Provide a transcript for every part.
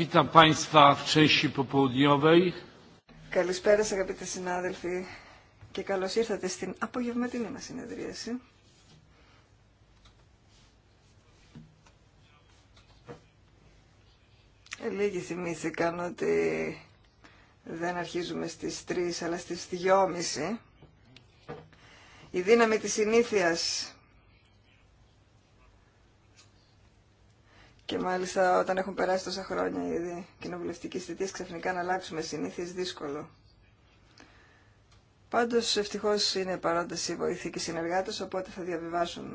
Witam Państwa w części popołudniowej. Καλησπέρα σας αγαπητοί συνάδελφοι και καλώς ήρθατε στην απογευματινή μας συνεδρίαση. Λίγοι θυμήθηκαν ότι δεν αρχίζουμε στις 3 αλλά στις 2.30. Η δύναμη της συνήθειας Και μάλιστα όταν έχουν περάσει τόσα χρόνια ήδη κοινοβουλευτική θητεία, ξαφνικά να αλλάξουμε συνήθειε δύσκολο. Πάντω ευτυχώ είναι παρόντε οι βοηθοί και οι συνεργάτε, οπότε θα διαβιβάσουν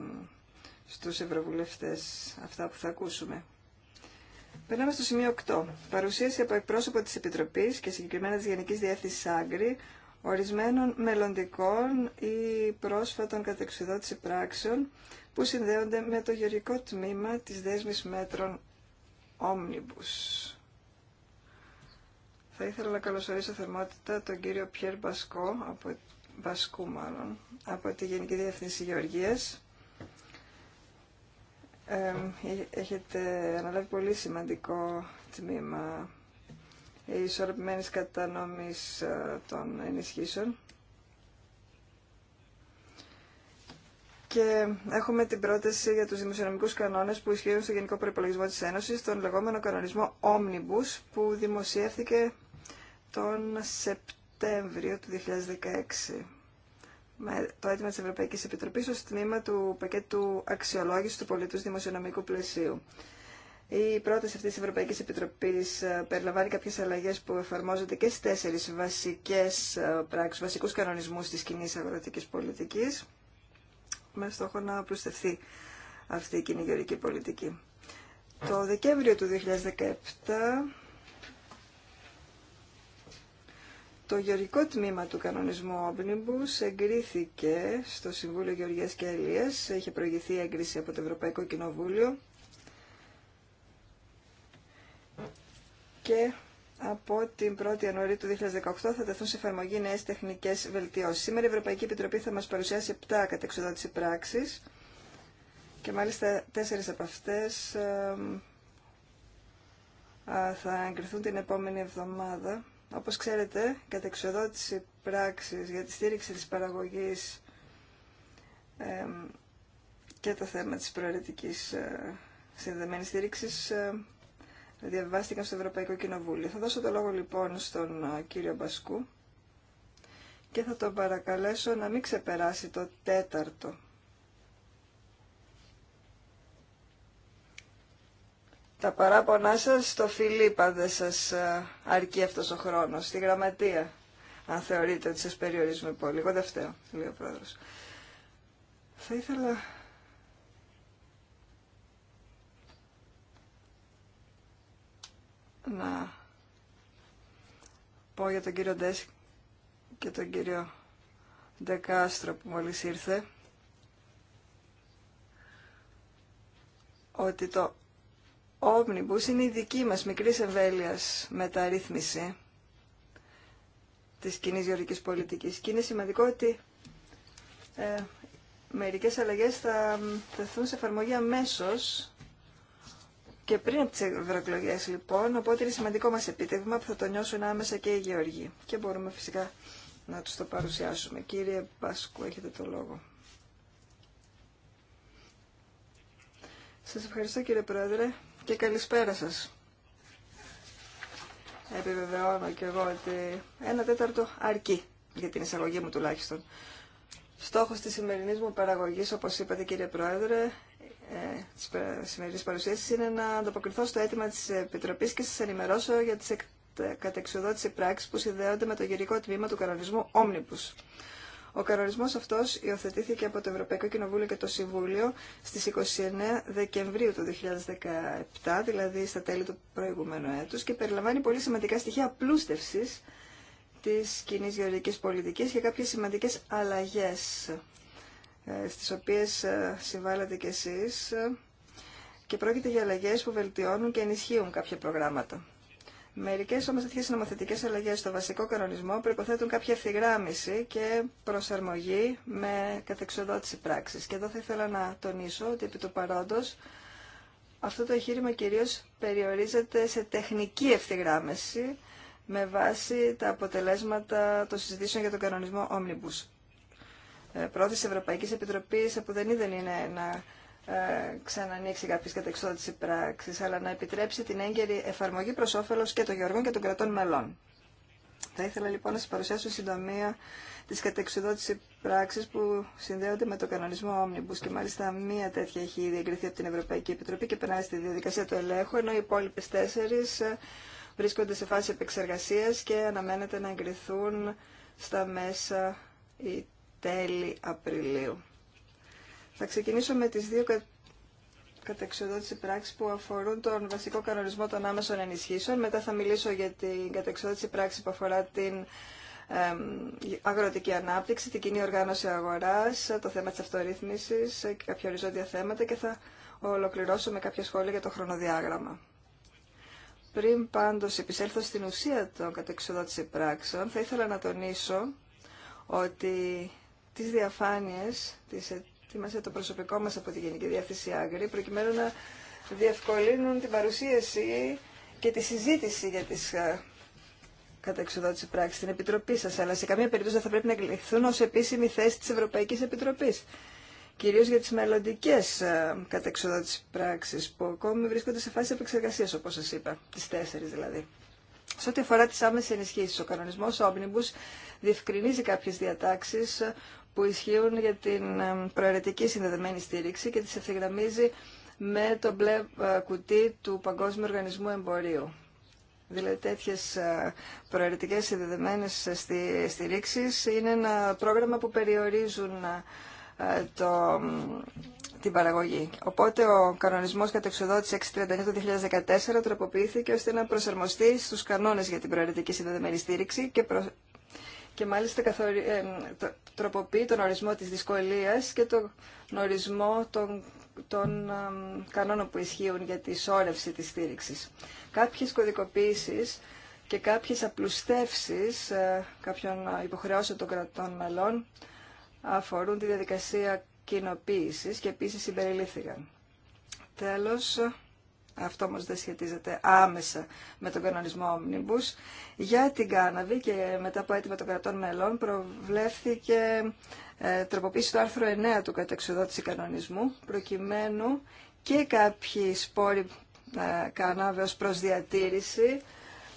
στου ευρωβουλευτέ αυτά που θα ακούσουμε. Περνάμε στο σημείο 8. Παρουσίαση από εκπρόσωπο τη Επιτροπή και συγκεκριμένα τη Γενική Διεύθυνση Άγκρη ορισμένων μελλοντικών ή πρόσφατων κατεξουδότηση πράξεων που συνδέονται με το γεωργικό τμήμα της δέσμης μέτρων Omnibus. Θα ήθελα να καλωσορίσω θερμότητα τον κύριο Πιέρ Μπασκό, από, Μπασκού μάλλον, από τη Γενική Διεύθυνση Γεωργίας. Ε, έχετε αναλάβει πολύ σημαντικό τμήμα ισορροπημένης κατανόμης ε, των ενισχύσεων και έχουμε την πρόταση για τους δημοσιονομικούς κανόνες που ισχύουν στο Γενικό Προϋπολογισμό της Ένωσης, τον λεγόμενο κανονισμό Omnibus, που δημοσιεύθηκε τον Σεπτέμβριο του 2016 με το αίτημα της Ευρωπαϊκής Επιτροπής ως τμήμα του πακέτου αξιολόγησης του πολιτούς δημοσιονομικού πλαισίου. Η πρόταση αυτής της Ευρωπαϊκής Επιτροπής ε, περιλαμβάνει κάποιες αλλαγές που εφαρμόζονται και στις τέσσερις βασικές ε, πράξεις, βασικούς κανονισμούς της κοινή αγροτικής πολιτικής με στόχο να απλουστευτεί αυτή η κυνηγερική πολιτική. Το Δεκέμβριο του 2017 το γεωργικό τμήμα του κανονισμού Omnibus εγκρίθηκε στο Συμβούλιο Γεωργίας και Έχει Είχε προηγηθεί η έγκριση από το Ευρωπαϊκό Κοινοβούλιο και από την 1η Ιανουαρίου του 2018 θα τεθούν σε εφαρμογή νέε τεχνικέ βελτιώσει. Σήμερα η Ευρωπαϊκή Επιτροπή θα μα παρουσιάσει 7 κατεξοδότηση πράξη και μάλιστα τέσσερι από αυτέ θα εγκριθούν την επόμενη εβδομάδα. Όπω ξέρετε, η κατεξοδότηση πράξη για τη στήριξη τη παραγωγή και το θέμα της προαιρετικής ε, συνδεδεμένη στήριξης ε, διαβάστηκαν στο Ευρωπαϊκό Κοινοβούλιο. Θα δώσω το λόγο λοιπόν στον κύριο Μπασκού και θα τον παρακαλέσω να μην ξεπεράσει το τέταρτο. Τα παράπονά σας στο Φιλίπα δεν σας αρκεί αυτός ο χρόνος, στη γραμματεία, αν θεωρείτε ότι σας περιορίζουμε πολύ. Εγώ δεν φταίω, λέει ο πρόεδρος. Θα ήθελα να πω για τον κύριο Ντέσ και τον κύριο Ντεκάστρο που μόλις ήρθε ότι το Omnibus είναι η δική μας μικρής εμβέλειας μεταρρύθμιση της κοινή γεωργικής πολιτικής και είναι σημαντικό ότι ε, μερικές αλλαγές θα τεθούν σε εφαρμογή αμέσως και πριν από τι ευρωεκλογέ, λοιπόν, οπότε είναι σημαντικό μα επίτευγμα που θα το νιώσουν άμεσα και οι Γεωργοί. Και μπορούμε φυσικά να του το παρουσιάσουμε. Κύριε Πάσκου, έχετε το λόγο. Σα ευχαριστώ κύριε Πρόεδρε και καλησπέρα σα. Επιβεβαιώνω και εγώ ότι ένα τέταρτο αρκεί για την εισαγωγή μου τουλάχιστον. Στόχος της σημερινής μου παραγωγής, όπως είπατε κύριε Πρόεδρε, ε, τη σημερινή παρουσίαση είναι να ανταποκριθώ στο αίτημα τη Επιτροπή και σα ενημερώσω για τι κατεξοδότηση πράξεις που συνδέονται με το γερικό τμήμα του κανονισμού Omnibus. Ο κανονισμό αυτό υιοθετήθηκε από το Ευρωπαϊκό Κοινοβούλιο και το Συμβούλιο στι 29 Δεκεμβρίου του 2017, δηλαδή στα τέλη του προηγούμενου έτου, και περιλαμβάνει πολύ σημαντικά στοιχεία πλούστευση τη κοινή γεωρική πολιτική και κάποιε σημαντικέ αλλαγέ. Ε, στις οποίες ε, συμβάλλατε κι εσείς ε, και πρόκειται για αλλαγές που βελτιώνουν και ενισχύουν κάποια προγράμματα. Μερικέ όμω τέτοιε νομοθετικέ αλλαγέ στο βασικό κανονισμό προποθέτουν κάποια ευθυγράμμιση και προσαρμογή με καθεξοδότηση πράξη. Και εδώ θα ήθελα να τονίσω ότι επί του παρόντο αυτό το εγχείρημα κυρίω περιορίζεται σε τεχνική ευθυγράμμιση με βάση τα αποτελέσματα των συζητήσεων για τον κανονισμό Omnibus. Ε, πρόθεση Ευρωπαϊκής Επιτροπής που δεν είδε είναι να ε, ξανανοίξει κάποιες κατεξόδοτηση πράξεις, αλλά να επιτρέψει την έγκαιρη εφαρμογή προς όφελος και των γεωργών και των κρατών μελών. Θα ήθελα λοιπόν να σας παρουσιάσω συντομία τις κατεξοδότηση πράξεις που συνδέονται με το κανονισμό Omnibus και μάλιστα μία τέτοια έχει ήδη εγκριθεί από την Ευρωπαϊκή Επιτροπή και περνάει στη διαδικασία του ελέγχου, ενώ οι υπόλοιπε τέσσερι ε, βρίσκονται σε φάση επεξεργασίας και αναμένεται να εγκριθούν στα μέσα τέλη Απριλίου. Θα ξεκινήσω με τις δύο κα... κατεξοδότηση πράξεις που αφορούν τον βασικό κανονισμό των άμεσων ενισχύσεων. Μετά θα μιλήσω για την κατεξοδότηση πράξη που αφορά την ε, αγροτική ανάπτυξη, την κοινή οργάνωση αγοράς, το θέμα της αυτορύθμισης, κάποια οριζόντια θέματα και θα ολοκληρώσω με κάποια σχόλια για το χρονοδιάγραμμα. Πριν πάντως επισέλθω στην ουσία των κατεξοδότηση πράξεων, θα ήθελα να τονίσω ότι τις διαφάνειες, τις ετοίμασε το προσωπικό μας από τη Γενική Διεύθυνση Άγκρη, προκειμένου να διευκολύνουν την παρουσίαση και τη συζήτηση για τις ε, εξοδότηση πράξη στην Επιτροπή σας, αλλά σε καμία περίπτωση δεν θα πρέπει να εκλειχθούν ως επίσημη θέση της Ευρωπαϊκής Επιτροπής. Κυρίως για τις μελλοντικέ ε, εξοδότηση πράξεις που ακόμη βρίσκονται σε φάση επεξεργασίας, όπως σας είπα, τις τέσσερις δηλαδή. Σε ό,τι αφορά τι άμεσες ενισχύσει, ο κανονισμός Omnibus διευκρινίζει κάποιες διατάξεις που ισχύουν για την προαιρετική συνδεδεμένη στήριξη και τις ευθυγραμμίζει με το μπλε ε, κουτί του Παγκόσμιου Οργανισμού Εμπορίου. Δηλαδή τέτοιες ε, προαιρετικές συνδεδεμένες ε, στηρίξεις είναι ένα πρόγραμμα που περιορίζουν το, την παραγωγή. Οπότε ο κανονισμός εξοδότηση 639 του 2014 τροποποιήθηκε ώστε να προσαρμοστεί στους κανόνες για την προαιρετική συνδεδεμένη στήριξη και, προ, και μάλιστα καθορι... Ε, τροποποιεί τον ορισμό της δυσκολίας και τον ορισμό των, κανόνων που ισχύουν για τη σώρευση της στήριξης. Κάποιες κωδικοποίησεις και κάποιες απλουστεύσεις ε, κάποιων υποχρεώσεων των κρατών μελών αφορούν τη διαδικασία κοινοποίησης και επίσης συμπεριλήφθηκαν. Τέλος, αυτό όμως δεν σχετίζεται άμεσα με τον κανονισμό Omnibus. Για την κάναβη και μετά από έτοιμα των κρατών μελών προβλέφθηκε ε, τροποποίηση του άρθρου 9 του κατεξοδότηση κανονισμού προκειμένου και κάποιοι σπόροι ε, κάναβε ως διατήρηση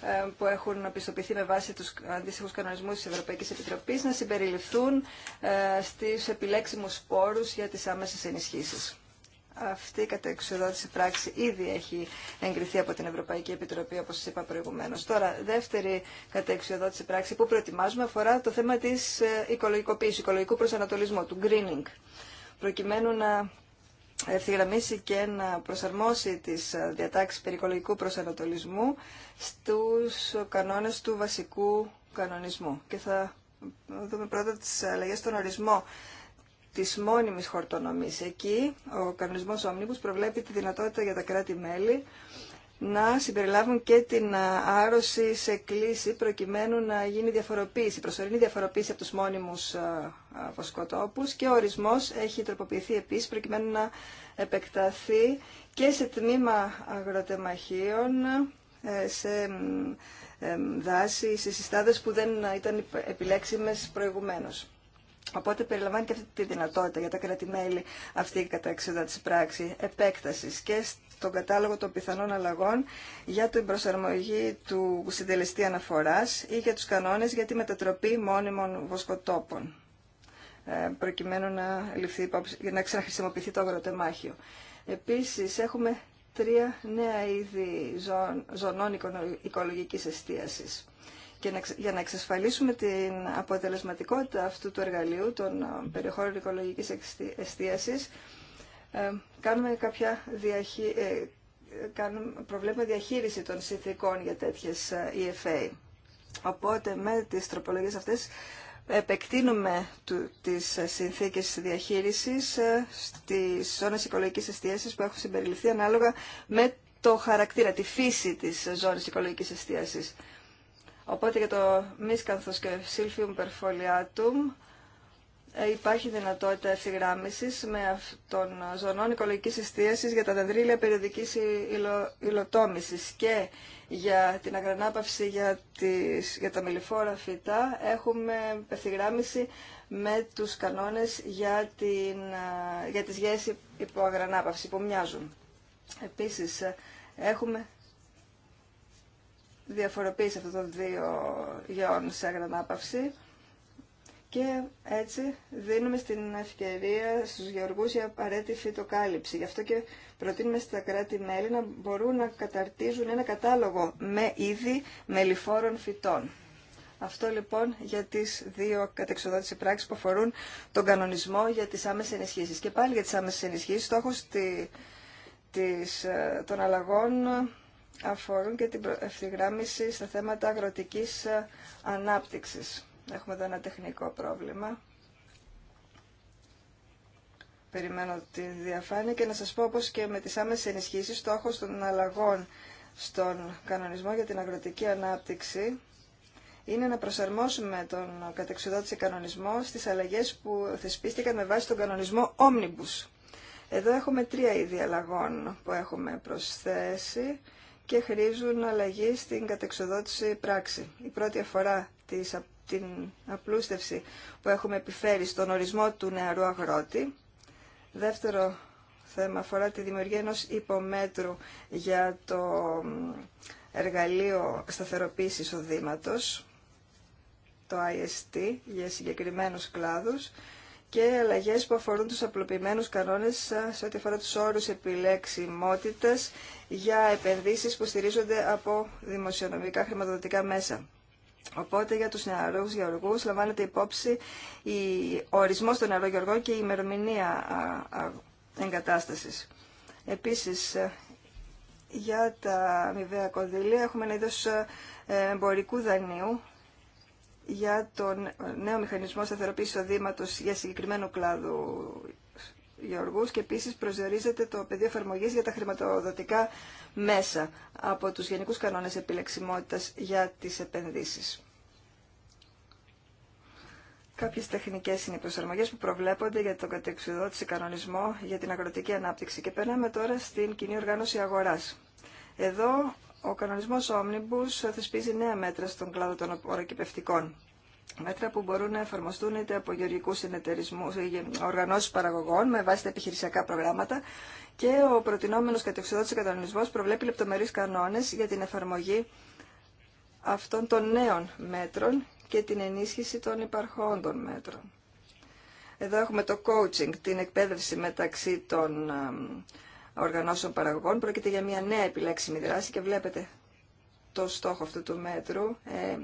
ε, που έχουν πιστοποιηθεί με βάση τους αντίστοιχους κανονισμούς της Ευρωπαϊκής Επιτροπής να συμπεριληφθούν στις επιλέξιμους σπόρους για τις άμεσες ενισχύσεις αυτή η κατεξοδότηση πράξη ήδη έχει εγκριθεί από την Ευρωπαϊκή Επιτροπή, όπως σα είπα προηγουμένως. Τώρα, δεύτερη κατεξοδότηση πράξη που προετοιμάζουμε αφορά το θέμα της ε, οικολογικοποίηση, οικολογικού προσανατολισμού, του greening, προκειμένου να ευθυγραμμίσει και να προσαρμόσει τις ε, διατάξεις οικολογικού προσανατολισμού στους κανόνες του βασικού κανονισμού. Και θα δούμε πρώτα τις αλλαγές στον ορισμό Τη μόνιμη χορτονομή. Εκεί ο κανονισμός Omnibus προβλέπει τη δυνατότητα για τα κράτη-μέλη να συμπεριλάβουν και την άρρωση σε κλίση προκειμένου να γίνει διαφοροποίηση, προσωρινή διαφοροποίηση από τους μόνιμους βοσκοτόπους και ο ορισμός έχει τροποποιηθεί επίσης προκειμένου να επεκταθεί και σε τμήμα αγροτεμαχίων, ε, σε ε, δάση, σε συστάδες που δεν ήταν επιλέξιμες προηγουμένως. Οπότε περιλαμβάνει και αυτή τη δυνατότητα για τα κράτη-μέλη αυτή η καταξιδότηση πράξη επέκτασης και στον κατάλογο των πιθανών αλλαγών για την προσαρμογή του συντελεστή αναφοράς ή για τους κανόνες για τη μετατροπή μόνιμων βοσκοτόπων ε, προκειμένου να, ληφθεί να ξαναχρησιμοποιηθεί το αγροτεμάχιο. Επίσης έχουμε τρία νέα είδη ζωνών οικολογικής εστίασης. Και για να εξασφαλίσουμε την αποτελεσματικότητα αυτού του εργαλείου των περιχώρων οικολογικής εστίασης, ε, κάνουμε κάποια ε, προβλέπουμε διαχείριση των συνθήκων για τέτοιες ε, EFA. Οπότε με τις τροπολογίες αυτές επεκτείνουμε τις συνθήκες διαχείρισης στις ζώνες οικολογικής εστίασης που έχουν συμπεριληφθεί ανάλογα με το χαρακτήρα, τη φύση της ζώνης οικολογικής εστίασης. Οπότε για το μίσκανθος και σύλφιουμ περφολιάτουμ υπάρχει δυνατότητα ευθυγράμμισης με των ζωνών οικολογικής εστίασης για τα τεντρίλια περιοδικής υλο, υλοτόμησης και για την αγρανάπαυση για, τις, για τα μελιφόρα φυτά έχουμε ευθυγράμμιση με τους κανόνες για, την, ε, για τις γέσεις υπό αγρανάπαυση που μοιάζουν. Επίσης ε, έχουμε διαφοροποίηση αυτών των δύο γεών σε αγρανάπαυση και έτσι δίνουμε στην ευκαιρία στους γεωργούς η απαραίτητη φυτοκάλυψη. Γι' αυτό και προτείνουμε στα κράτη-μέλη να μπορούν να καταρτίζουν ένα κατάλογο με είδη μελιφόρων φυτών. Αυτό λοιπόν για τις δύο κατεξοδότηση πράξεις που αφορούν τον κανονισμό για τις άμεσες ενισχύσεις. Και πάλι για τις άμεσες ενισχύσεις, στόχος ε, των αλλαγών αφορούν και την ευθυγράμμιση στα θέματα αγροτικής ε, ανάπτυξης. Έχουμε εδώ ένα τεχνικό πρόβλημα. Περιμένω τη διαφάνεια και να σας πω πως και με τις άμεσες ενισχύσεις στόχος των αλλαγών στον κανονισμό για την αγροτική ανάπτυξη είναι να προσαρμόσουμε τον κατεξοδότηση κανονισμό στις αλλαγές που θεσπίστηκαν με βάση τον κανονισμό Omnibus. Εδώ έχουμε τρία είδη αλλαγών που έχουμε προσθέσει και χρήζουν αλλαγή στην κατεξοδότηση πράξη. Η πρώτη αφορά την απλούστευση που έχουμε επιφέρει στον ορισμό του νεαρού αγρότη. Δεύτερο θέμα αφορά τη δημιουργία ενός υπομέτρου για το εργαλείο σταθεροποίησης οδήματος, το IST, για συγκεκριμένους κλάδους και αλλαγές που αφορούν τους απλοποιημένους κανόνες ε, σε ό,τι αφορά τους όρους επιλέξιμότητας για επενδύσεις που στηρίζονται από δημοσιονομικά χρηματοδοτικά μέσα. Οπότε για τους νεαρούς γεωργούς λαμβάνεται υπόψη η, ο ορισμός των νεαρών γεωργών και η ημερομηνία εγκατάστασης. Επίσης, ε, για τα αμοιβαία κονδύλια έχουμε ένα είδος ε, εμπορικού δανείου για τον νέο μηχανισμό σταθεροποίησης οδήματο για συγκεκριμένο κλάδο Γεωργού και επίση προσδιορίζεται το πεδίο εφαρμογή για τα χρηματοδοτικά μέσα από του γενικού κανόνε επιλεξιμότητα για τι επενδύσει. Κάποιε τεχνικέ είναι οι προσαρμογέ που προβλέπονται για τον κατεξουδότηση κανονισμό για την αγροτική ανάπτυξη. Και περνάμε τώρα στην κοινή οργάνωση αγορά. Εδώ ο κανονισμός Omnibus θεσπίζει νέα μέτρα στον κλάδο των ορακυπευτικών. Μέτρα που μπορούν να εφαρμοστούν είτε από γεωργικού συνεταιρισμού, ε, οργανώσει παραγωγών με βάση τα επιχειρησιακά προγράμματα και ο προτινόμενο κατεξοδότη κανονισμό προβλέπει λεπτομερεί κανόνε για την εφαρμογή αυτών των νέων μέτρων και την ενίσχυση των υπαρχόντων μέτρων. Εδώ έχουμε το coaching, την εκπαίδευση μεταξύ των ε, οργανώσεων παραγωγών. Πρόκειται για μια νέα επιλέξιμη δράση και βλέπετε το στόχο αυτού του μέτρου. Ε,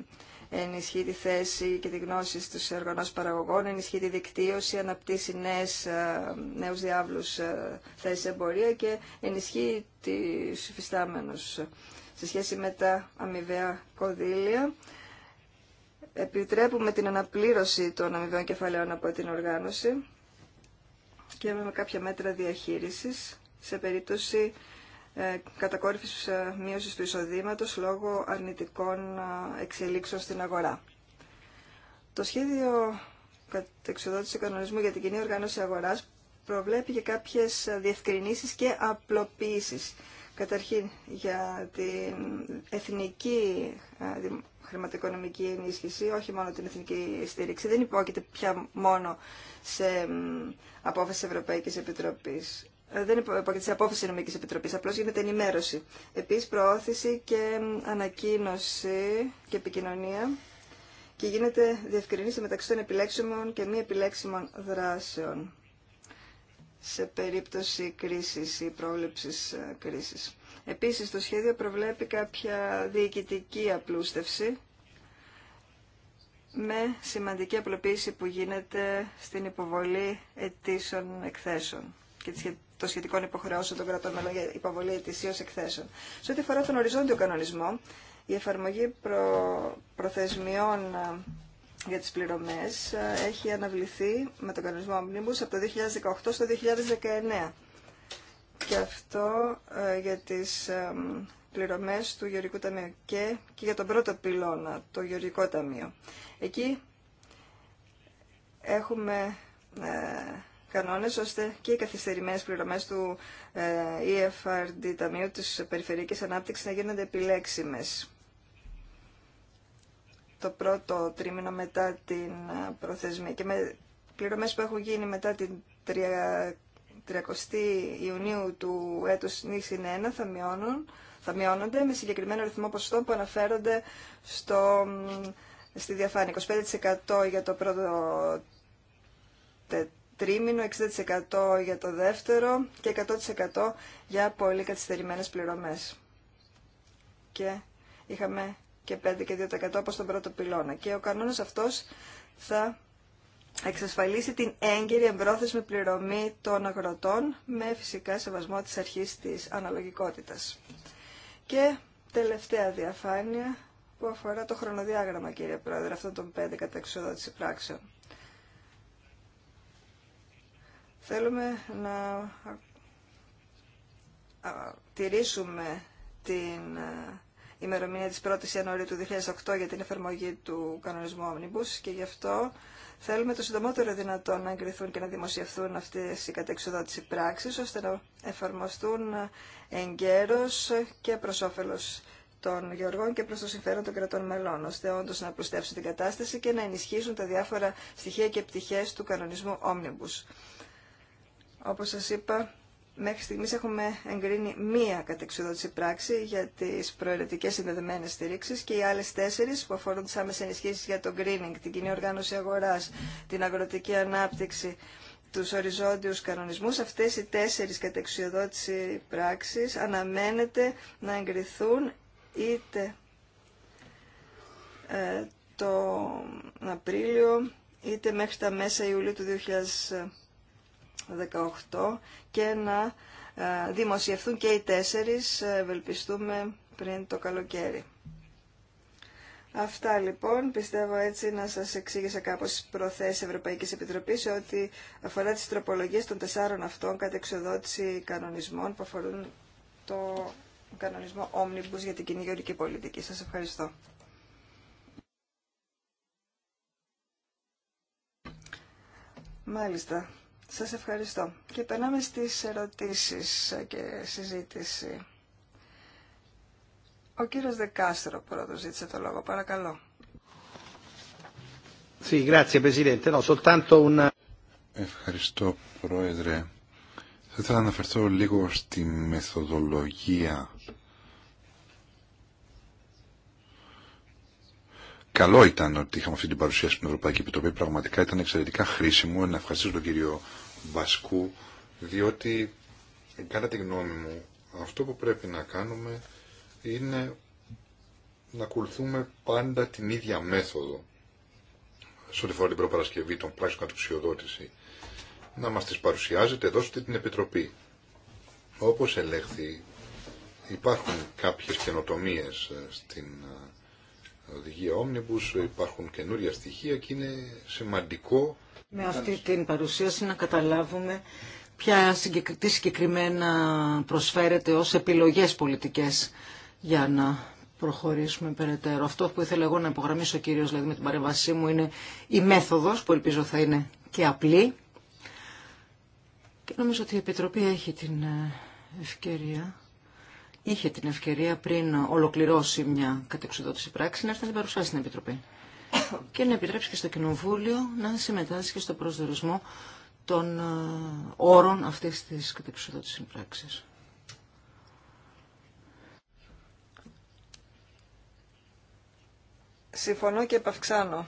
ενισχύει τη θέση και τη γνώση στου οργανώσει παραγωγών, ενισχύει τη δικτύωση, αναπτύσσει νέου ε, νέους διάβλους ε, θέσεις εμπορία και ενισχύει τις υφιστάμενου σε σχέση με τα αμοιβαία κονδύλια. Επιτρέπουμε την αναπλήρωση των αμοιβαίων κεφαλαίων από την οργάνωση και με κάποια μέτρα διαχείρισης σε περίπτωση ε, κατακόρυφης ε, μείωσης του εισοδήματος λόγω αρνητικών ε, εξελίξεων στην αγορά. Το σχέδιο κατεξοδότηση κανονισμού για την κοινή οργάνωση αγοράς προβλέπει και κάποιες διευκρινήσεις και απλοποίησεις. Καταρχήν για την εθνική χρηματοοικονομική ενίσχυση, όχι μόνο την εθνική στήριξη. Δεν υπόκειται πια μόνο σε απόφαση Ευρωπαϊκής Επιτροπής. Ε, δεν είναι σε απόφαση νομική επιτροπή, απλώ γίνεται ενημέρωση. Επίση, προώθηση και ανακοίνωση και επικοινωνία και γίνεται διευκρινήση μεταξύ των επιλέξιμων και μη επιλέξιμων δράσεων σε περίπτωση κρίσης ή πρόληψης ε, κρίσης. Επίσης, το σχέδιο προβλέπει κάποια διοικητική απλούστευση με σημαντική απλοποίηση που γίνεται στην υποβολή ετήσων εκθέσεων και των σχετικών υποχρεώσεων των κρατών μελών για υποβολή ετησίω εκθέσεων. Σε ό,τι αφορά τον οριζόντιο κανονισμό, η εφαρμογή προ... προθεσμιών ε, για τις πληρωμές ε, έχει αναβληθεί με τον κανονισμό Omnibus από το 2018 στο 2019. Και αυτό ε, για τις πληρωμές του Γεωργικού Ταμείου και, και για τον πρώτο πυλώνα, το Γεωργικό Ταμείο. Εκεί έχουμε κανόνες ώστε και οι καθυστερημένες πληρωμές του ε, EFRD Ταμείου της Περιφερειακής Ανάπτυξης να γίνονται επιλέξιμες. Το πρώτο τρίμηνο μετά την ε, προθεσμία και με πληρωμές που έχουν γίνει μετά την 30 Ιουνίου του έτους νύχσιν 1 θα, μειώνουν, θα μειώνονται με συγκεκριμένο ρυθμό ποσοστών που αναφέρονται στο, στη διαφάνεια. 25% για το πρώτο τρίμηνο, 60% για το δεύτερο και 100% για πολύ καθυστερημένες πληρωμές. Και είχαμε και 5 και 2% από τον πρώτο πυλώνα. Και ο κανόνας αυτός θα εξασφαλίσει την έγκαιρη εμπρόθεσμη πληρωμή των αγροτών με φυσικά σεβασμό της αρχής της αναλογικότητας. Και τελευταία διαφάνεια που αφορά το χρονοδιάγραμμα, κύριε Πρόεδρε, αυτών των πέντε καταξιόδοτηση πράξεων. Θέλουμε να τηρήσουμε την ημερομηνία της 1ης Ιανουαρίου του 2008 για την εφαρμογή του κανονισμού Omnibus και γι' αυτό θέλουμε το συντομότερο δυνατό να εγκριθούν και να δημοσιευθούν αυτές οι κατεξοδότηση πράξεις ώστε να εφαρμοστούν εγκαίρως και προς όφελος των γεωργών και προς το συμφέρον των κρατών μελών, ώστε όντω να προστεύσουν την κατάσταση και να ενισχύσουν τα διάφορα στοιχεία και πτυχές του κανονισμού Omnibus. Όπως σας είπα, μέχρι στιγμής έχουμε εγκρίνει μία κατεξοδότηση πράξη για τις προαιρετικές συνδεδεμένες στηρίξεις και οι άλλες τέσσερις που αφορούν τις άμεσες ενισχύσεις για το greening, την κοινή οργάνωση αγοράς, την αγροτική ανάπτυξη, τους οριζόντιους κανονισμούς, αυτές οι τέσσερις κατεξοδότηση πράξεις αναμένεται να εγκριθούν είτε ε, το Απρίλιο είτε μέχρι τα μέσα Ιουλίου του 2020 18 και να ε, δημοσιευθούν και οι τέσσερις, ε, ευελπιστούμε, πριν το καλοκαίρι. Αυτά λοιπόν, πιστεύω έτσι να σας εξήγησα κάπως τις προθέσεις Ευρωπαϊκής Επιτροπής ό,τι αφορά τις τροπολογίες των τεσσάρων αυτών κατά εξοδότηση κανονισμών που αφορούν το κανονισμό Omnibus για την κοινή γεωρική πολιτική. Σας ευχαριστώ. Μάλιστα. Σας ευχαριστώ. Και περνάμε στις ερωτήσεις και συζήτηση. Ο κύριος Δεκάστρο πρώτος ζήτησε το λόγο. Παρακαλώ. Ευχαριστώ, Πρόεδρε. Θα ήθελα να αναφερθώ λίγο στη μεθοδολογία. Καλό ήταν ότι είχαμε αυτή την παρουσία στην Ευρωπαϊκή Επιτροπή. Πραγματικά ήταν εξαιρετικά χρήσιμο. Να ευχαριστήσω τον κύριο βασκού, διότι κατά τη γνώμη μου αυτό που πρέπει να κάνουμε είναι να ακολουθούμε πάντα την ίδια μέθοδο σε ό,τι φορά την προπαρασκευή των πράξεων να μας τις παρουσιάζετε εδώ την Επιτροπή. Όπως ελέγχθη υπάρχουν κάποιες καινοτομίε ε, στην ε, οδηγία Omnibus, υπάρχουν καινούρια στοιχεία και είναι σημαντικό με αυτή την παρουσίαση να καταλάβουμε ποια τι συγκεκριμένα προσφέρεται ως επιλογές πολιτικές για να προχωρήσουμε περαιτέρω. Αυτό που ήθελα εγώ να υπογραμμίσω κυρίως δηλαδή με την παρέμβασή μου είναι η μέθοδος που ελπίζω θα είναι και απλή και νομίζω ότι η Επιτροπή έχει την ε, ευκαιρία είχε την ευκαιρία πριν ολοκληρώσει μια κατεξοδότηση πράξη να έρθει να την παρουσιάσει στην Επιτροπή και να επιτρέψει και στο Κοινοβούλιο να συμμετάσχει στο προσδιορισμό των ε, όρων αυτής της κατεξοδότηση συμπράξης. Συμφωνώ και επαυξάνω,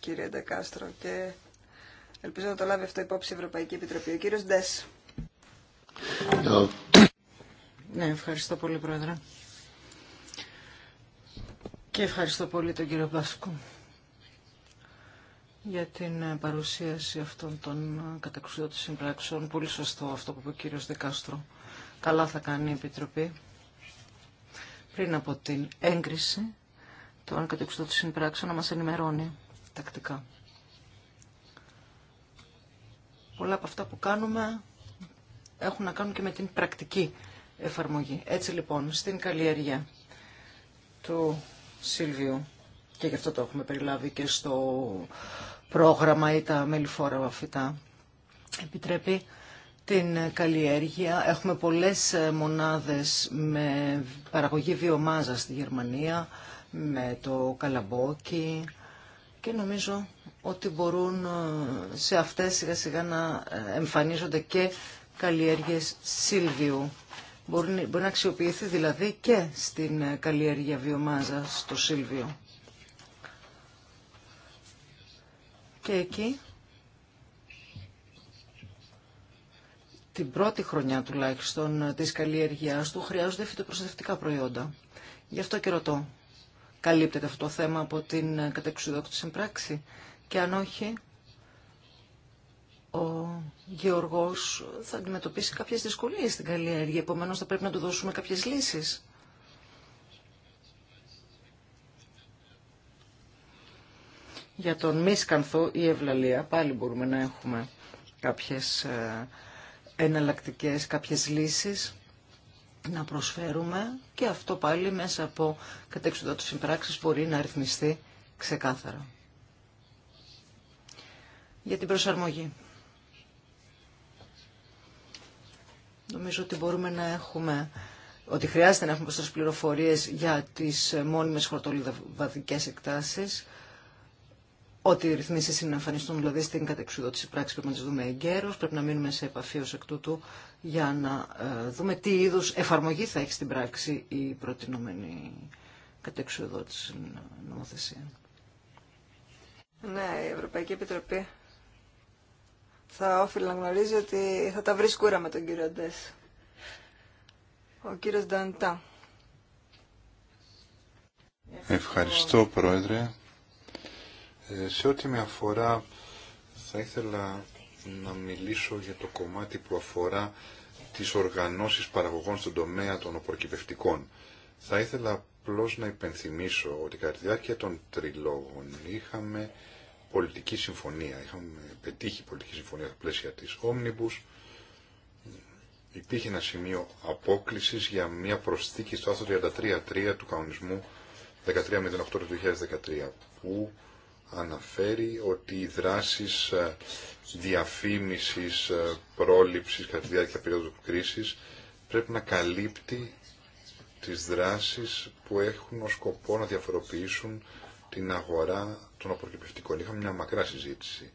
κύριε Ντεκάστρο, και ελπίζω να το λάβει αυτό υπόψη η Ευρωπαϊκή Επιτροπή. Ο κύριος Ντες. Ε, ναι, ευχαριστώ πολύ, Πρόεδρε. Και ευχαριστώ πολύ τον κύριο Πάσκο για την ε, παρουσίαση αυτών των ε, κατακρουσιώτων συμπράξεων. Πολύ σωστό αυτό που είπε ο κύριος Δεκάστρο. Καλά θα κάνει η Επιτροπή πριν από την έγκριση των κατακρουσιώτων συμπράξεων να μας ενημερώνει τακτικά. Πολλά από αυτά που κάνουμε έχουν να κάνουν και με την πρακτική εφαρμογή. Έτσι λοιπόν, στην καλλιέργεια του Σίλβιου και γι' αυτό το έχουμε περιλάβει και στο πρόγραμμα ή τα μελιφόρα φυτά. Επιτρέπει την καλλιέργεια. Έχουμε πολλές ε, μονάδες με παραγωγή βιομάζα στη Γερμανία, με το καλαμπόκι και νομίζω ότι μπορούν ε, σε αυτές σιγά σιγά να ε, εμφανίζονται και καλλιέργειες Σίλβιου μπορεί, μπορεί να αξιοποιηθεί δηλαδή και στην ε, καλλιέργεια βιομάζα στο Σίλβιο. Και εκεί την πρώτη χρονιά τουλάχιστον ε, της καλλιεργειάς του χρειάζονται φυτοπροστατευτικά προϊόντα. Γι' αυτό και ρωτώ. Καλύπτεται αυτό το θέμα από την ε, κατεξουδόκτηση πράξη και αν όχι ο Γεωργός θα αντιμετωπίσει κάποιες δυσκολίες στην καλλιέργεια, επομένως θα πρέπει να του δώσουμε κάποιες λύσεις. Για τον μίσκανθο ή ευλαλία πάλι μπορούμε να έχουμε κάποιες ε, εναλλακτικές, κάποιες λύσεις να προσφέρουμε και αυτό πάλι μέσα από κατέξοδο του συμπράξεις μπορεί να ρυθμιστεί ξεκάθαρα. Για την προσαρμογή. Νομίζω ότι μπορούμε να έχουμε ότι χρειάζεται να έχουμε περισσότερες πληροφορίες για τις μόνιμες χορτολιβαδικέ εκτάσεις, ότι οι ρυθμίσει είναι να εμφανιστούν δηλαδή στην κατεξουδότηση πράξη, πρέπει να τι δούμε εγκαίρω, πρέπει να μείνουμε σε επαφή ω εκ τούτου για να ε, δούμε τι είδου εφαρμογή θα έχει στην πράξη η προτινόμενη κατεξουδότηση νομοθεσία. Ναι, η Ευρωπαϊκή Επιτροπή θα όφιλε να γνωρίζει ότι θα τα βρει σκούρα με τον κύριο Ντές. Ο κύριος Νταντά. Ευχαριστώ Πρόεδρε. Ε, σε ό,τι με αφορά θα ήθελα να μιλήσω για το κομμάτι που αφορά τις οργανώσεις παραγωγών στον τομέα των οπορκυπευτικών. Θα ήθελα απλώ να υπενθυμίσω ότι κατά τη διάρκεια των τριλόγων είχαμε πολιτική συμφωνία. Είχαμε πετύχει πολιτική συμφωνία στα πλαίσια της Omnibus. Υπήρχε ένα σημείο απόκλησης για μια προσθήκη στο άρθρο 33.3 του κανονισμού 1308 του 2013 που αναφέρει ότι οι δράσεις ε, διαφήμισης, ε, πρόληψης κατά τη διάρκεια περίοδου κρίσης πρέπει να καλύπτει τις δράσεις που έχουν ως σκοπό να διαφοροποιήσουν την αγορά των απορροκυπευτικών. Είχαμε μια μακρά συζήτηση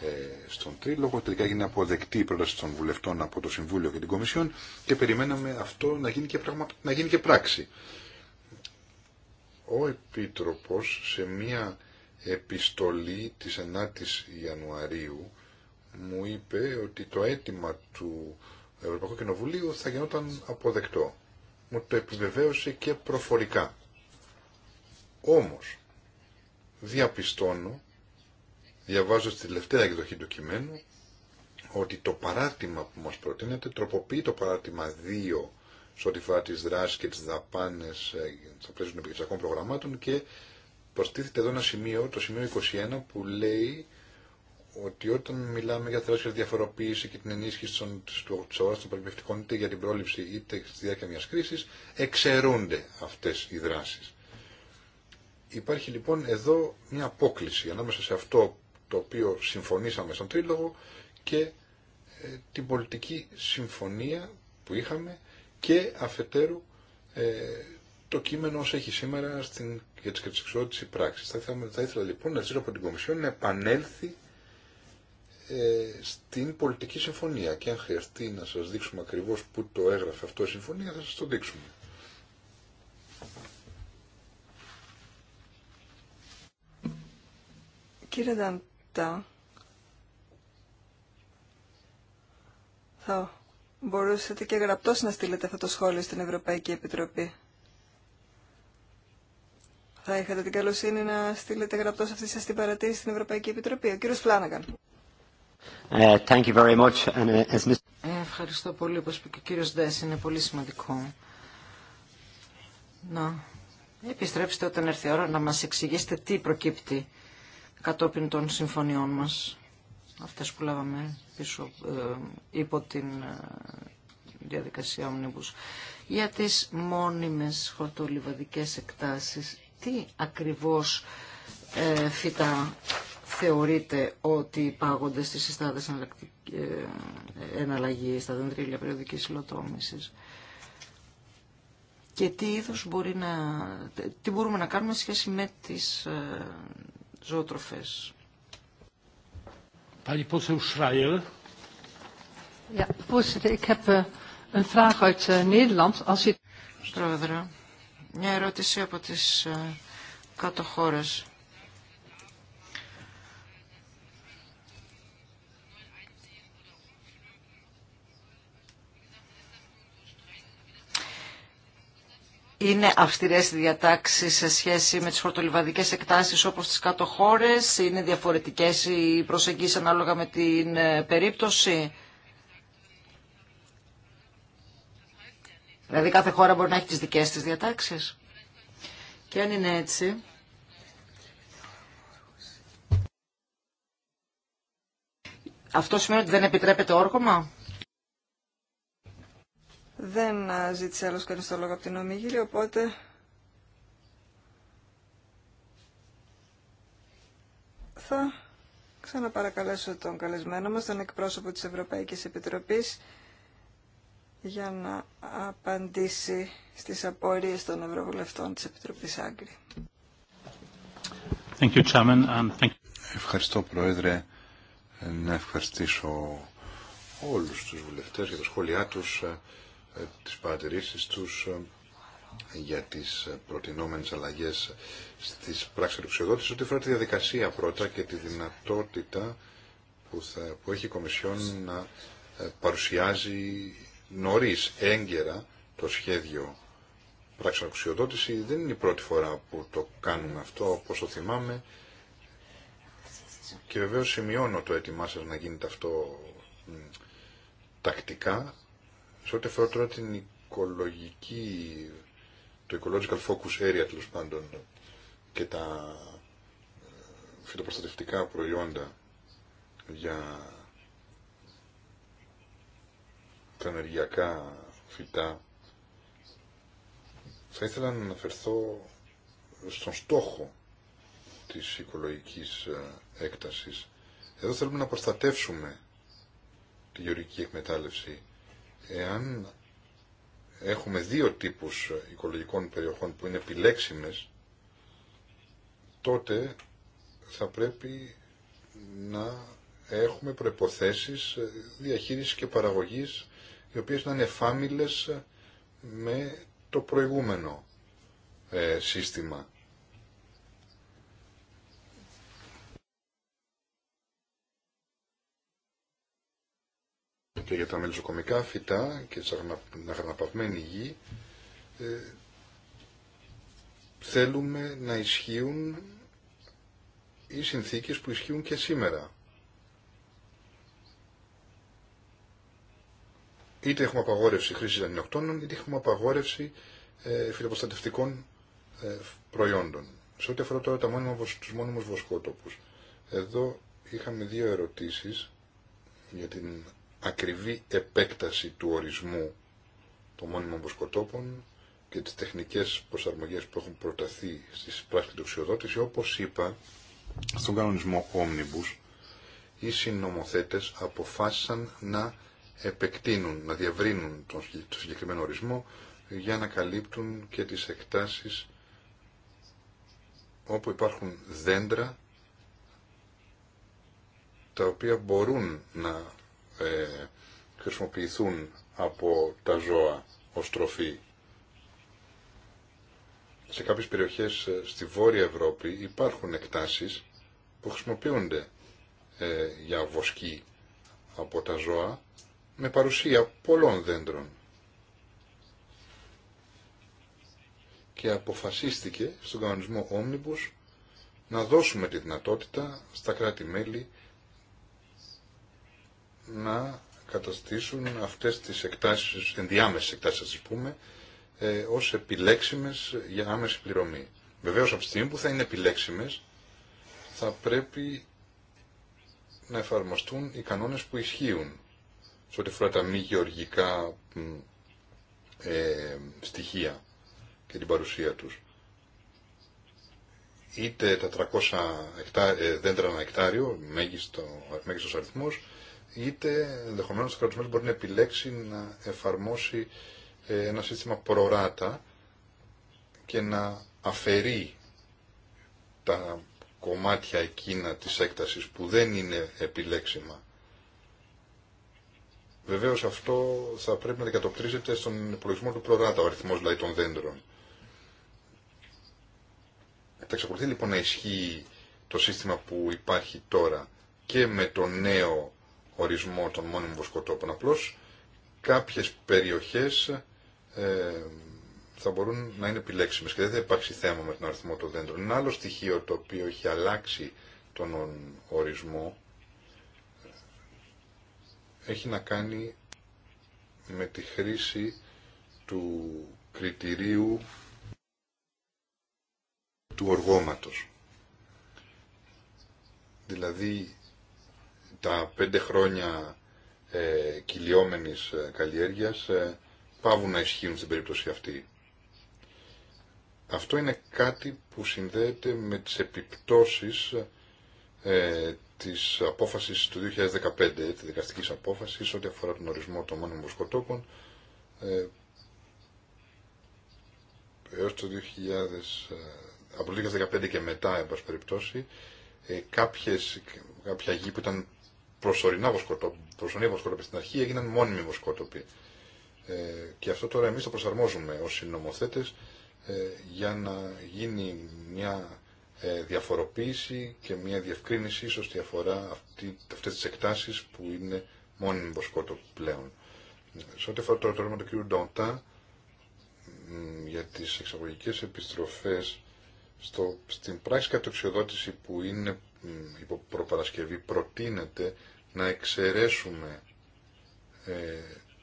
ε, στον Τρίλογο. Τελικά έγινε αποδεκτή η πρόταση των βουλευτών από το Συμβούλιο και την Κομισιόν και περιμέναμε αυτό να γίνει και, πραγμα... να γίνει και πράξη. Ο Επίτροπος σε μια επιστολή της 9 η Ιανουαρίου μου είπε ότι το αίτημα του Ευρωπαϊκού Κοινοβουλίου θα γινόταν αποδεκτό. Μου το επιβεβαίωσε και προφορικά. Όμως, διαπιστώνω, διαβάζω στη τελευταία εκδοχή του κειμένου, ότι το παράρτημα που μας προτείνεται τροποποιεί το παράρτημα 2 σε ό,τι φορά τις δράσεις και τις δαπάνες ε, στα πλαίσια των επιχειρησιακών προγραμμάτων και προστίθεται εδώ ένα σημείο, το σημείο 21, που λέει ότι όταν μιλάμε για θεράσια διαφοροποίηση και την ενίσχυση τη αγορά των περιπτυχτικών είτε για την πρόληψη είτε στη διάρκεια μια κρίση, εξαιρούνται αυτέ οι δράσει. Υπάρχει λοιπόν εδώ μια απόκληση ανάμεσα σε αυτό το οποίο συμφωνήσαμε στον Τρίλογο και ε, την πολιτική συμφωνία που είχαμε και αφετέρου ε, το κείμενο όσο έχει σήμερα στην, για τις οι πράξεις. Θα, θα ήθελα λοιπόν να ζητήσω από την Κομισιόν να επανέλθει ε, στην πολιτική συμφωνία και αν χρειαστεί να σας δείξουμε ακριβώς που το έγραφε αυτό η συμφωνία θα σας το δείξουμε. Κύριε Δαντά, θα μπορούσατε και γραπτός να στείλετε αυτό το σχόλιο στην Ευρωπαϊκή Επιτροπή. Θα είχατε την καλοσύνη να στείλετε γραπτός αυτή σας την παρατήρηση στην Ευρωπαϊκή Επιτροπή. Ο κύριος Φλάνναγκαν. Ε, uh, ε, ευχαριστώ πολύ, όπως είπε και ο κύριος Ντές, είναι πολύ σημαντικό. Να επιστρέψετε όταν έρθει η ώρα να μας εξηγήσετε τι προκύπτει κατόπιν των συμφωνιών μας, αυτές που λάβαμε πίσω ε, υπό την ε, διαδικασία Omnibus, για τις μόνιμες χορτολιβαδικές εκτάσεις, τι ακριβώς ε, φυτά θεωρείτε ότι υπάγονται στις συστάδες ε, εναλλαγή στα δεντρίλια περιοδικής υλοτόμησης και τι είδους μπορεί να, τι μπορούμε να κάνουμε σχέση με τις ζωοτροφές. Πρόεδρε, μια ερώτηση από τις ε, κάτω χώρες. Είναι αυστηρές οι διατάξεις σε σχέση με τι χορτολιβαδικές εκτάσεις όπως τι κάτω χώρε. Είναι διαφορετικές οι προσεγγίσει ανάλογα με την ε, περίπτωση. Δηλαδή κάθε χώρα μπορεί να έχει τις δικές της διατάξεις. Και αν είναι έτσι... Αυτό σημαίνει ότι δεν επιτρέπεται όργωμα. Δεν ε, ζήτησε άλλος κανείς το λόγο από την Ομίγυρη, οπότε... Θα ξαναπαρακαλέσω τον καλεσμένο μας, τον εκπρόσωπο της Ευρωπαϊκής Επιτροπής, για να απαντήσει στις απορίες των Ευρωβουλευτών της Επιτροπής Άγκρη. Ευχαριστώ, Πρόεδρε, να ευχαριστήσω όλους τους βουλευτές για τα σχόλιά τους. Ε, τις παρατηρήσεις τους ε, για τις ε, προτινόμενες αλλαγές στις πράξεις εξοδότησης ότι φορά τη διαδικασία πρώτα και τη δυνατότητα που, θα, που έχει η Κομισιόν να παρουσιάζει νωρίς, έγκαιρα, το σχέδιο πράξης αξιοδότηση. Δεν είναι η πρώτη φορά που το κάνουμε αυτό, όπως το θυμάμαι. Και βεβαίω σημειώνω το έτοιμά σας να γίνεται αυτό τακτικά. Σε ό,τι αφορά τώρα την οικολογική, το ecological focus area τέλο πάντων και τα ε, φυτοπροστατευτικά προϊόντα για τα ενεργειακά φυτά, θα ήθελα να αναφερθώ στον στόχο της οικολογικής ε, έκτασης. Εδώ θέλουμε να προστατεύσουμε τη γεωργική εκμετάλλευση Εάν έχουμε δύο τύπους οικολογικών περιοχών που είναι επιλέξιμες, τότε θα πρέπει να έχουμε προϋποθέσεις διαχείρισης και παραγωγής οι οποίες να είναι φάμιλες με το προηγούμενο ε, σύστημα. και για τα μελισσοκομικά φυτά και την αγαναπαυμένη γη ε, θέλουμε να ισχύουν οι συνθήκες που ισχύουν και σήμερα. Είτε έχουμε απαγόρευση χρήσης ανινοκτώνων, είτε έχουμε απαγόρευση ε, ε, προϊόντων. Σε ό,τι αφορά τώρα τα μόνιμα, τους μόνιμους βοσκότοπους. Εδώ είχαμε δύο ερωτήσεις για την ακριβή επέκταση του ορισμού των μόνιμων προσκοτόπων και τις τεχνικές προσαρμογές που έχουν προταθεί στις πράξεις του όπως είπα στον κανονισμό Omnibus, οι συνομοθέτες αποφάσισαν να επεκτείνουν, να διαβρύνουν τον συγκεκριμένο ορισμό για να καλύπτουν και τις εκτάσεις όπου υπάρχουν δέντρα τα οποία μπορούν να ε, χρησιμοποιηθούν από τα ζώα ως τροφή. Σε κάποιες περιοχές ε, στη Βόρεια Ευρώπη υπάρχουν εκτάσεις που χρησιμοποιούνται ε, για βοσκή από τα ζώα με παρουσία πολλών δέντρων. Και αποφασίστηκε στον κανονισμό Omnibus να δώσουμε τη δυνατότητα στα κράτη-μέλη να καταστήσουν αυτές τις εκτάσεις, ενδιάμεσες εκτάσεις ας πούμε, ε, ως επιλέξιμες για άμεση πληρωμή. Βεβαίως από τη στιγμή που θα είναι επιλέξιμες θα πρέπει να εφαρμοστούν οι κανόνες που ισχύουν σε ό,τι φορά τα μη γεωργικά ε, στοιχεία και την παρουσία τους. Είτε τα 300 δέντρα ένα εκτάριο, μέγιστο, μέγιστος αριθμός, είτε ενδεχομένως το κρατοσμένο μπορεί να επιλέξει να εφαρμόσει ε, ένα σύστημα προράτα και να αφαιρεί τα κομμάτια εκείνα της έκτασης που δεν είναι επιλέξιμα. Βεβαίως αυτό θα πρέπει να δικατοπτρίζεται στον υπολογισμό του προράτα, ο αριθμός δηλαδή των δέντρων. Θα λοιπόν να ισχύει το σύστημα που υπάρχει τώρα και με το νέο ορισμό των μόνιμων βοσκοτόπων. Απλώς κάποιες περιοχές ε, θα μπορούν να είναι επιλέξιμες και δεν θα υπάρξει θέμα με τον αριθμό των δέντρων. Ένα άλλο στοιχείο το οποίο έχει αλλάξει τον ορισμό έχει να κάνει με τη χρήση του κριτηρίου του οργώματος. Δηλαδή τα πέντε χρόνια ε, κυλιόμενης ε, καλλιέργειας ε, πάβουν να ισχύουν στην περίπτωση αυτή. Αυτό είναι κάτι που συνδέεται με τις επιπτώσεις ε, της απόφασης του 2015, ε, της δικαστικής απόφασης, ό,τι αφορά τον ορισμό των μόνιμων ε, έως το 2000, ε, από το 2015 και μετά, εν ε, κάποιες, κάποια γη που ήταν προσωρινά βοσκοτόπη, προσωρινή βοσκοτόπη στην αρχή έγιναν μόνιμοι βοσκοτόποι. Ε, και αυτό τώρα εμείς το προσαρμόζουμε ως συνομοθέτες ε, για να γίνει μια ε, διαφοροποίηση και μια διευκρίνηση ίσως τι αφορά αυτή, αυτές τις εκτάσεις που είναι μόνιμοι βοσκότοποι πλέον. Σε ό,τι αφορά το ερώτημα του κ. Ντοντά για τις εξαγωγικές επιστροφές στην πράξη κατοξιοδότηση που είναι υπό προπαρασκευή προτείνεται να εξαιρέσουμε ε,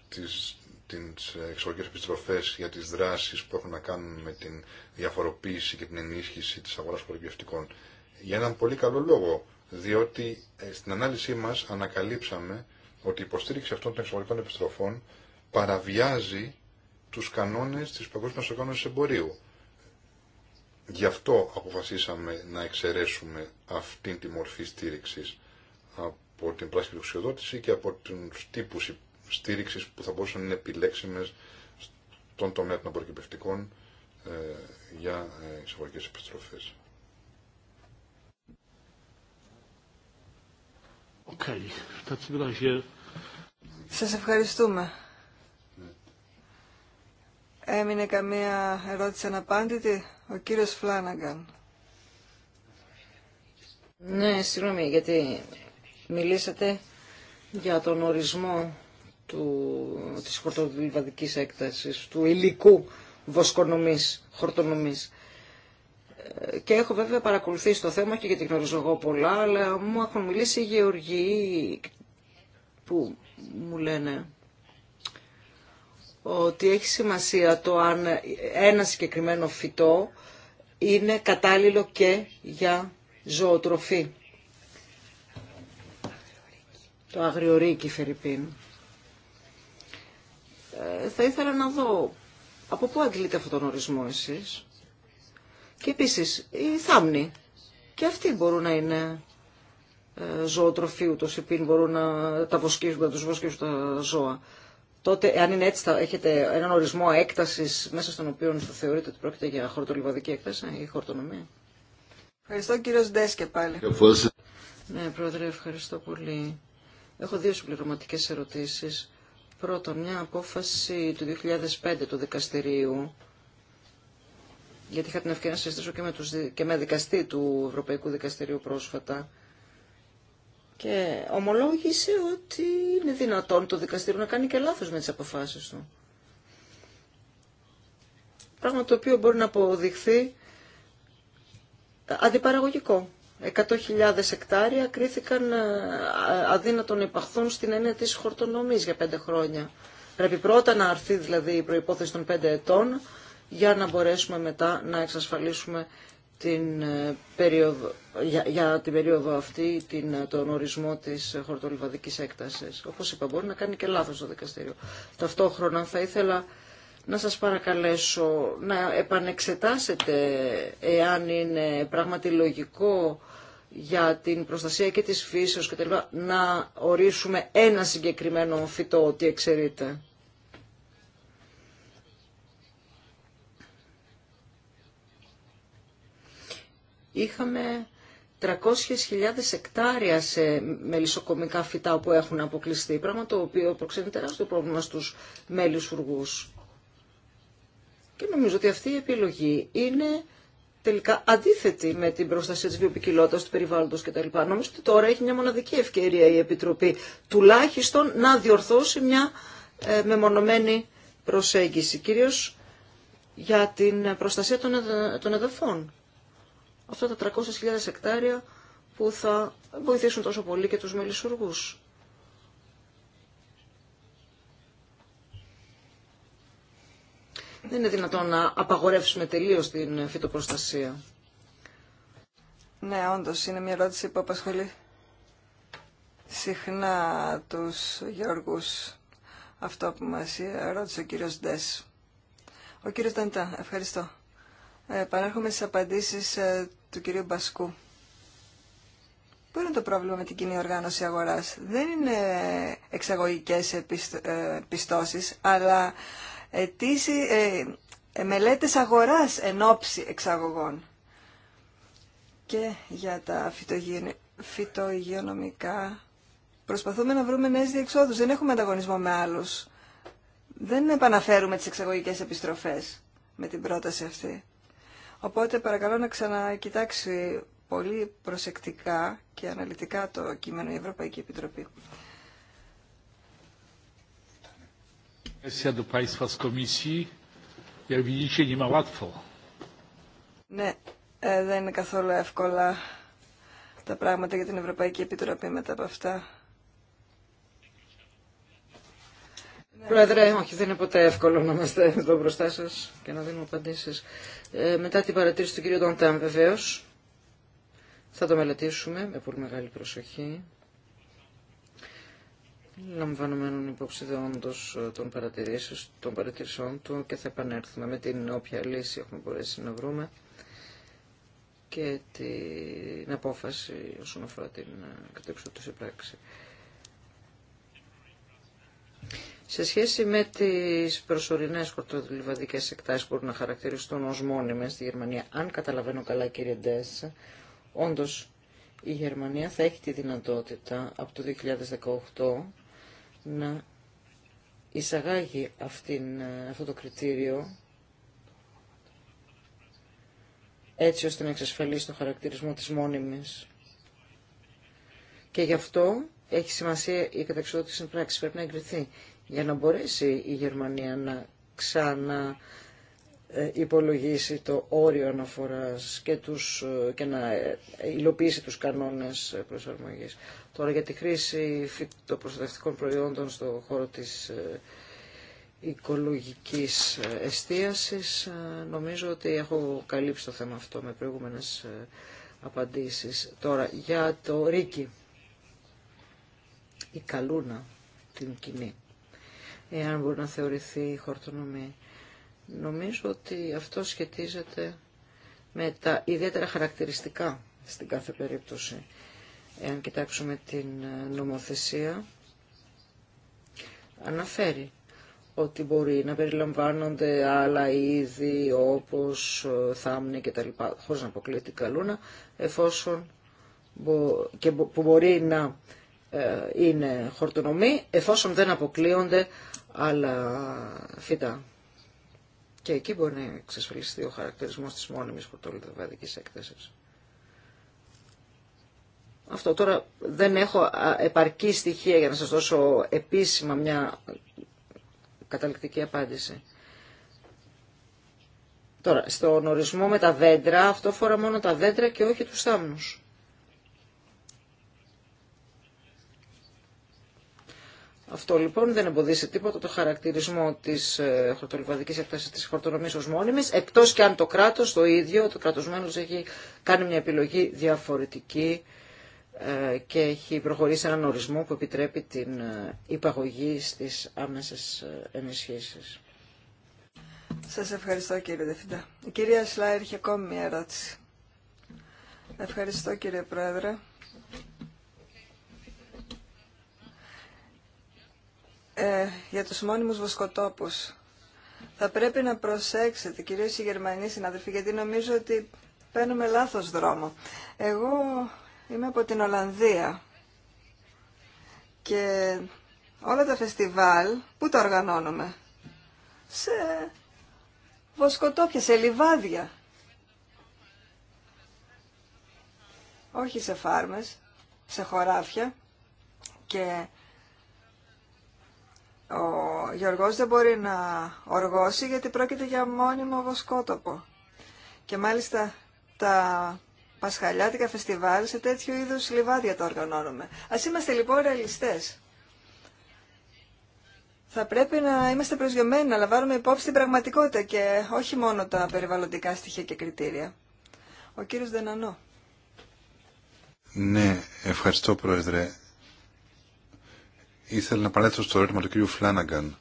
τις, τις εξωτερικές επιστροφές για τις δράσεις που έχουν να κάνουν με την διαφοροποίηση και την ενίσχυση της αγοράς προπιευτικών. Για έναν πολύ καλό λόγο, διότι ε, στην ανάλυση μας ανακαλύψαμε ότι η υποστήριξη αυτών των εξωτερικών επιστροφών παραβιάζει τους κανόνες της Παγκόσμιας Οργάνωσης Εμπορίου. Γι' αυτό αποφασίσαμε να εξαιρέσουμε αυτή τη μορφή στήριξης από την πράσινη δοξιοδότηση και από τους τύπους στήριξης που θα μπορούσαν να είναι επιλέξιμες στον τομέα των ε, για ε, εισαγωγικές επιστροφές. Okay. Σας ευχαριστούμε. Ναι. Έμεινε καμία ερώτηση αναπάντητη. Ο κύριος Φλάναγκαν. Ναι, συγγνώμη, γιατί μιλήσατε για τον ορισμό του, της χορτοβιβαδικής έκτασης, του υλικού βοσκονομής, χορτονομής. Ε, και έχω βέβαια παρακολουθήσει το θέμα και γιατί γνωρίζω εγώ πολλά, αλλά μου έχουν μιλήσει οι γεωργοί που μου λένε ότι έχει σημασία το αν ένα συγκεκριμένο φυτό είναι κατάλληλο και για ζωοτροφή. Το αγριορίκι Φερρυπίν. Ε, θα ήθελα να δω από πού αγγλείτε αυτόν τον ορισμό εσείς. Και επίσης οι θάμνοι. Και αυτοί μπορούν να είναι ε, ζωοτροφή ούτως ή μπορούν να τα βοσκίζουν, να τους τα ζώα τότε αν είναι έτσι θα έχετε έναν ορισμό έκτασης μέσα στον οποίο θα θεωρείτε ότι πρόκειται για χορτολιβαδική έκταση ή χορτονομία. Ευχαριστώ κύριο Ντέσκε πάλι. Ναι, Πρόεδρε, ευχαριστώ πολύ. Έχω δύο συμπληρωματικές ερωτήσεις. Πρώτον, μια απόφαση του 2005 του δικαστηρίου, γιατί είχα την ευκαιρία να συζητήσω και με, και με δικαστή του Ευρωπαϊκού Δικαστηρίου πρόσφατα, και ομολόγησε ότι είναι δυνατόν το δικαστήριο να κάνει και λάθος με τις αποφάσεις του. Πράγμα το οποίο μπορεί να αποδειχθεί αντιπαραγωγικό. 100.000 εκτάρια κρίθηκαν ε, αδύνατον υπαχθούν στην έννοια της χορτονομής για πέντε χρόνια. Πρέπει πρώτα να αρθεί δηλαδή η προϋπόθεση των πέντε ετών για να μπορέσουμε μετά να εξασφαλίσουμε την ε, περίοδο, για, την περίοδο αυτή την, ε, τον ορισμό της ε, χορτολιβαδικής έκτασης. Όπως είπα, μπορεί να κάνει και λάθος το δικαστήριο. Ταυτόχρονα θα ήθελα να σας παρακαλέσω να επανεξετάσετε εάν είναι πράγματι λογικό για την προστασία και της φύσεως και να ορίσουμε ένα συγκεκριμένο φυτό ότι εξαιρείται. είχαμε 300.000 εκτάρια σε μελισσοκομικά φυτά που έχουν αποκλειστεί, πράγμα το οποίο προξενεί τεράστιο πρόβλημα στους μέλους φουργούς. Και νομίζω ότι αυτή η επιλογή είναι τελικά αντίθετη με την προστασία της βιοποικιλότητας, του περιβάλλοντος κτλ. Νομίζω ότι τώρα έχει μια μοναδική ευκαιρία η Επιτροπή τουλάχιστον να διορθώσει μια ε, μεμονωμένη προσέγγιση, κυρίως για την προστασία των, εδαφών αυτά τα 300.000 εκτάρια που θα βοηθήσουν τόσο πολύ και τους μελισσουργούς. Δεν είναι δυνατόν να απαγορεύσουμε τελείως την φυτοπροστασία. Ναι, όντως είναι μια ερώτηση που απασχολεί συχνά τους γεωργούς. Αυτό που μας ρώτησε ο κύριος Ντές. Ο κύριος Νταντά, ευχαριστώ. Επανέρχομαι στις απαντήσεις ε, του κυρίου Μπασκού. Πού είναι το πρόβλημα με την κοινή οργάνωση αγοράς. Δεν είναι εξαγωγικέ ε, πιστώσει, αλλά αιτήσει, ε, ε, μελέτες αγοράς εν ώψη εξαγωγών. Και για τα φυτοϊγειονομικά προσπαθούμε να βρούμε νέες διεξόδους. Δεν έχουμε ανταγωνισμό με άλλους. Δεν επαναφέρουμε τις εξαγωγικές επιστροφές με την πρόταση αυτή. Οπότε παρακαλώ να ξανακοιτάξει πολύ προσεκτικά και αναλυτικά το κείμενο η Ευρωπαϊκή Επιτροπή. Ναι, ε, δεν είναι καθόλου εύκολα τα πράγματα για την Ευρωπαϊκή Επιτροπή μετά από αυτά. Ναι. Πρόεδρε, όχι, δεν είναι ποτέ εύκολο να είμαστε εδώ μπροστά σα και να δίνουμε απαντήσει. Ε, μετά την παρατήρηση του κ. Ντοντάμ, βεβαίω. Θα το μελετήσουμε με πολύ μεγάλη προσοχή. λαμβανωμένων υπόψη ε, των των παρατηρήσεών του και θα επανέλθουμε με την όποια λύση έχουμε μπορέσει να βρούμε και την απόφαση όσον αφορά την ε, κατεξοδότηση πράξη. Σε σχέση με τις προσωρινές κορτοδουλειβαδικέ εκτάσεις που μπορούν να χαρακτηριστούν ω μόνιμε στη Γερμανία, αν καταλαβαίνω καλά κύριε Ντέσσα, όντως η Γερμανία θα έχει τη δυνατότητα από το 2018 να εισαγάγει αυτήν, αυτό το κριτήριο έτσι ώστε να εξασφαλίσει το χαρακτηρισμό της μόνιμης. Και γι' αυτό έχει σημασία η καταξιδότηση πράξη. Πρέπει να εγκριθεί για να μπορέσει η Γερμανία να ξανά ε, υπολογίσει το όριο αναφοράς και, τους, ε, και να ε, υλοποιήσει τους κανόνες προσαρμογής. Τώρα για τη χρήση φυτοπροστατευτικών προϊόντων στο χώρο της οικολογικής εστίασης νομίζω ότι έχω καλύψει το θέμα αυτό με προηγούμενες απαντήσεις. Τώρα για το Ρίκι, η Καλούνα, την κοινή εάν μπορεί να θεωρηθεί χορτονομή. Νομίζω ότι αυτό σχετίζεται με τα ιδιαίτερα χαρακτηριστικά στην κάθε περίπτωση. Εάν κοιτάξουμε την ε, νομοθεσία, αναφέρει ότι μπορεί να περιλαμβάνονται άλλα είδη όπως ε, θάμνη και τα λοιπά, χωρίς να αποκλείεται την καλούνα, εφόσον και που μπορεί να ε, είναι χορτονομή, εφόσον δεν αποκλείονται άλλα φυτά. Και εκεί μπορεί να εξασφαλιστεί ο χαρακτηρισμός της μόνιμης πορτολιδοβαδικής έκθεσης. Αυτό τώρα δεν έχω επαρκή στοιχεία για να σας δώσω επίσημα μια καταληκτική απάντηση. Τώρα, στον ορισμό με τα δέντρα, αυτό φορά μόνο τα δέντρα και όχι τους θάμνους. Αυτό λοιπόν δεν εμποδίσει τίποτα το χαρακτηρισμό τη ε, χορτολιβαδική έκταση τη χορτονομή ω μόνιμη, εκτό και αν το κράτο το ίδιο, το κράτο μέλο έχει κάνει μια επιλογή διαφορετική ε, και έχει προχωρήσει έναν ορισμό που επιτρέπει την ε, υπαγωγή στις άμεσες ενισχύσει. Σας ευχαριστώ κύριε Δεφυντα. Η κυρία Σλάιρ έχει ακόμη μια ερώτηση. Ευχαριστώ κύριε Πρόεδρε. ε, για τους μόνιμους βοσκοτόπους. Θα πρέπει να προσέξετε, κυρίως οι Γερμανοί συναδελφοί, γιατί νομίζω ότι παίρνουμε λάθος δρόμο. Εγώ είμαι από την Ολλανδία και όλα τα φεστιβάλ, πού τα οργανώνουμε, σε βοσκοτόπια, σε λιβάδια. Όχι σε φάρμες, σε χωράφια και ο Γιώργος δεν μπορεί να οργώσει γιατί πρόκειται για μόνιμο βοσκότοπο. Και μάλιστα τα πασχαλιάτικα φεστιβάλ σε τέτοιου είδους λιβάδια το οργανώνουμε. Ας είμαστε λοιπόν ρεαλιστές. Θα πρέπει να είμαστε προσγειωμένοι, να λαμβάνουμε υπόψη την πραγματικότητα και όχι μόνο τα περιβαλλοντικά στοιχεία και κριτήρια. Ο κύριος Δενανό. Ναι, ευχαριστώ Πρόεδρε ήθελα να παρέλθω στο ερώτημα του κ. Φλάναγκαν.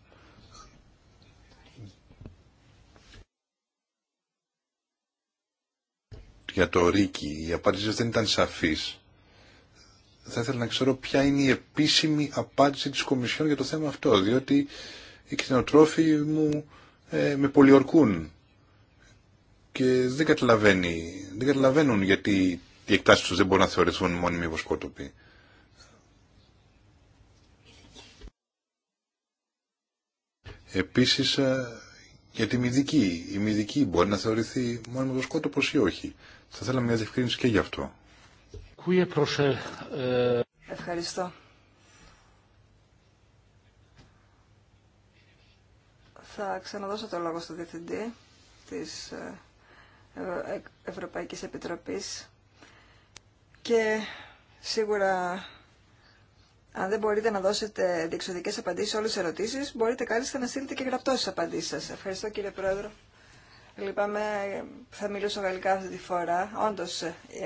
Για το Ρίκι, η απάντηση δεν ήταν σαφής. Θα ήθελα να ξέρω ποια είναι η επίσημη απάντηση της Κομισιόν για το θέμα αυτό, διότι οι κτηνοτρόφοι μου ε, με πολιορκούν και δεν, καταλαβαίνει, δεν καταλαβαίνουν γιατί οι εκτάσεις τους δεν μπορούν να θεωρηθούν μόνιμοι υποσκότοποι. Επίσης ε, για τη μυδική. Η μυδική μπορεί να θεωρηθεί μόνο σκότωπος ή όχι. Θα θέλαμε μια διευκρίνηση και γι' αυτό. Ε, Ευχαριστώ. Θα ξαναδώσω το λόγο στο Διευθυντή της ε, Ευρωπαϊκής Επιτροπής και σίγουρα αν δεν μπορείτε να δώσετε διεξοδικέ απαντήσει σε όλες τις ερωτήσεις, μπορείτε κάλλιστα να στείλετε και γραπτώσεις απαντήσεις σα. Ευχαριστώ κύριε Πρόεδρο. Λυπάμαι, θα μιλήσω γαλλικά αυτή τη φορά. Όντω,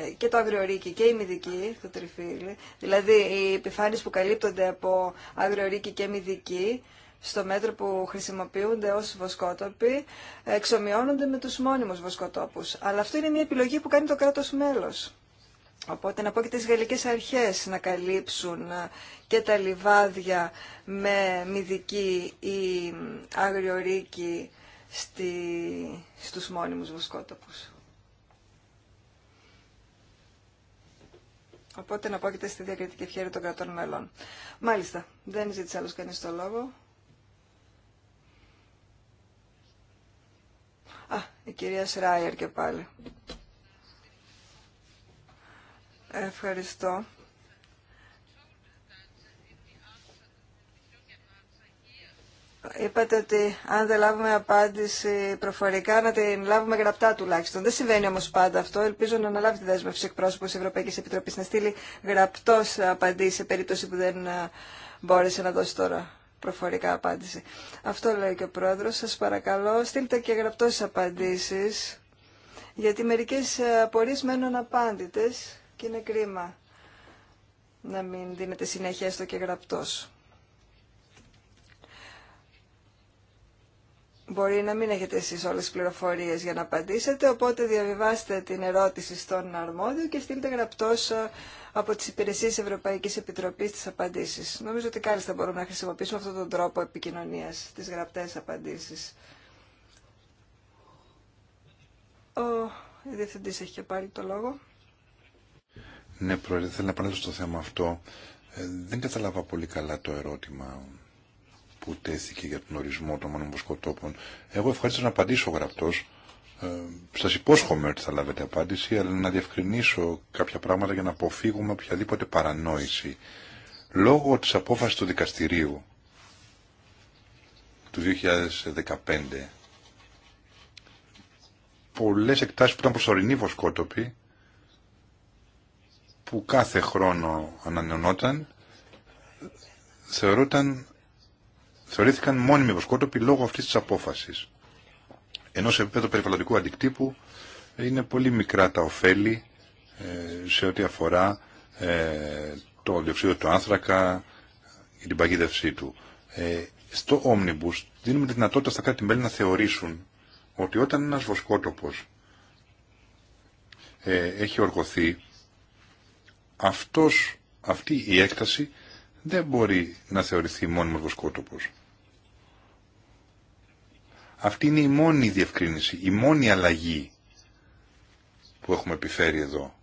ε, και το αγριορίκι και η μυδική, το τριφύλι, δηλαδή οι επιφάνειε που καλύπτονται από αγριορίκι και μυδική, στο μέτρο που χρησιμοποιούνται ω βοσκότοποι, εξομοιώνονται με του μόνιμου βοσκοτόπου. Αλλά αυτό είναι μια επιλογή που κάνει το κράτο μέλο. Οπότε να πω και τις γαλλικές αρχές να καλύψουν ε, και τα λιβάδια με μυδική ή αγριορίκη στη, στους μόνιμους βοσκότοπους. Οπότε να πω και στη διακριτική ευχαίρεια των κρατών μελών. Μάλιστα, δεν ζήτησε άλλος κανείς το λόγο. Α, η κυρία Σράιερ και πάλι. Ευχαριστώ. Είπατε ότι αν δεν λάβουμε απάντηση προφορικά να την λάβουμε γραπτά τουλάχιστον. Δεν συμβαίνει όμως πάντα αυτό. Ελπίζω να αναλάβει τη δέσμευση εκπρόσωπος της Ευρωπαϊκής Επιτροπής να στείλει γραπτός απαντήσει σε περίπτωση που δεν ε, μπόρεσε να δώσει τώρα προφορικά απάντηση. Αυτό λέει και ο Πρόεδρος. Σας παρακαλώ στείλτε και γραπτός απαντήσεις γιατί μερικές ε, απορίες μένουν απάντητες και είναι κρίμα να μην δίνετε συνέχεια στο και γραπτός. Μπορεί να μην έχετε εσείς όλες τις πληροφορίες για να απαντήσετε, οπότε διαβιβάστε την ερώτηση στον αρμόδιο και στείλτε γραπτός ε, από τις υπηρεσίες Ευρωπαϊκής Επιτροπής τις απαντήσεις. Νομίζω ότι κάλλιστα μπορούμε να χρησιμοποιήσουμε αυτόν τον τρόπο επικοινωνίας, τις γραπτές απαντήσεις. Ο Διευθυντής έχει και πάλι το λόγο. Ναι, Πρόεδρε, θέλω να επανέλθω στο θέμα αυτό. Ε, δεν καταλάβα πολύ καλά το ερώτημα που τέθηκε για τον ορισμό των μονομποσκοτόπων. Εγώ ευχαριστώ να απαντήσω γραπτό, Ε, σας υπόσχομαι ότι θα λάβετε απάντηση, αλλά να διευκρινίσω κάποια πράγματα για να αποφύγουμε οποιαδήποτε παρανόηση. Λόγω τη απόφαση του δικαστηρίου του 2015, πολλές εκτάσεις που ήταν προσωρινή βοσκότοποι που κάθε χρόνο ανανεωνόταν θεωρήθηκαν μόνιμοι βοσκότοποι λόγω αυτής της απόφασης. Ενώ σε επίπεδο περιβαλλοντικού αντικτύπου είναι πολύ μικρά τα ωφέλη ε, σε ό,τι αφορά ε, το διοξείδιο του άνθρακα και την παγίδευσή του. Ε, στο Omnibus δίνουμε τη δυνατότητα στα κράτη-μέλη να θεωρήσουν ότι όταν ένας βοσκότοπος έχει οργωθεί αυτός, αυτή η έκταση δεν μπορεί να θεωρηθεί μόνιμος βοσκότοπος. Αυτή είναι η μόνη διευκρίνηση, η μόνη αλλαγή που έχουμε επιφέρει εδώ.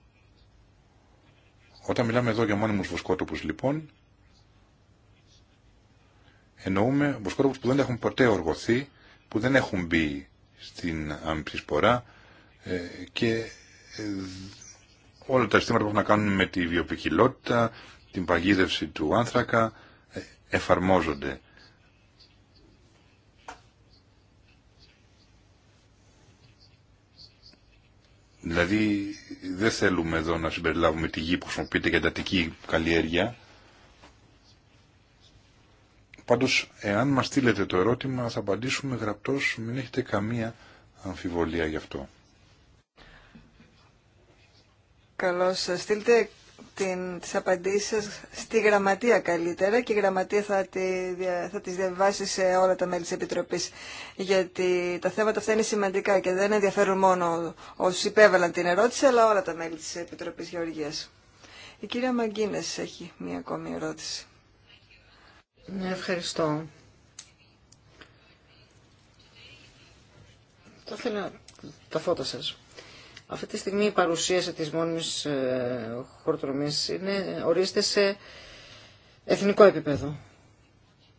Όταν μιλάμε εδώ για μόνιμους βοσκότοπους λοιπόν, εννοούμε βοσκότοπους που δεν έχουν ποτέ οργωθεί, που δεν έχουν μπει στην αμψησπορά ε, και ε, όλα τα αισθήματα που έχουν να κάνουν με τη βιοποικιλότητα, την παγίδευση του άνθρακα, ε, εφαρμόζονται. Δηλαδή δεν θέλουμε εδώ να συμπεριλάβουμε τη γη που χρησιμοποιείται για εντατική καλλιέργεια. Πάντως, εάν μας στείλετε το ερώτημα, θα απαντήσουμε γραπτώς, μην έχετε καμία αμφιβολία γι' αυτό παρακαλώ σας στείλτε την, τις απαντήσεις σας στη γραμματεία καλύτερα και η γραμματεία θα, τη, θα τις διαβάσει σε όλα τα μέλη της Επιτροπής γιατί τα θέματα αυτά είναι σημαντικά και δεν ενδιαφέρουν μόνο όσους υπέβαλαν την ερώτηση αλλά όλα τα μέλη της Επιτροπής Γεωργίας. Η κυρία Μαγκίνες έχει μία ακόμη ερώτηση. Ναι, ευχαριστώ. Θα ήθελα τα φώτα σας. Αυτή τη στιγμή η παρουσίαση της μόνιμης ε, χορτρομής είναι, ορίζεται σε εθνικό επίπεδο.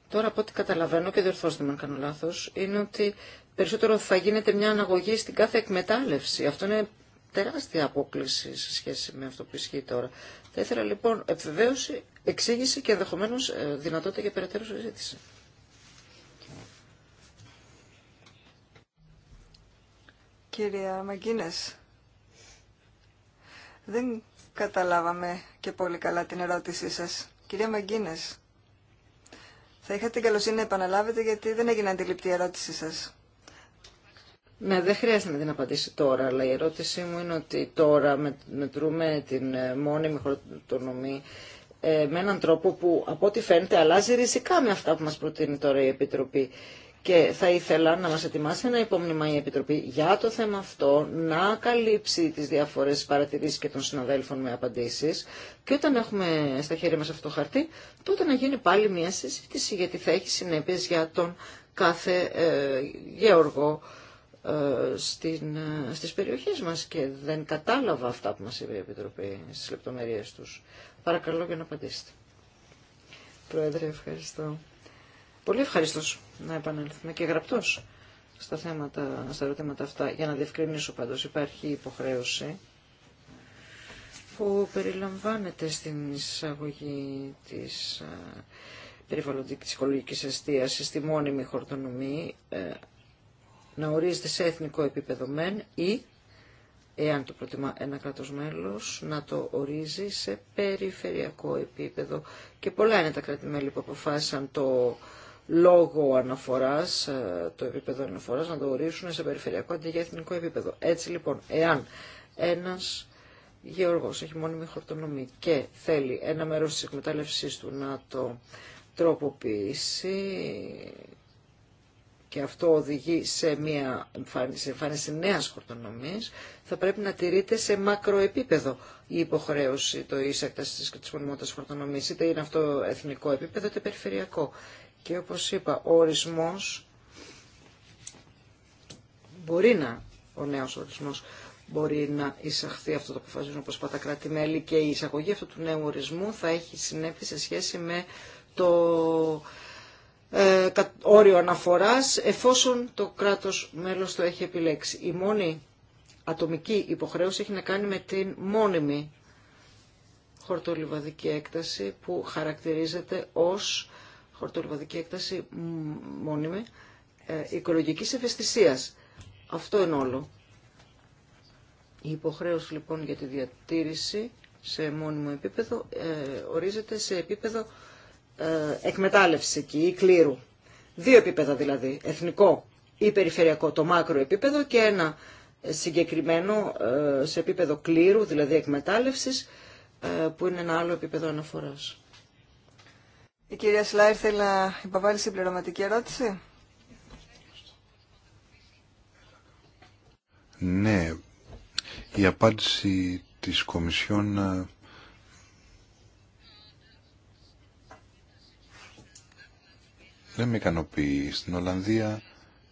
Τώρα από ό,τι καταλαβαίνω και διορθώστε με αν κάνω λάθος, είναι ότι περισσότερο θα γίνεται μια αναγωγή στην κάθε εκμετάλλευση. Αυτό είναι τεράστια απόκληση σε σχέση με αυτό που ισχύει τώρα. Θα ήθελα λοιπόν επιβεβαίωση, εξήγηση και ενδεχομένω ε, δυνατότητα για περαιτέρω συζήτηση. Κύριε Μαγκίνες, δεν καταλάβαμε και πολύ καλά την ερώτησή σας. Κυρία Μαγκίνες, θα είχα την καλοσύνη να επαναλάβετε γιατί δεν έγινε αντιληπτή η ερώτησή σας. Ναι, δεν χρειάζεται να την απαντήσει τώρα, αλλά η ερώτησή μου είναι ότι τώρα μετρούμε την ε, μόνιμη χρονονομή ε, με έναν τρόπο που από ό,τι φαίνεται αλλάζει ριζικά με αυτά που μας προτείνει τώρα η Επιτροπή. Και θα ήθελα να μας ετοιμάσει ένα υπόμνημα η Επιτροπή για το θέμα αυτό, να καλύψει τις διάφορες παρατηρήσεις και των συναδέλφων με απαντήσεις. Και όταν έχουμε στα χέρια μας αυτό το χαρτί, τότε να γίνει πάλι μια συζήτηση, γιατί θα έχει συνέπειες για τον κάθε ε, γεωργό ε, στην, ε, στις περιοχές μας και δεν κατάλαβα αυτά που μας είπε η Επιτροπή στις λεπτομέρειες τους. Παρακαλώ για να απαντήσετε. Πρόεδρε, ευχαριστώ. Πολύ ευχαριστώ να επανέλθουμε και γραπτώς στα, θέματα, στα ερωτήματα αυτά. Για να διευκρινίσω πάντως υπάρχει υποχρέωση που περιλαμβάνεται στην εισαγωγή της ε, περιβαλλοντικής οικολογικής εστίασης στη μόνιμη χορτονομή ε, να ορίζεται σε εθνικό επίπεδο μεν ή εάν το προτιμά ένα κράτος μέλος, να το ορίζει σε περιφερειακό επίπεδο. Και πολλά είναι τα κράτη-μέλη που αποφάσισαν το λόγο αναφοράς, ε, το επίπεδο αναφοράς, να το ορίσουν σε περιφερειακό αντί για εθνικό επίπεδο. Έτσι λοιπόν, εάν ένας γεωργός έχει μόνιμη χορτονομή και θέλει ένα μέρος της εκμετάλλευσής του να το τροποποιήσει και αυτό οδηγεί σε μια εμφάνιση, εμφάνιση νέας χορτονομής, θα πρέπει να τηρείται σε μακροεπίπεδο η υποχρέωση το ίσα και της, της μονιμότητας χορτονομής, είτε είναι αυτό εθνικό επίπεδο είτε περιφερειακό. Και όπως είπα, ο ορισμός μπορεί να, ο νέος ορισμός μπορεί να εισαχθεί αυτό το αποφασίζουν όπως είπα τα κράτη-μέλη και η εισαγωγή αυτού του νέου ορισμού θα έχει συνέπει σε σχέση με το ε, όριο αναφοράς εφόσον το κράτος μέλος το έχει επιλέξει. Η μόνη ατομική υποχρέωση έχει να κάνει με την μόνιμη χορτολιβαδική έκταση που χαρακτηρίζεται ως χορτολογική έκταση μόνιμη ε, οικολογικής ευαισθησίας. Αυτό εν όλο. Η υποχρέωση λοιπόν για τη διατήρηση σε μόνιμο επίπεδο ε, ορίζεται σε επίπεδο ε, εκμετάλλευση εκεί ή κλήρου. Δύο επίπεδα δηλαδή, εθνικό ή περιφερειακό, το μάκρο επίπεδο και ένα συγκεκριμένο ε, σε επίπεδο κλήρου, δηλαδή εκμετάλλευσης, ε, που είναι ένα άλλο επίπεδο αναφοράς. Η κυρία Σλάιρ θέλει να υποβάλει συμπληρωματική ερώτηση. Ναι, η απάντηση της Κομισιόν ε, δεν με ικανοποιεί. Στην Ολλανδία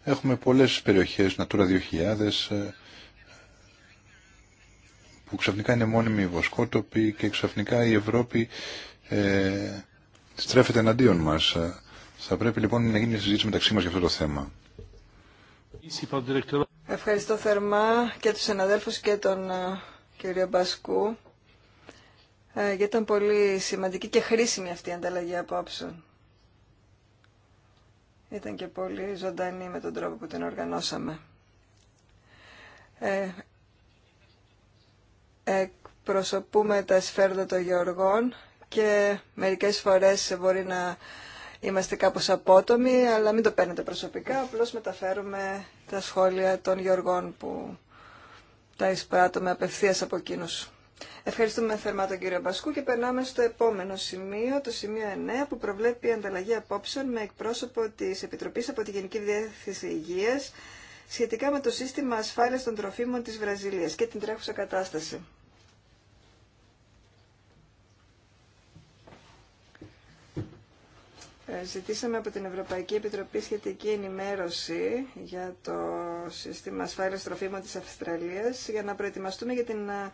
έχουμε πολλές περιοχές Natura 2000 ε, που ξαφνικά είναι μόνιμοι βοσκότοποι και ξαφνικά η Ευρώπη ε, στρέφεται εναντίον μας. Θα πρέπει λοιπόν να γίνει μια συζήτηση μεταξύ μα για αυτό το θέμα. Ευχαριστώ θερμά και του συναδέλφου και τον ε, κύριο Μπασκού ε, γιατί ήταν πολύ σημαντική και χρήσιμη αυτή η ανταλλαγή απόψε. Ήταν και πολύ ζωντανή με τον τρόπο που την οργανώσαμε. Ε, εκπροσωπούμε τα σφαίρδα των Γεωργών και μερικές φορές μπορεί να είμαστε κάπως απότομοι, αλλά μην το παίρνετε προσωπικά, απλώς μεταφέρουμε τα σχόλια των Γιωργών που τα εισπράττουμε απευθείας από εκείνους. Ευχαριστούμε θερμά τον κύριο Μπασκού και περνάμε στο επόμενο σημείο, το σημείο 9, που προβλέπει η ανταλλαγή απόψεων με εκπρόσωπο της Επιτροπής από τη Γενική Διεύθυνση Υγείας σχετικά με το σύστημα ασφάλειας των τροφίμων της Βραζιλίας και την τρέχουσα κατάσταση. Ε, ζητήσαμε από την Ευρωπαϊκή Επιτροπή σχετική ενημέρωση για το σύστημα ασφάλειας τροφίμων της Αυστραλίας για να προετοιμαστούμε για την ε,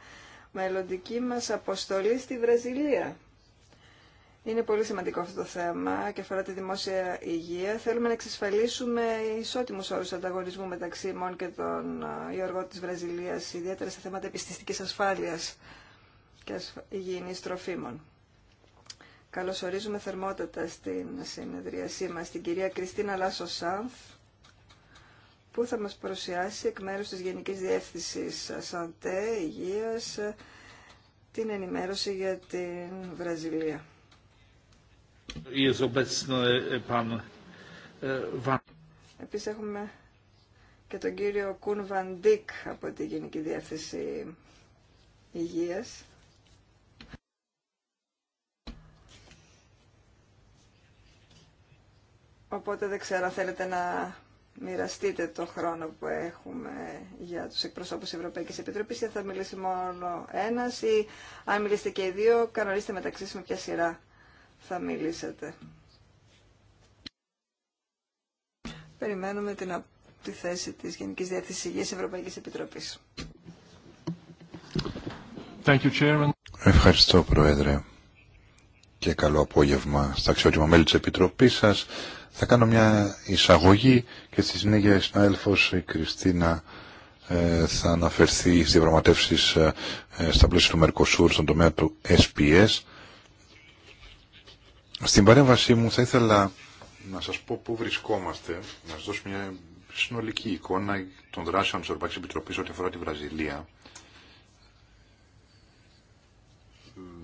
μελλοντική μας αποστολή στη Βραζιλία. Είναι πολύ σημαντικό αυτό το θέμα και αφορά τη δημόσια υγεία. Θέλουμε να εξασφαλίσουμε ισότιμου όρου ανταγωνισμού μεταξύ ημών και των Ιωργών ε, τη Βραζιλία, ιδιαίτερα σε θέματα επιστηστική ασφάλεια και υγιεινή τροφίμων. Καλωσορίζουμε θερμότατα στην συνεδρίασή μας την κυρία Κριστίνα Λάσο Σάνθ, που θα μας παρουσιάσει εκ μέρους της Γενικής Διεύθυνσης Σαντέ Υγείας την ενημέρωση για την Βραζιλία. E, e, Επίσης έχουμε και τον κύριο Κουν Βαντίκ από τη Γενική Διεύθυνση Υγείας Οπότε δεν ξέρω θέλετε να μοιραστείτε το χρόνο που έχουμε για τους εκπροσώπους Ευρωπαϊκής Επιτροπής ή θα μιλήσει μόνο ένας ή αν μιλήσετε και οι δύο, κανονίστε μεταξύ σας με ποια σειρά θα μιλήσετε. Περιμένουμε την, τη θέση της Γενικής Διεύθυνσης Υγείας Ευρωπαϊκής Επιτροπής. Thank you, Chairman. Ευχαριστώ, Πρόεδρε, και καλό απόγευμα στα αξιότιμα μέλη της Επιτροπής σας. Θα κάνω μια εισαγωγή και στη συνέχεια η συνάδελφος η Κριστίνα ε, θα αναφερθεί στις διαπραγματεύσεις ε, ε, στα πλαίσια του Mercosur στον τομέα του SPS. Στην παρέμβασή μου θα ήθελα να σας πω πού βρισκόμαστε, να σας δώσω μια συνολική εικόνα των δράσεων της Ευρωπαϊκής Επιτροπής ό,τι αφορά τη Βραζιλία.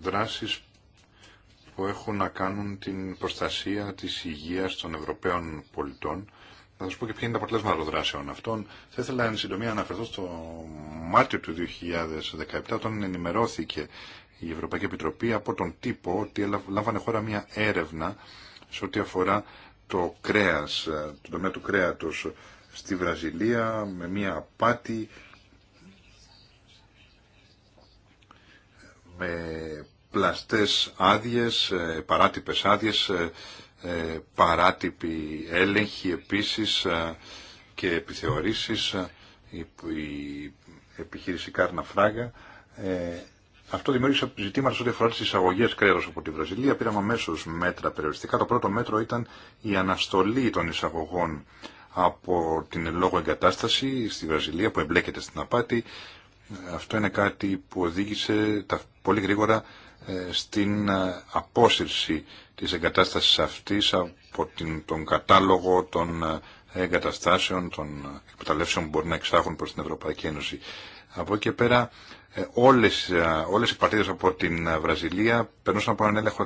Δράσεις που έχουν να κάνουν την προστασία της υγείας των Ευρωπαίων πολιτών. Θα σας πω και ποια είναι τα αποτελέσματα των δράσεων αυτών. Θα ήθελα εν συντομία να αναφερθώ στο Μάρτιο του 2017 όταν ενημερώθηκε η Ευρωπαϊκή Επιτροπή από τον τύπο ότι λάμβανε χώρα μια έρευνα σε ό,τι αφορά το κρέας, ε, το τομέα του κρέατος στη Βραζιλία με μια απάτη με πλαστές άδειες, ε, παράτυπες άδειες, ε, ε, παράτυπη έλεγχοι επίσης και επιθεωρήσεις, η επιχείρηση Κάρνα Φράγκα. Αυτό δημιούργησε ζητήματα σε ό,τι αφορά τι εισαγωγέ κρεα από τη Βραζιλία. Πήραμε αμέσω μέτρα περιοριστικά. Το πρώτο μέτρο ήταν η αναστολή των εισαγωγών από την λόγω εγκατάσταση στη Βραζιλία που εμπλέκεται στην απάτη. Αυτό είναι κάτι που οδήγησε πολύ γρήγορα ε, στην ε, απόσυρση της εγκατάστασης αυτής από τον κατάλογο των ε, εγκαταστάσεων, των εκπαιδεύσεων που μπορεί να εξάγουν προς την Ευρωπαϊκή Ένωση. Από εκεί και πέρα όλες, όλες οι παρτίδες από την Βραζιλία περνούσαν από έναν έλεγχο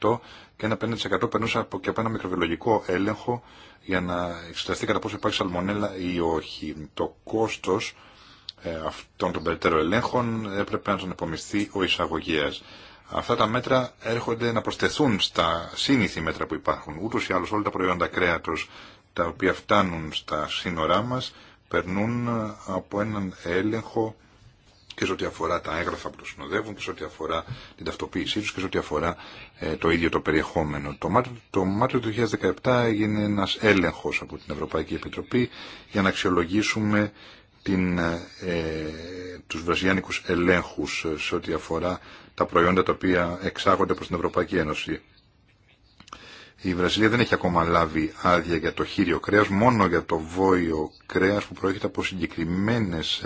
100% και ένα 50% περνούσαν από, και από ένα μικροβιολογικό έλεγχο για να εξεταστεί κατά πόσο υπάρχει σαλμονέλα ή όχι. Το κόστος ε, αυτών των περαιτέρω ελέγχων έπρεπε να τον επομιστεί ο εισαγωγέας. Αυτά τα μέτρα έρχονται να προσθεθούν στα σύνηθι μέτρα που υπάρχουν. Ούτως ή άλλως όλα τα προϊόντα κρέατος τα οποία φτάνουν στα σύνορά μας περνούν από έναν έλεγχο και σε ό,τι αφορά τα έγγραφα που το συνοδεύουν και σε ό,τι αφορά την ταυτοποίησή τους και σε ό,τι αφορά ε, το ίδιο το περιεχόμενο. Το Μάρτιο, το του 2017 έγινε ένας έλεγχος από την Ευρωπαϊκή Επιτροπή για να αξιολογήσουμε την, ε, τους βραζιλιάνικους ελέγχους ε, σε ό,τι αφορά τα προϊόντα τα οποία εξάγονται προς την Ευρωπαϊκή Ένωση. Η Βραζιλία δεν έχει ακόμα λάβει άδεια για το χείριο κρέας, μόνο για το βόηο κρέας που προέρχεται από συγκεκριμένες,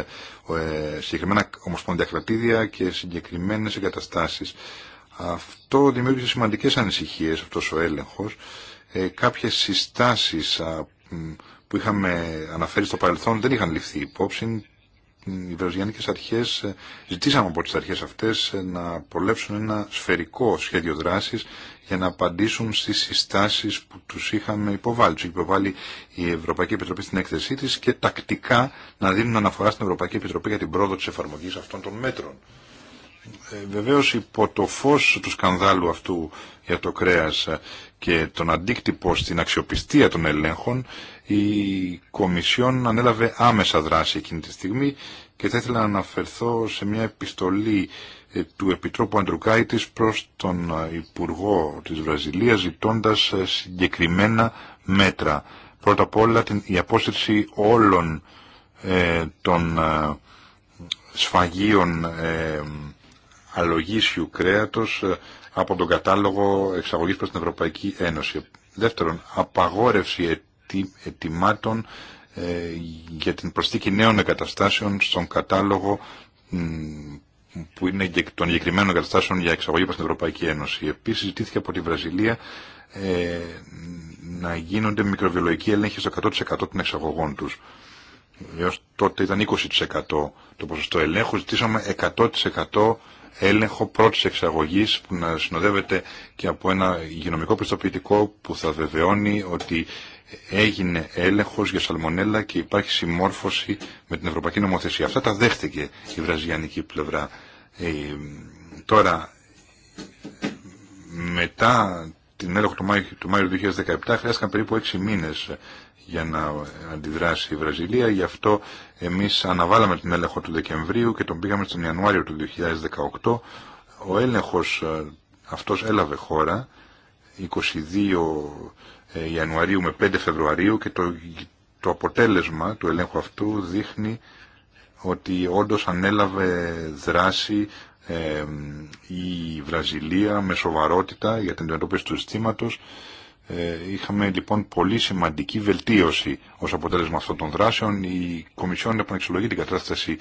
ε, συγκεκριμένα ομοσπονδιακά κρατήδια και συγκεκριμένες εγκαταστάσεις. Αυτό δημιούργησε σημαντικές ανησυχίες, αυτός ο έλεγχος. Ε, κάποιες συστάσεις που είχαμε αναφέρει στο παρελθόν δεν είχαν ληφθεί υπόψη. Οι βραζιλιάνικε αρχέ ε, ζητήσαμε από τι αρχέ αυτέ ε, να προλέψουν ένα σφαιρικό σχέδιο δράση για να απαντήσουν στι συστάσεις που του είχαμε υποβάλει. Του είχε υποβάλει η Ευρωπαϊκή Επιτροπή στην έκθεσή τη και τακτικά να δίνουν αναφορά στην Ευρωπαϊκή Επιτροπή για την πρόοδο τη εφαρμογής αυτών των μέτρων. Ε, βεβαίως υπό το φω του σκανδάλου αυτού για το κρέα ε, και τον αντίκτυπο στην αξιοπιστία των ελέγχων η Κομισιόν ανέλαβε άμεσα δράση εκείνη τη στιγμή και θα ήθελα να αναφερθώ σε μια επιστολή ε, του Επιτρόπου Αντρουκάητης προς τον ε, Υπουργό της Βραζιλίας ζητώντας ε, συγκεκριμένα μέτρα. Πρώτα απ' όλα η απόσυρση όλων των σφαγίων αλογίσιου κρέατος από τον κατάλογο εξαγωγής προς την Ευρωπαϊκή Ένωση. Δεύτερον, απαγόρευση ετοιμάτων ε, για την προσθήκη νέων εγκαταστάσεων στον κατάλογο που είναι των εγκεκριμένων εγκαταστάσεων για εξαγωγή προς την Ευρωπαϊκή Ένωση. Επίσης ζητήθηκε από τη Βραζιλία ε, να γίνονται μικροβιολογικοί έλεγχοι στο 100% των εξαγωγών τους. Έως τότε ήταν 20% το ποσοστό ελέγχου. Ζητήσαμε 100% έλεγχο πρώτης εξαγωγής που να συνοδεύεται και από ένα υγειονομικό πιστοποιητικό που θα βεβαιώνει ότι έγινε έλεγχος για σαλμονέλα και υπάρχει συμμόρφωση με την Ευρωπαϊκή Νομοθεσία. Αυτά τα δέχτηκε η βραζιλιανική πλευρά. Ε, τώρα, μετά την έλεγχο του Μάιου, του 2017 χρειάστηκαν περίπου 6 μήνες για να αντιδράσει η Βραζιλία. Γι' αυτό εμείς αναβάλαμε την έλεγχο του Δεκεμβρίου και τον πήγαμε στον Ιανουάριο του 2018. Ο έλεγχος ε, αυτός έλαβε χώρα. 22 ε, Ιανουαρίου με 5 Φεβρουαρίου και το, το αποτέλεσμα του ελέγχου αυτού δείχνει ότι όντως ανέλαβε δράση ε, η Βραζιλία με σοβαρότητα για την αντιμετώπιση του συστήματος. Ε, είχαμε λοιπόν πολύ σημαντική βελτίωση ως αποτέλεσμα αυτών των δράσεων. Η Κομισιόν επανεξολογεί την κατάσταση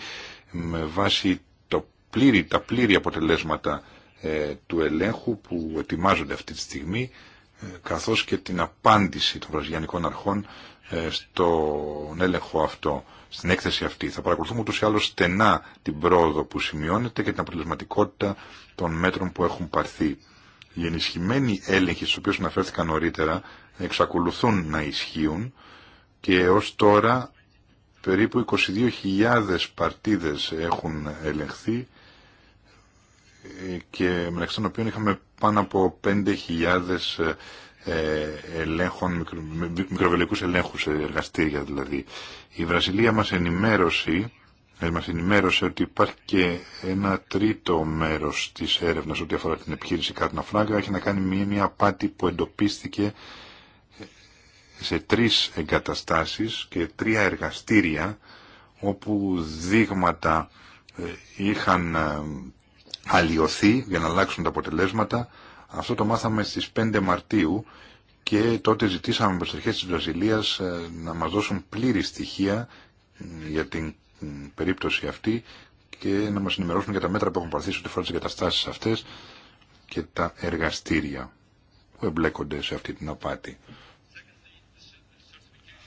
με βάση το πλήρη, τα πλήρη αποτελέσματα ε, του ελέγχου που ετοιμάζονται αυτή τη στιγμή. Ε, καθώς και την απάντηση των βραζιλιανικών αρχών ε, στον έλεγχο αυτό, στην έκθεση αυτή. Θα παρακολουθούμε ούτως ή άλλως στενά την πρόοδο που σημειώνεται και την αποτελεσματικότητα των μέτρων που έχουν πάρθει. Οι ενισχυμένοι έλεγχοι στους οποίους αναφέρθηκαν νωρίτερα εξακολουθούν να ισχύουν και ως τώρα περίπου 22.000 παρτίδες έχουν ελεγχθεί και μεταξύ των οποίων είχαμε πάνω από 5.000 ε, ε, ελέγχων, μικροβελικούς ελέγχους σε εργαστήρια δηλαδή. Η Βραζιλία μας ενημέρωσε, ε, μας ενημέρωσε ότι υπάρχει και ένα τρίτο μέρος της έρευνας ό,τι αφορά την επιχείρηση Κάτνα Φράγκα έχει να κάνει μια, μια απάτη που εντοπίστηκε σε τρεις εγκαταστάσεις και τρία εργαστήρια όπου δείγματα είχαν αλλοιωθεί για να αλλάξουν τα αποτελέσματα. Αυτό το μάθαμε στις 5 Μαρτίου και τότε ζητήσαμε από τις αρχές της Βραζιλίας ε, να μας δώσουν πλήρη στοιχεία για την περίπτωση αυτή και να μας ενημερώσουν για τα μέτρα που έχουν παρθήσει ότι φορά τις εγκαταστάσεις αυτές και τα εργαστήρια που εμπλέκονται σε αυτή την απάτη.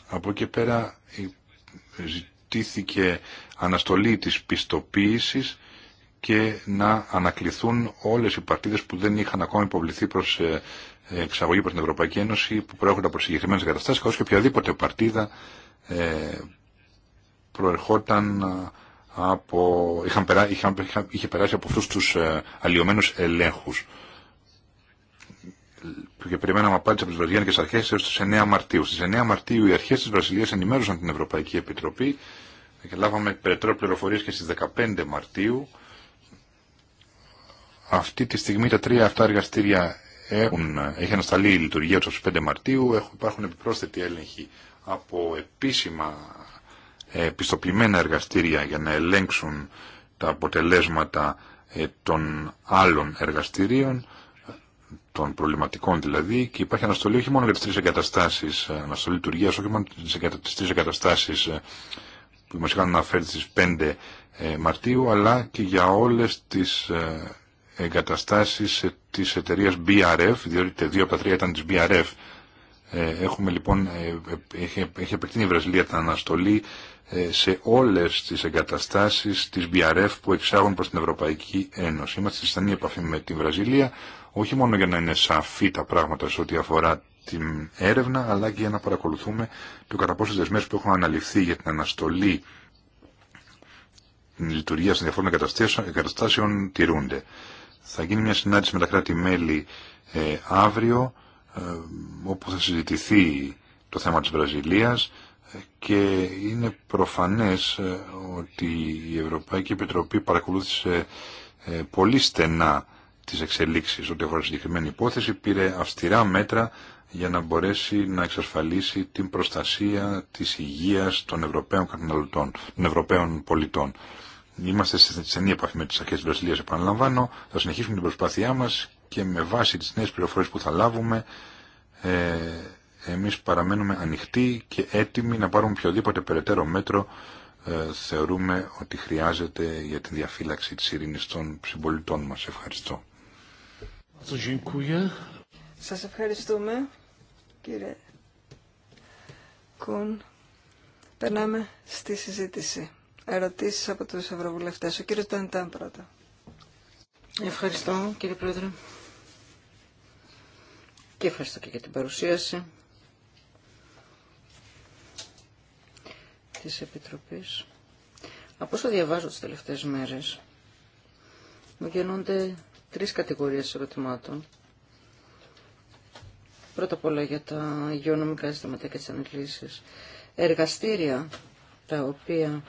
Από εκεί πέρα ζητήθηκε αναστολή της πιστοποίησης και να ανακληθούν όλες οι παρτίδες που δεν είχαν ακόμα υποβληθεί προς ε, εξαγωγή προς την Ευρωπαϊκή Ένωση που προέρχονταν από συγκεκριμένε καταστάσεις καθώς και οποιαδήποτε παρτίδα ε, προερχόταν ε, από, είχαν περά, είχαν, είχε περάσει από αυτούς τους αλλοιωμένους ελέγχους και περιμέναμε απάντηση από τι Βραζιλιάνικε Αρχέ έω τι 9 Μαρτίου. Στι 9 Μαρτίου οι αρχέ τη Βραζιλία ενημέρωσαν την Ευρωπαϊκή Επιτροπή και λάβαμε περαιτέρω πληροφορίε και στι 15 Μαρτίου αυτή τη στιγμή τα τρία αυτά εργαστήρια έχουν, έχει ανασταλεί η λειτουργία του 5 Μαρτίου, έχουν, υπάρχουν επιπρόσθετοι έλεγχοι από επίσημα επιστοποιημένα εργαστήρια για να ελέγξουν τα αποτελέσματα ε, των άλλων εργαστηρίων, των προβληματικών δηλαδή, και υπάρχει αναστολή όχι μόνο για τις τρεις εγκαταστάσεις, ε, αναστολή λειτουργίας, όχι μόνο για τις τρεις εγκαταστάσεις ε, που μας είχαν αναφέρει στις 5 Μαρτίου, αλλά και για όλες τις εγκαταστάσεις της εταιρείας BRF, διότι δύο πατρία ήταν της BRF. Ε, έχουμε λοιπόν, ε, ε, έχει, έχει επεκτείνει η Βραζιλία την αναστολή σε όλες τις εγκαταστάσεις της BRF που εξάγουν προς την Ευρωπαϊκή Ένωση. Είμαστε στη στενή επαφή με τη Βραζιλία, όχι μόνο για να είναι σαφή τα πράγματα σε ό,τι αφορά την έρευνα, αλλά και για να παρακολουθούμε το κατά πόσες δεσμές που έχουν αναλυφθεί για την αναστολή την λειτουργία των διαφόρων εγκαταστάσεων τηρούνται. Θα γίνει μια συνάντηση με τα κράτη-μέλη ε, αύριο ε, όπου θα συζητηθεί το θέμα της Βραζιλίας και είναι προφανές ε, ότι η Ευρωπαϊκή Επιτροπή παρακολούθησε πολύ στενά τις εξελίξεις ότι αφορά συγκεκριμένη υπόθεση, πήρε αυστηρά μέτρα για να μπορέσει να εξασφαλίσει την προστασία της υγείας των Ευρωπαίων καταναλωτών, των Ευρωπαίων πολιτών. Είμαστε σε στενή επαφή με τι αρχέ της Βραζιλία, επαναλαμβάνω. Θα συνεχίσουμε την προσπάθειά μας και με βάση τις νέες πληροφορίε που θα λάβουμε ε, εμείς παραμένουμε ανοιχτοί και έτοιμοι να πάρουμε οποιοδήποτε περαιτέρω μέτρο ε, θεωρούμε ότι χρειάζεται για τη διαφύλαξη της ειρήνης των συμπολιτών μας. Ευχαριστώ. Σας ευχαριστούμε κύριε Κουν. Περνάμε στη συζήτηση ερωτήσεις από τους ευρωβουλευτέ. Ο κύριος Τανιτάν πρώτα. Ευχαριστώ κύριε Πρόεδρε. Και ευχαριστώ και για την παρουσίαση της Επιτροπής. Από όσο διαβάζω τις τελευταίες μέρες, μου γεννούνται τρεις κατηγορίες ερωτημάτων. Πρώτα απ' όλα για τα υγειονομικά ζητήματα και τις ανεκλήσει. Εργαστήρια τα οποία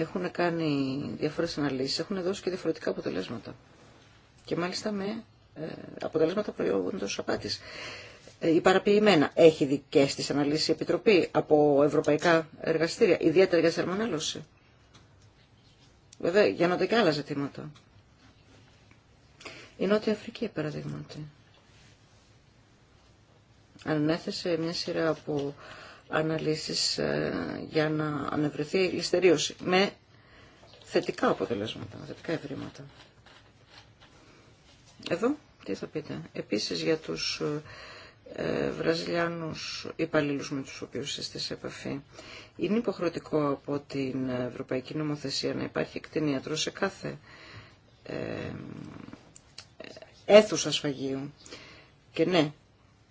έχουν κάνει διαφορε αναλύσεις, έχουν δώσει και διαφορετικά αποτελέσματα. Και μάλιστα με ε, αποτελέσματα προϊόντος απάτης. Ε, η παραποιημένα έχει δικέ τη αναλύσει η Επιτροπή από ευρωπαϊκά εργαστήρια, ιδιαίτερα για σαρμανάλωση. Βέβαια, γίνονται και άλλα ζητήματα. Η Νότια Αφρική, παραδείγματι, ανέθεσε μια σειρά από αναλύσεις ε, για να ανεβρεθεί η ληστερίωση με θετικά αποτελέσματα, θετικά ευρήματα. Εδώ τι θα πείτε. Επίσης για τους ε, Βραζιλιάνους υπαλλήλου με τους οποίους είστε σε επαφή. Είναι υποχρεωτικό από την Ευρωπαϊκή Νομοθεσία να υπάρχει εκτενίατρο σε κάθε ε, ε, αίθουσα σφαγείου. Και ναι,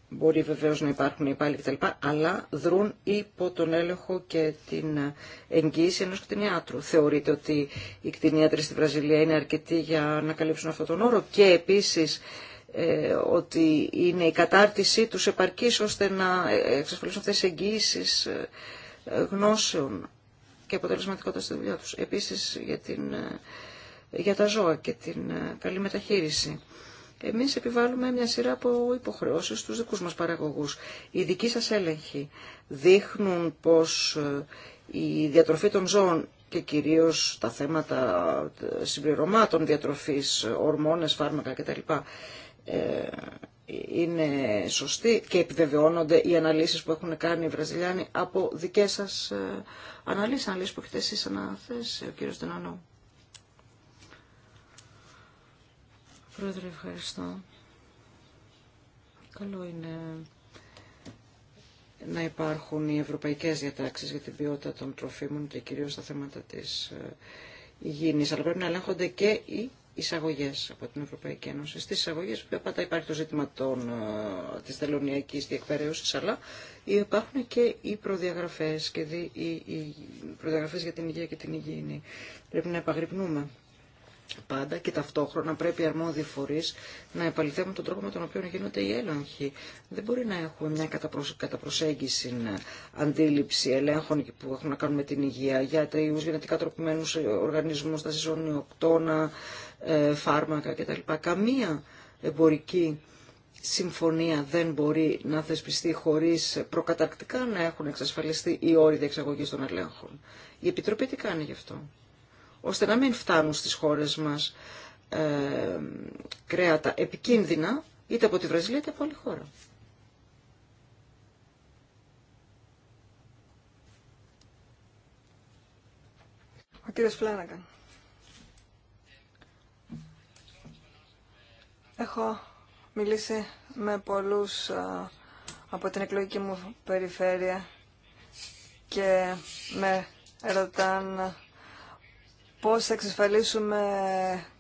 μπορεί βεβαίω να υπάρχουν υπάλληλοι κτλ. Αλλά δρούν υπό τον έλεγχο και την εγγύηση ενό κτηνιάτρου. Θεωρείτε ότι οι κτηνίατροι στη Βραζιλία είναι αρκετοί για να καλύψουν αυτόν τον όρο και επίση ε, ότι είναι η κατάρτισή τους επαρκής ώστε να εξασφαλίσουν αυτές τις εγγύησεις ε, γνώσεων και αποτελεσματικότητα στη δουλειά τους. Επίσης για, την, ε, για τα ζώα και την καλή μεταχείριση εμείς επιβάλλουμε μια σειρά από υποχρεώσεις στους δικούς μας παραγωγούς. Οι δικοί σας έλεγχοι δείχνουν πως ε, η διατροφή των ζώων και κυρίως τα θέματα ε, συμπληρωμάτων διατροφής, ορμόνες, φάρμακα κτλ. Ε, είναι σωστή και επιβεβαιώνονται οι αναλύσεις που έχουν κάνει οι Βραζιλιάνοι από δικές σας αναλύσεις, αναλύσεις που έχετε εσείς αναθέσει, ο κύριος Δενανόμου. Πρόεδρε, ευχαριστώ. Καλό είναι να υπάρχουν οι ευρωπαϊκές διατάξεις για την ποιότητα των τροφίμων και κυρίως τα θέματα της ε, υγιεινής, αλλά πρέπει να ελέγχονται και οι εισαγωγέ από την Ευρωπαϊκή Ένωση. Στι εισαγωγέ, που πάντα υπάρχει το ζήτημα των, ε, της τελωνιακής διεκπαιρέωσης, αλλά υπάρχουν και οι προδιαγραφές, και οι, οι προδιαγραφές για την υγεία και την υγιεινή. Πρέπει να επαγρυπνούμε πάντα και ταυτόχρονα πρέπει οι αρμόδιοι φορεί να επαληθεύουν τον τρόπο με τον οποίο γίνονται οι έλεγχοι. Δεν μπορεί να έχουμε μια καταπροσέγγιση ε, αντίληψη ελέγχων που έχουν να κάνουν με την υγεία για τρίου γενετικά τροπημένου ε, οργανισμού, τα ζυζωνιοκτώνα, ε, φάρμακα κτλ. Καμία εμπορική συμφωνία δεν μπορεί να θεσπιστεί χωρίς προκαταρκτικά να έχουν εξασφαλιστεί οι όροι διεξαγωγής των ελέγχων. Η Επιτροπή τι κάνει γι' αυτό ώστε να μην φτάνουν στις χώρες μας ε, κρέατα επικίνδυνα, είτε από τη Βραζιλία είτε από άλλη χώρα. Ο κύριος Έχω μιλήσει με πολλούς ε, από την εκλογική μου περιφέρεια και με ρωτάνε πώς θα εξασφαλίσουμε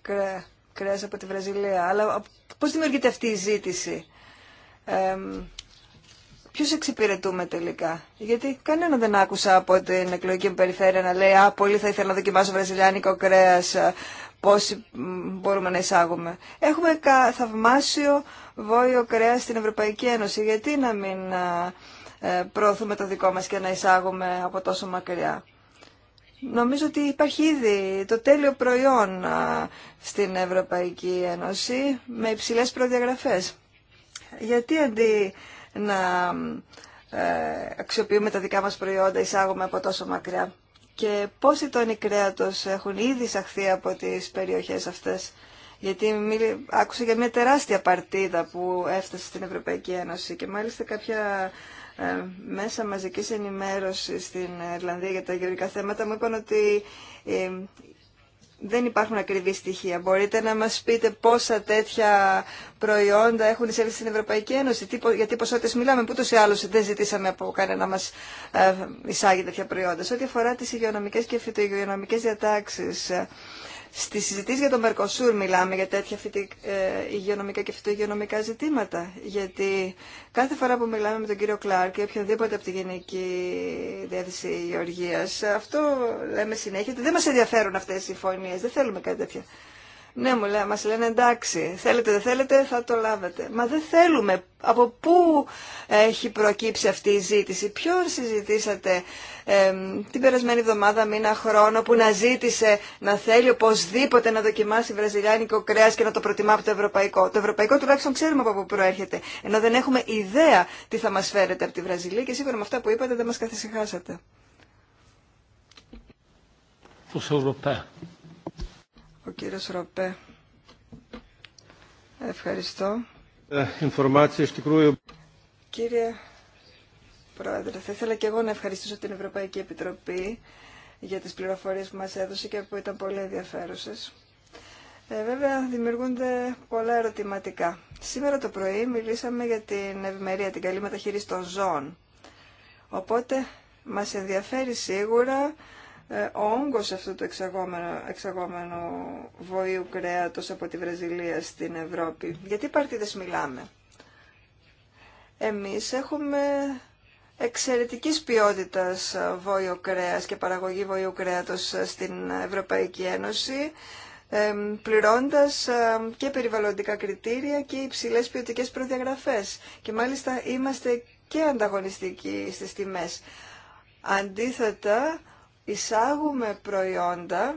κρέ, κρέας από τη Βραζιλία. Αλλά πώς δημιουργείται αυτή η ζήτηση. Ε, εξυπηρετούμε τελικά. Γιατί κανένα δεν άκουσα από την εκλογική περιφέρεια να λέει Α, πολύ θα ήθελα να δοκιμάσω βραζιλιάνικο κρέα. Ε, πώς μπορούμε να εισάγουμε. Έχουμε θαυμάσιο βόλιο κρέα στην Ευρωπαϊκή Ένωση. Γιατί να μην ε, ε, προωθούμε το δικό μα και να εισάγουμε από τόσο μακριά. Νομίζω ότι υπάρχει ήδη το τέλειο προϊόν στην Ευρωπαϊκή Ένωση με υψηλές προδιαγραφές. Γιατί αντί να ε, αξιοποιούμε τα δικά μας προϊόντα, εισάγουμε από τόσο μακριά. Και πόσοι τόνοι κρέατος έχουν ήδη εισαχθεί από τις περιοχές αυτές. Γιατί άκουσα για μια τεράστια παρτίδα που έφτασε στην Ευρωπαϊκή Ένωση και μάλιστα κάποια ε, μέσα μαζικής ενημέρωσης στην Ιρλανδία για τα γεωργικά θέματα μου είπαν ότι ε, δεν υπάρχουν ακριβή στοιχεία. Μπορείτε να μας πείτε πόσα τέτοια προϊόντα έχουν εισέλθει στην Ευρωπαϊκή Ένωση, γιατί ποσότητες μιλάμε, που ούτως ή άλλως δεν ζητήσαμε από κανένα να μας ε, εισάγει τέτοια προϊόντα. Σε ό,τι αφορά τις υγειονομικές και φυτοϊγειονομικές διατάξεις, στις συζητήσεις για τον Μερκοσούρ μιλάμε για τέτοια φυτο, ε, υγειονομικά και φυτοϊγειονομικά ζητήματα. Γιατί κάθε φορά που μιλάμε με τον κύριο Κλάρκ ή οποιονδήποτε από τη Γενική Διεύθυνση Γεωργίας, αυτό λέμε συνέχεια ότι δεν μας ενδιαφέρουν αυτές οι συμφωνίες, δεν θέλουμε κάτι τέτοιο. Ναι, μου λέει, μας λένε εντάξει, θέλετε δεν θέλετε θα το λάβετε. Μα δεν θέλουμε. Από πού έχει προκύψει αυτή η ζήτηση. Ποιο συζητήσατε ε, την περασμένη εβδομάδα, μήνα, χρόνο που να ζήτησε να θέλει οπωσδήποτε να δοκιμάσει βραζιλιάνικο κρέας και να το προτιμά από το ευρωπαϊκό. Το ευρωπαϊκό τουλάχιστον ξέρουμε από πού προέρχεται. Ενώ δεν έχουμε ιδέα τι θα μας φέρετε από τη Βραζιλία και σίγουρα με αυτά που είπατε δεν μας καθησυχάσατε. Ευχαριστώ. Ε, Κύριε Πρόεδρε, θα ήθελα και εγώ να ευχαριστήσω την Ευρωπαϊκή Επιτροπή για τις πληροφορίες που μας έδωσε και που ήταν πολύ ενδιαφέρουσες. Ε, βέβαια, δημιουργούνται πολλά ερωτηματικά. Σήμερα το πρωί μιλήσαμε για την ευημερία, την καλή μεταχείριση των ζώων. Οπότε, μας ενδιαφέρει σίγουρα ο ε, όγκος αυτού του εξαγόμενου, εξαγόμενου βοήου κρέατος από τη Βραζιλία στην Ευρώπη. Γιατί παρτίδες μιλάμε. Εμείς έχουμε εξαιρετικής ποιότητας βοήου κρέας και παραγωγή βοιού κρέατος στην Ευρωπαϊκή Ένωση, πληρώντας και περιβαλλοντικά κριτήρια και υψηλές ποιοτικές προδιαγραφές. Και μάλιστα είμαστε και ανταγωνιστικοί στις τιμές. Αντίθετα, εισάγουμε προϊόντα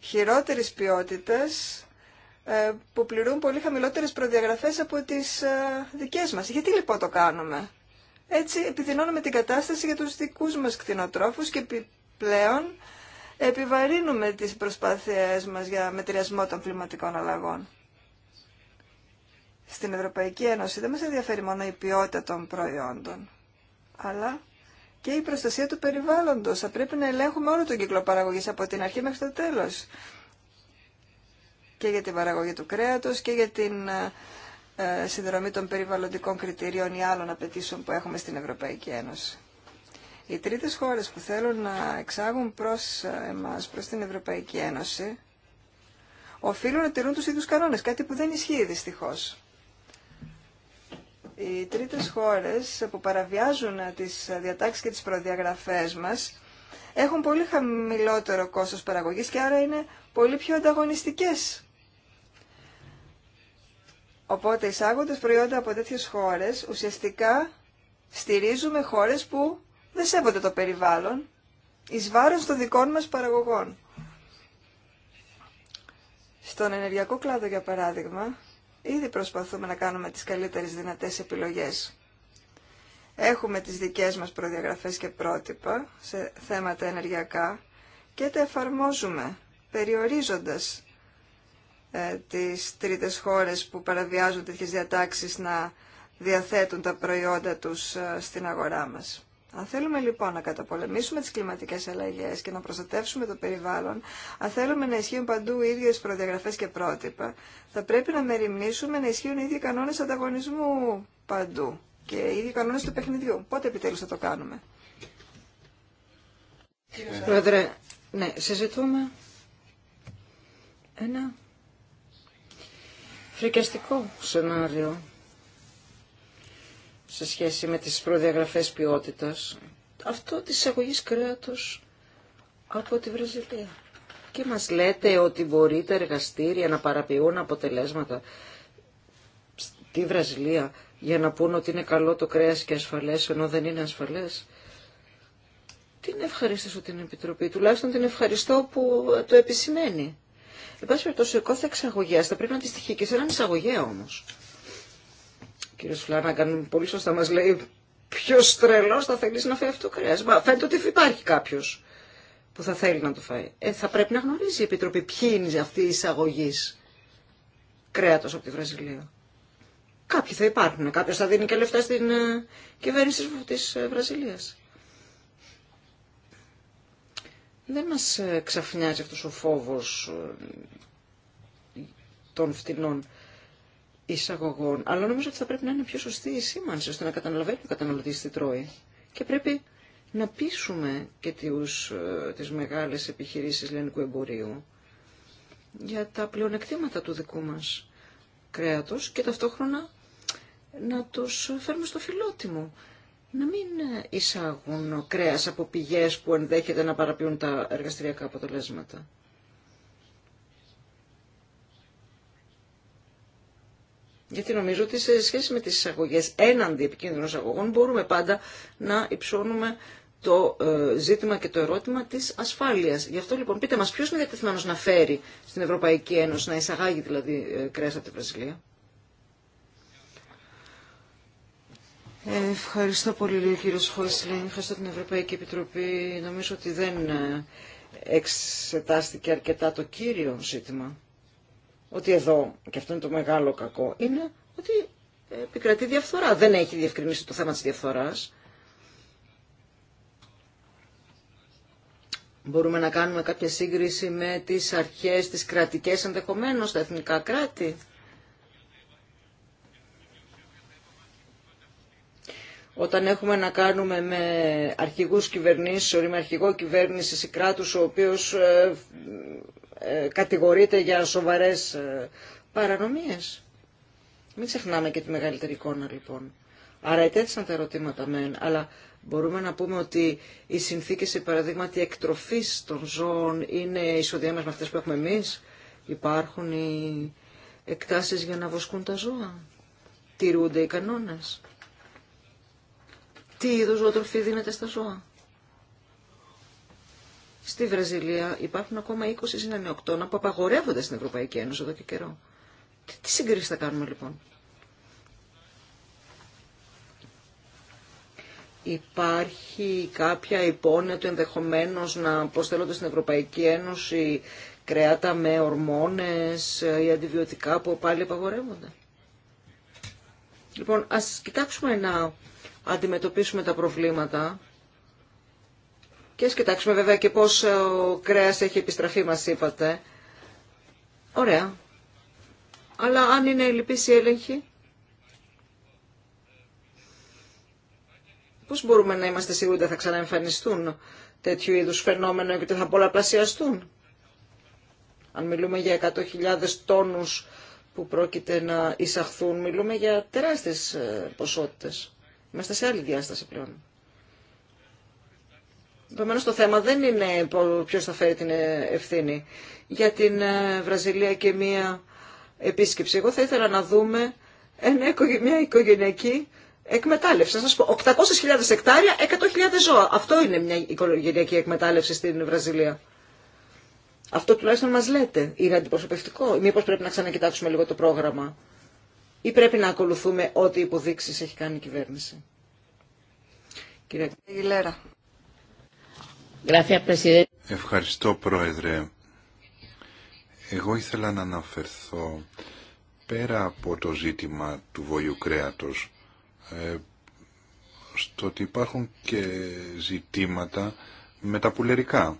χειρότερης ποιότητας ε, που πληρούν πολύ χαμηλότερες προδιαγραφές από τις ε, δικές μας. Γιατί λοιπόν το κάνουμε. Έτσι επιδεινώνουμε την κατάσταση για τους δικούς μας κτηνοτρόφους και επιπλέον επιβαρύνουμε τις προσπάθειές μας για μετριασμό των κλιματικών αλλαγών. Στην Ευρωπαϊκή Ένωση δεν μας ενδιαφέρει μόνο η ποιότητα των προϊόντων αλλά και η προστασία του περιβάλλοντος. Θα πρέπει να ελέγχουμε όλο τον κύκλο παραγωγής από την αρχή μέχρι το τέλος. Και για την παραγωγή του κρέατος και για την ε, ε, συνδρομή των περιβαλλοντικών κριτηρίων ή άλλων απαιτήσεων που έχουμε στην Ευρωπαϊκή Ένωση. Οι τρίτες χώρες που θέλουν να εξάγουν προς ε, εμάς, προς την Ευρωπαϊκή Ένωση, οφείλουν να τηρούν τους ίδιους κανόνες, κάτι που δεν ισχύει δυστυχώς. Οι τρίτες χώρες που παραβιάζουν τις διατάξεις και τις προδιαγραφές μας έχουν πολύ χαμηλότερο κόστος παραγωγής και άρα είναι πολύ πιο ανταγωνιστικές. Οπότε εισάγοντας προϊόντα από τέτοιες χώρες ουσιαστικά στηρίζουμε χώρες που δεν σέβονται το περιβάλλον εις βάρος των δικών μας παραγωγών. Στον ενεργειακό κλάδο, για παράδειγμα, Ήδη προσπαθούμε να κάνουμε τις καλύτερες δυνατές επιλογές. Έχουμε τις δικές μας προδιαγραφές και πρότυπα σε θέματα ενεργειακά και τα εφαρμόζουμε περιορίζοντας ε, τις τρίτες χώρες που παραβιάζουν τέτοιες διατάξεις να διαθέτουν τα προϊόντα τους ε, στην αγορά μας. Αν θέλουμε λοιπόν να καταπολεμήσουμε τις κλιματικές αλλαγές και να προστατεύσουμε το περιβάλλον, αν θέλουμε να ισχύουν παντού οι ίδιες προδιαγραφές και πρότυπα, θα πρέπει να μεριμνήσουμε να ισχύουν οι ίδιοι κανόνες ανταγωνισμού παντού και οι ίδιοι κανόνες του παιχνιδιού. Πότε επιτέλους θα το κάνουμε. Πρόεδρε, ναι, συζητούμε ένα φρικιαστικό σενάριο σε σχέση με τις προδιαγραφές ποιότητας, αυτό της εισαγωγή κρέατος από τη Βραζιλία. Και μας λέτε ότι μπορεί τα εργαστήρια να παραποιούν αποτελέσματα στη Βραζιλία για να πούν ότι είναι καλό το κρέας και ασφαλές ενώ δεν είναι ασφαλές. Την ευχαριστήσω την Επιτροπή, τουλάχιστον την ευχαριστώ που το επισημαίνει. Εν περιπτώσει, ο θα πρέπει να αντιστοιχεί και σε έναν εισαγωγέα όμω κύριο Φλάναγκαν πολύ σωστά μας λέει ποιο τρελός θα θέλει να φέρει αυτό το κρέας. Μα φαίνεται ότι υπάρχει κάποιο που θα θέλει να το φάει. Ε, θα πρέπει να γνωρίζει η Επιτροπή ποιοι είναι αυτοί οι εισαγωγή κρέατος από τη Βραζιλία. Κάποιοι θα υπάρχουν. Κάποιο θα δίνει και λεφτά στην ε, κυβέρνηση της ε, Βραζιλίας. Δεν μας ε, ξαφνιάζει αυτός ο φόβος των φτηνών εισαγωγών. Αλλά νομίζω ότι θα πρέπει να είναι πιο σωστή η σήμανση ώστε να καταλαβαίνει ο καταναλωτή τι τρώει. Και πρέπει να πείσουμε και τους, ε, τις μεγάλες επιχειρήσεις εμπορίου για τα πλεονεκτήματα του δικού μας κρέατος και ταυτόχρονα να τους φέρουμε στο φιλότιμο. Να μην εισάγουν κρέας από πηγές που ενδέχεται να παραποιούν τα εργαστηριακά αποτελέσματα. Γιατί νομίζω ότι σε σχέση με τις εισαγωγές έναντι επικίνδυνων εισαγωγών μπορούμε πάντα να υψώνουμε το ε, ζήτημα και το ερώτημα της ασφάλειας. Γι' αυτό λοιπόν πείτε μας ποιος είναι διατεθειμένος να φέρει στην Ευρωπαϊκή Ένωση, να εισαγάγει δηλαδή ε, κρέας από τη Βραζιλία. Ε, ευχαριστώ πολύ, κύριε κύριος Ευχαριστώ την Ευρωπαϊκή Επιτροπή. Νομίζω ότι δεν εξετάστηκε αρκετά το κύριο ζήτημα ότι εδώ, και αυτό είναι το μεγάλο κακό, είναι ότι επικρατεί διαφθορά. Δεν έχει διευκρινίσει το θέμα της διαφθοράς. Μπορούμε να κάνουμε κάποια σύγκριση με τις αρχές, τις κρατικές ενδεχομένω τα εθνικά κράτη. Όταν έχουμε να κάνουμε με αρχηγούς κυβερνήσεων ή με αρχηγό κυβέρνησης ή κράτους ο οποίος ε, ε, κατηγορείται για σοβαρές ε, παρανομίες. Μην ξεχνάμε και τη μεγαλύτερη εικόνα λοιπόν. Άρα ετέθησαν τα ερωτήματα μεν, αλλά μπορούμε να πούμε ότι οι συνθήκες, οι παραδείγματι εκτροφής των ζώων είναι ισοδιάμες με αυτές που έχουμε εμείς. Υπάρχουν οι εκτάσεις για να βοσκούν τα ζώα. Τηρούνται οι κανόνες. Τι είδους ζωοτροφή δίνεται στα ζώα. Στη Βραζιλία υπάρχουν ακόμα 20 συνανεοκτώνα που απαγορεύονται στην Ευρωπαϊκή Ένωση εδώ και καιρό. Τι συγκρίσει θα κάνουμε λοιπόν. Υπάρχει κάποια υπόνοια του ενδεχομένως να αποστέλλονται στην Ευρωπαϊκή Ένωση κρέατα με ορμόνες ή αντιβιωτικά που πάλι απαγορεύονται. Λοιπόν, ας κοιτάξουμε να αντιμετωπίσουμε τα προβλήματα και ας κοιτάξουμε βέβαια και πώ ο κρέας έχει επιστραφεί μας είπατε. Ωραία. Αλλά αν είναι η λυπής η έλεγχη, πώς μπορούμε να είμαστε σίγουροι ότι θα ξαναεμφανιστούν τέτοιου είδους φαινόμενο και ότι θα πολλαπλασιαστούν. Αν μιλούμε για 100.000 τόνους που πρόκειται να εισαχθούν, μιλούμε για τεράστιες ε, ποσότητε Είμαστε σε άλλη διάσταση πλέον. Επομένω το θέμα δεν είναι ποιο θα φέρει την ε, ευθύνη. Για την ε, Βραζιλία και μία επίσκεψη. Εγώ θα ήθελα να δούμε μια οικογενειακή εκμετάλλευση. Να σας πω, 800.000 εκτάρια, 100.000 ζώα. Αυτό είναι μια οικογενειακή εκμετάλλευση στην Βραζιλία. Αυτό τουλάχιστον μας λέτε. Είναι αντιπροσωπευτικό. Μήπως πρέπει να ξανακοιτάξουμε λίγο το πρόγραμμα. Ή πρέπει να ακολουθούμε ό,τι υποδείξεις έχει κάνει η κυβέρνηση. Κυρία κυβερνηση κυρια Ευχαριστώ Πρόεδρε. Εγώ ήθελα να αναφερθώ πέρα από το ζήτημα του βοηθού κρέατος ε, στο ότι υπάρχουν και ζητήματα με τα πουλερικά.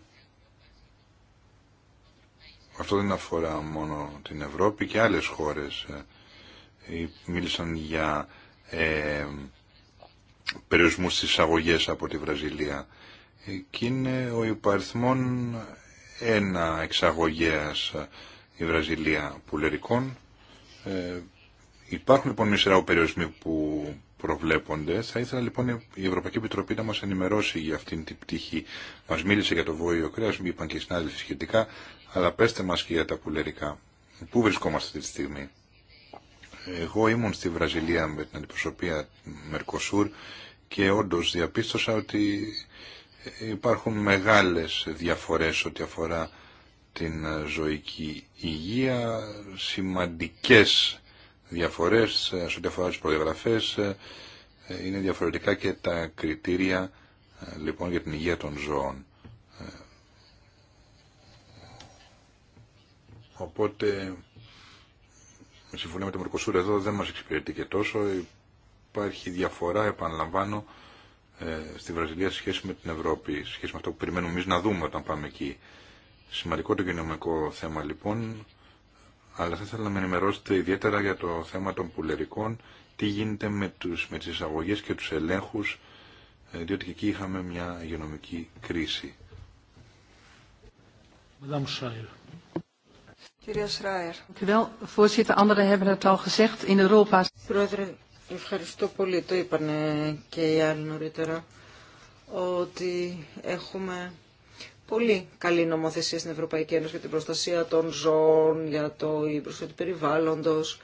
Αυτό δεν αφορά μόνο την Ευρώπη και άλλες χώρες. Ε, μίλησαν για ε, περιορισμούς στις από τη Βραζιλία και είναι ο υπαριθμόν ένα εξαγωγέας η Βραζιλία πουλερικών. Ε, υπάρχουν λοιπόν μια σειρά περιορισμοί που προβλέπονται. Θα ήθελα λοιπόν η Ευρωπαϊκή Επιτροπή να μας ενημερώσει για αυτήν την πτυχή. Μας μίλησε για το βόλιο κρέας, μου είπαν και οι συνάδελφοι σχετικά, αλλά πέστε μας και για τα πουλερικά. Πού βρισκόμαστε αυτή τη στιγμή. Εγώ ήμουν στη Βραζιλία με την αντιπροσωπεία Μερκοσούρ και όντως διαπίστωσα ότι υπάρχουν μεγάλες διαφορές ό,τι αφορά την ζωική υγεία, σημαντικές διαφορές ό,τι αφορά τις προδιαγραφές, είναι διαφορετικά και τα κριτήρια λοιπόν για την υγεία των ζώων. Οπότε, συμφωνία με τον Μερκοσούρ εδώ δεν μας εξυπηρετεί και τόσο, υπάρχει διαφορά, επαναλαμβάνω, ε, στη Βραζιλία σε σχέση με την Ευρώπη, σε σχέση με αυτό που περιμένουμε εμεί να δούμε όταν πάμε εκεί. Σημαντικό το κοινωνικό θέμα λοιπόν, αλλά θα ήθελα να με ενημερώσετε ιδιαίτερα για το θέμα των πουλερικών, τι γίνεται με, τους, με τις εισαγωγές και τους ελέγχους, ε, διότι και εκεί είχαμε μια υγειονομική κρίση. Κυρία Σράιερ. Ευχαριστώ πολύ. Το είπαν και οι άλλοι νωρίτερα ότι έχουμε πολύ καλή νομοθεσία στην Ευρωπαϊκή Ένωση για την προστασία των ζώων, για το ύπρος του περιβάλλοντος.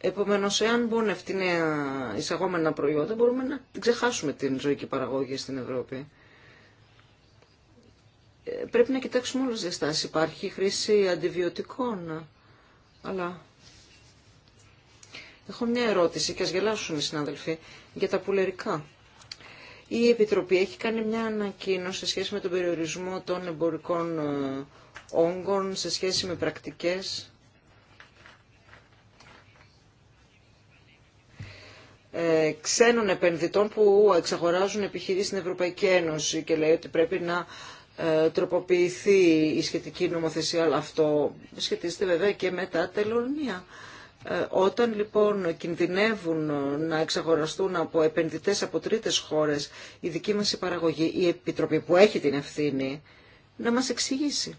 Επομένως, εάν μπουν αυτή νέα εισαγόμενα προϊόντα, μπορούμε να ξεχάσουμε την ζωική παραγωγή στην Ευρώπη. Ε, πρέπει να κοιτάξουμε όλες τις διαστάσεις. Υπάρχει χρήση αντιβιωτικών, αλλά Έχω μια ερώτηση και ας γελάσουν οι συνάδελφοι για τα πουλερικά. Η Επιτροπή έχει κάνει μια ανακοίνωση σε σχέση με τον περιορισμό των εμπορικών ε, όγκων, σε σχέση με πρακτικές. Ε, ξένων επενδυτών που εξαγοράζουν επιχειρήσεις στην Ευρωπαϊκή Ένωση και λέει ότι πρέπει να ε, τροποποιηθεί η σχετική νομοθεσία, αλλά αυτό σχετίζεται βέβαια και με τα τελωνία. Ε, όταν λοιπόν κινδυνεύουν να εξαγοραστούν από επενδυτές από τρίτες χώρες η δική μας παραγωγή, η Επιτροπή που έχει την ευθύνη, να μας εξηγήσει.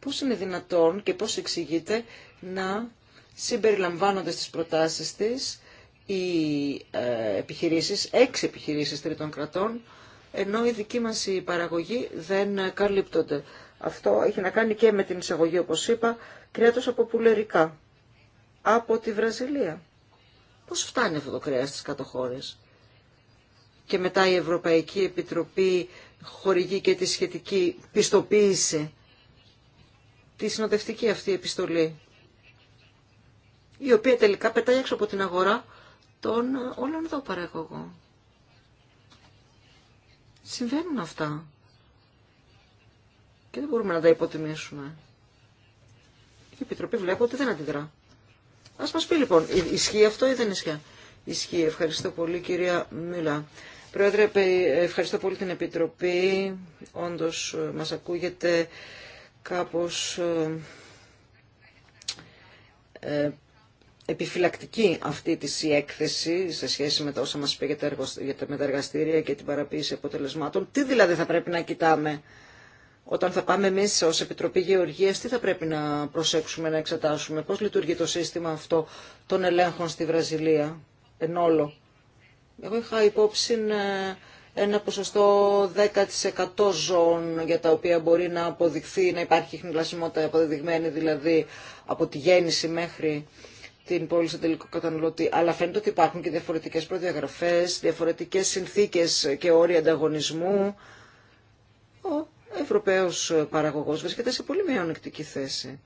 Πώς είναι δυνατόν και πώς εξηγείται να συμπεριλαμβάνονται στις προτάσεις της οι ε, επιχειρήσεις, έξι επιχειρήσεις τρίτων κρατών, ενώ η δική μας παραγωγή δεν καλύπτονται. Αυτό έχει να κάνει και με την εισαγωγή, όπως είπα, κρέατος από πουλερικά. Από τη Βραζιλία. Πώς φτάνει αυτό το κρέας στις κατοχώρες. Και μετά η Ευρωπαϊκή Επιτροπή χορηγεί και τη σχετική πιστοποίηση. Τη συνοδευτική αυτή επιστολή. Η οποία τελικά πετάει έξω από την αγορά των εδώ παραγωγών. Συμβαίνουν αυτά. Και δεν μπορούμε να τα υποτιμήσουμε. Η Επιτροπή βλέπω ότι δεν αντιδρά. Ας μας πει λοιπόν, ισχύει αυτό ή δεν ισχύει. Ισχύει. Ευχαριστώ πολύ κυρία Μίλα. Πρόεδρε, ευχαριστώ πολύ την Επιτροπή. Όντως ε, μας ακούγεται κάπως ε, ε, επιφυλακτική αυτή της η έκθεση σε σχέση με τα όσα μας είπε για τα, για τα μεταργαστήρια και την παραποίηση αποτελεσμάτων. Τι δηλαδή θα πρέπει να κοιτάμε όταν θα πάμε εμεί ω Επιτροπή Γεωργία, τι θα πρέπει να προσέξουμε, να εξετάσουμε, πώ λειτουργεί το σύστημα αυτό των ελέγχων στη Βραζιλία εν όλο. Εγώ είχα υπόψη ε, ένα ποσοστό 10% ζώων για τα οποία μπορεί να αποδειχθεί, να υπάρχει χνηλασιμότητα αποδεδειγμένη δηλαδή από τη γέννηση μέχρι την πόλη στον τελικό καταναλωτή. Αλλά φαίνεται ότι υπάρχουν και διαφορετικέ προδιαγραφέ, διαφορετικέ συνθήκε και όρια ανταγωνισμού. Ευρωπαίος παραγωγός βρίσκεται σε πολύ μειονεκτική θέση.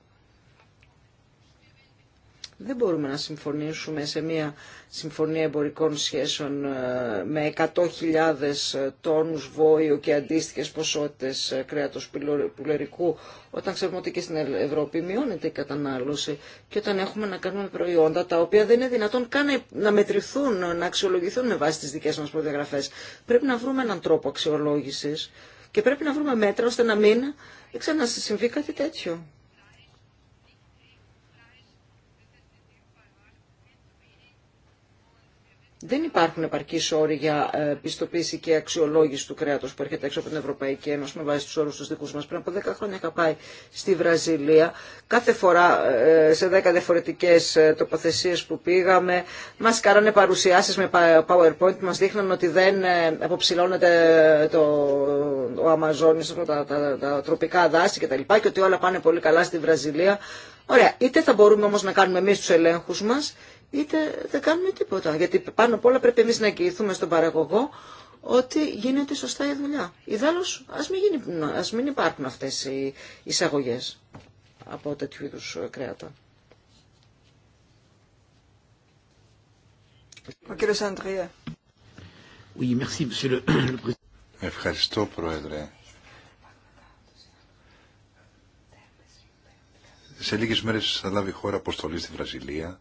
Δεν μπορούμε να συμφωνήσουμε σε μια συμφωνία εμπορικών σχέσεων ε, με 100.000 τόνους βόηου και αντίστοιχες ποσότητες ε, κρέατος πουλερικού, όταν ξέρουμε ότι και στην Ευρώπη μειώνεται η κατανάλωση και όταν έχουμε να κάνουμε προϊόντα τα οποία δεν είναι δυνατόν καν να μετρηθούν, να αξιολογηθούν με βάση τις δικές μας προδιαγραφές. Πρέπει να βρούμε έναν τρόπο αξιολόγησης και πρέπει να βρούμε μέτρα ώστε να μην ξανασυμβεί κάτι τέτοιο. δεν υπάρχουν επαρκεί όροι για ε, πιστοποίηση και αξιολόγηση του κρέατο που έρχεται έξω από την Ευρωπαϊκή Ένωση με βάση του όρου του δικού μα. Πριν από 10 χρόνια είχα πάει στη Βραζιλία. Κάθε φορά ε, σε 10 διαφορετικέ ε, τοποθεσίε που πήγαμε, μα κάνανε παρουσιάσει με PowerPoint που μα δείχναν ότι δεν αποψηλώνεται το, ο Αμαζόνιο, τα, τα, τροπικά δάση κτλ. Και, και ότι όλα πάνε πολύ καλά στη Βραζιλία. Ωραία, είτε θα μπορούμε όμω να κάνουμε εμεί του ελέγχου μα είτε δεν κάνουμε τίποτα. Γιατί πάνω απ' όλα πρέπει εμεί να εγγυηθούμε στον παραγωγό ότι γίνεται σωστά η δουλειά. Ιδάλω, α μην, μην υπάρχουν αυτέ οι εισαγωγέ από τέτοιου είδου κρέατα. Ευχαριστώ Πρόεδρε. Σε λίγες μέρες θα λάβει χώρα αποστολή στη Βραζιλία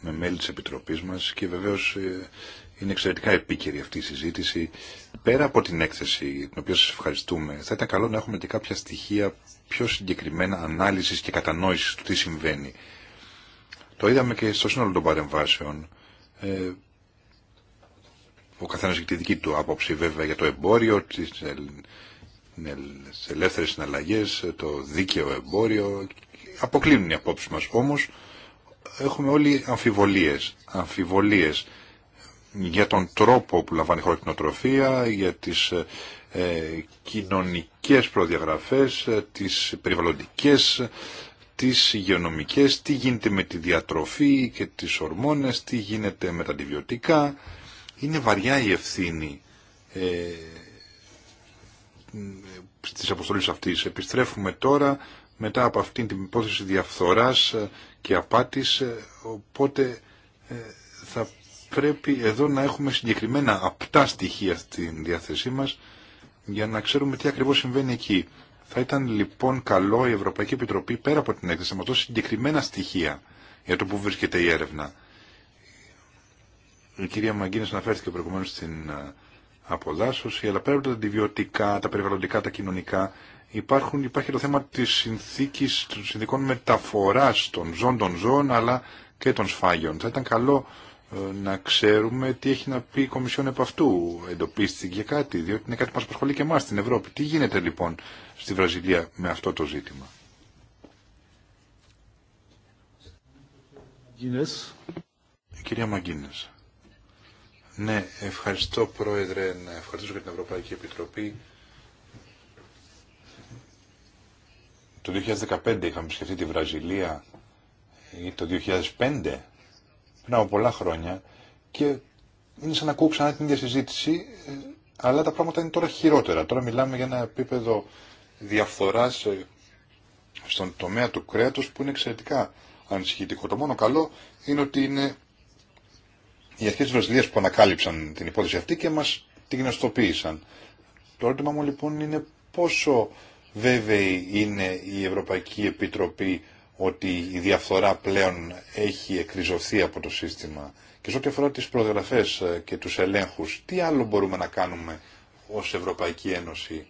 με μέλη της Επιτροπής μας και βεβαίως ε, είναι εξαιρετικά επίκαιρη αυτή η συζήτηση. Πέρα από την έκθεση, την οποία σας ευχαριστούμε, θα ήταν καλό να έχουμε και κάποια στοιχεία πιο συγκεκριμένα ανάλυσης και κατανόησης του τι συμβαίνει. Το είδαμε και στο σύνολο των παρεμβάσεων. Ε, ο καθένας έχει τη δική του άποψη βέβαια για το εμπόριο, τις ελεύθερες συναλλαγές, το δίκαιο εμπόριο. Αποκλίνουν οι απόψεις μας όμως έχουμε όλοι αμφιβολίες, αμφιβολίες για τον τρόπο που λαμβάνει η χώρα για τις ε, ε κοινωνικές προδιαγραφές, ε, τις περιβαλλοντικές, τις υγειονομικές, τι γίνεται με τη διατροφή και τις ορμόνες, τι γίνεται με τα αντιβιωτικά. Είναι βαριά η ευθύνη ε, της αποστολής αυτής. Επιστρέφουμε τώρα μετά από αυτήν την υπόθεση διαφθοράς ε, και απάτης, ε, οπότε ε, θα πρέπει εδώ να έχουμε συγκεκριμένα απτά στοιχεία στην διάθεσή μας για να ξέρουμε τι ακριβώς συμβαίνει εκεί. Θα ήταν λοιπόν καλό η Ευρωπαϊκή Επιτροπή πέρα από την έκθεση να μας δώσει συγκεκριμένα στοιχεία για το που βρίσκεται η έρευνα. Η κυρία Μαγκίνης αναφέρθηκε προηγουμένως στην ε, αποδάσωση, αλλά πέρα από τα αντιβιωτικά, τα περιβαλλοντικά, τα κοινωνικά, Υπάρχουν, υπάρχει το θέμα της συνθήκης, των συνδικών μεταφοράς των ζών των ζώων αλλά και των σφάγιων. Θα ήταν καλό ε, να ξέρουμε τι έχει να πει η Κομισιόν επ' αυτού. Εντοπίστηκε κάτι, διότι είναι κάτι που μας απασχολεί και εμάς στην Ευρώπη. Τι γίνεται λοιπόν στη Βραζιλία με αυτό το ζήτημα. Μαγκίνες. Κυρία Μαγκίνες. Ναι, ευχαριστώ Πρόεδρε, να ευχαριστήσω για την Ευρωπαϊκή Επιτροπή Το 2015 είχαμε επισκεφτεί τη Βραζιλία ή το 2005, πριν από πολλά χρόνια, και είναι σαν να ακούω ξανά την ίδια συζήτηση, ε, αλλά τα πράγματα είναι τώρα χειρότερα. Τώρα μιλάμε για ένα επίπεδο διαφθοράς ε, στον τομέα του κρέατος που είναι εξαιρετικά ανησυχητικό. Το μόνο καλό είναι ότι είναι οι αρχές της Βραζιλίας που ανακάλυψαν την υπόθεση αυτή και μας την γνωστοποίησαν. Το ερώτημα μου λοιπόν είναι πόσο βέβαιη είναι η Ευρωπαϊκή Επιτροπή ότι η διαφθορά πλέον έχει εκριζωθεί από το σύστημα. Και σε ό,τι αφορά τις προγραφές ε, και τους ελέγχους, τι άλλο μπορούμε να κάνουμε ως Ευρωπαϊκή Ένωση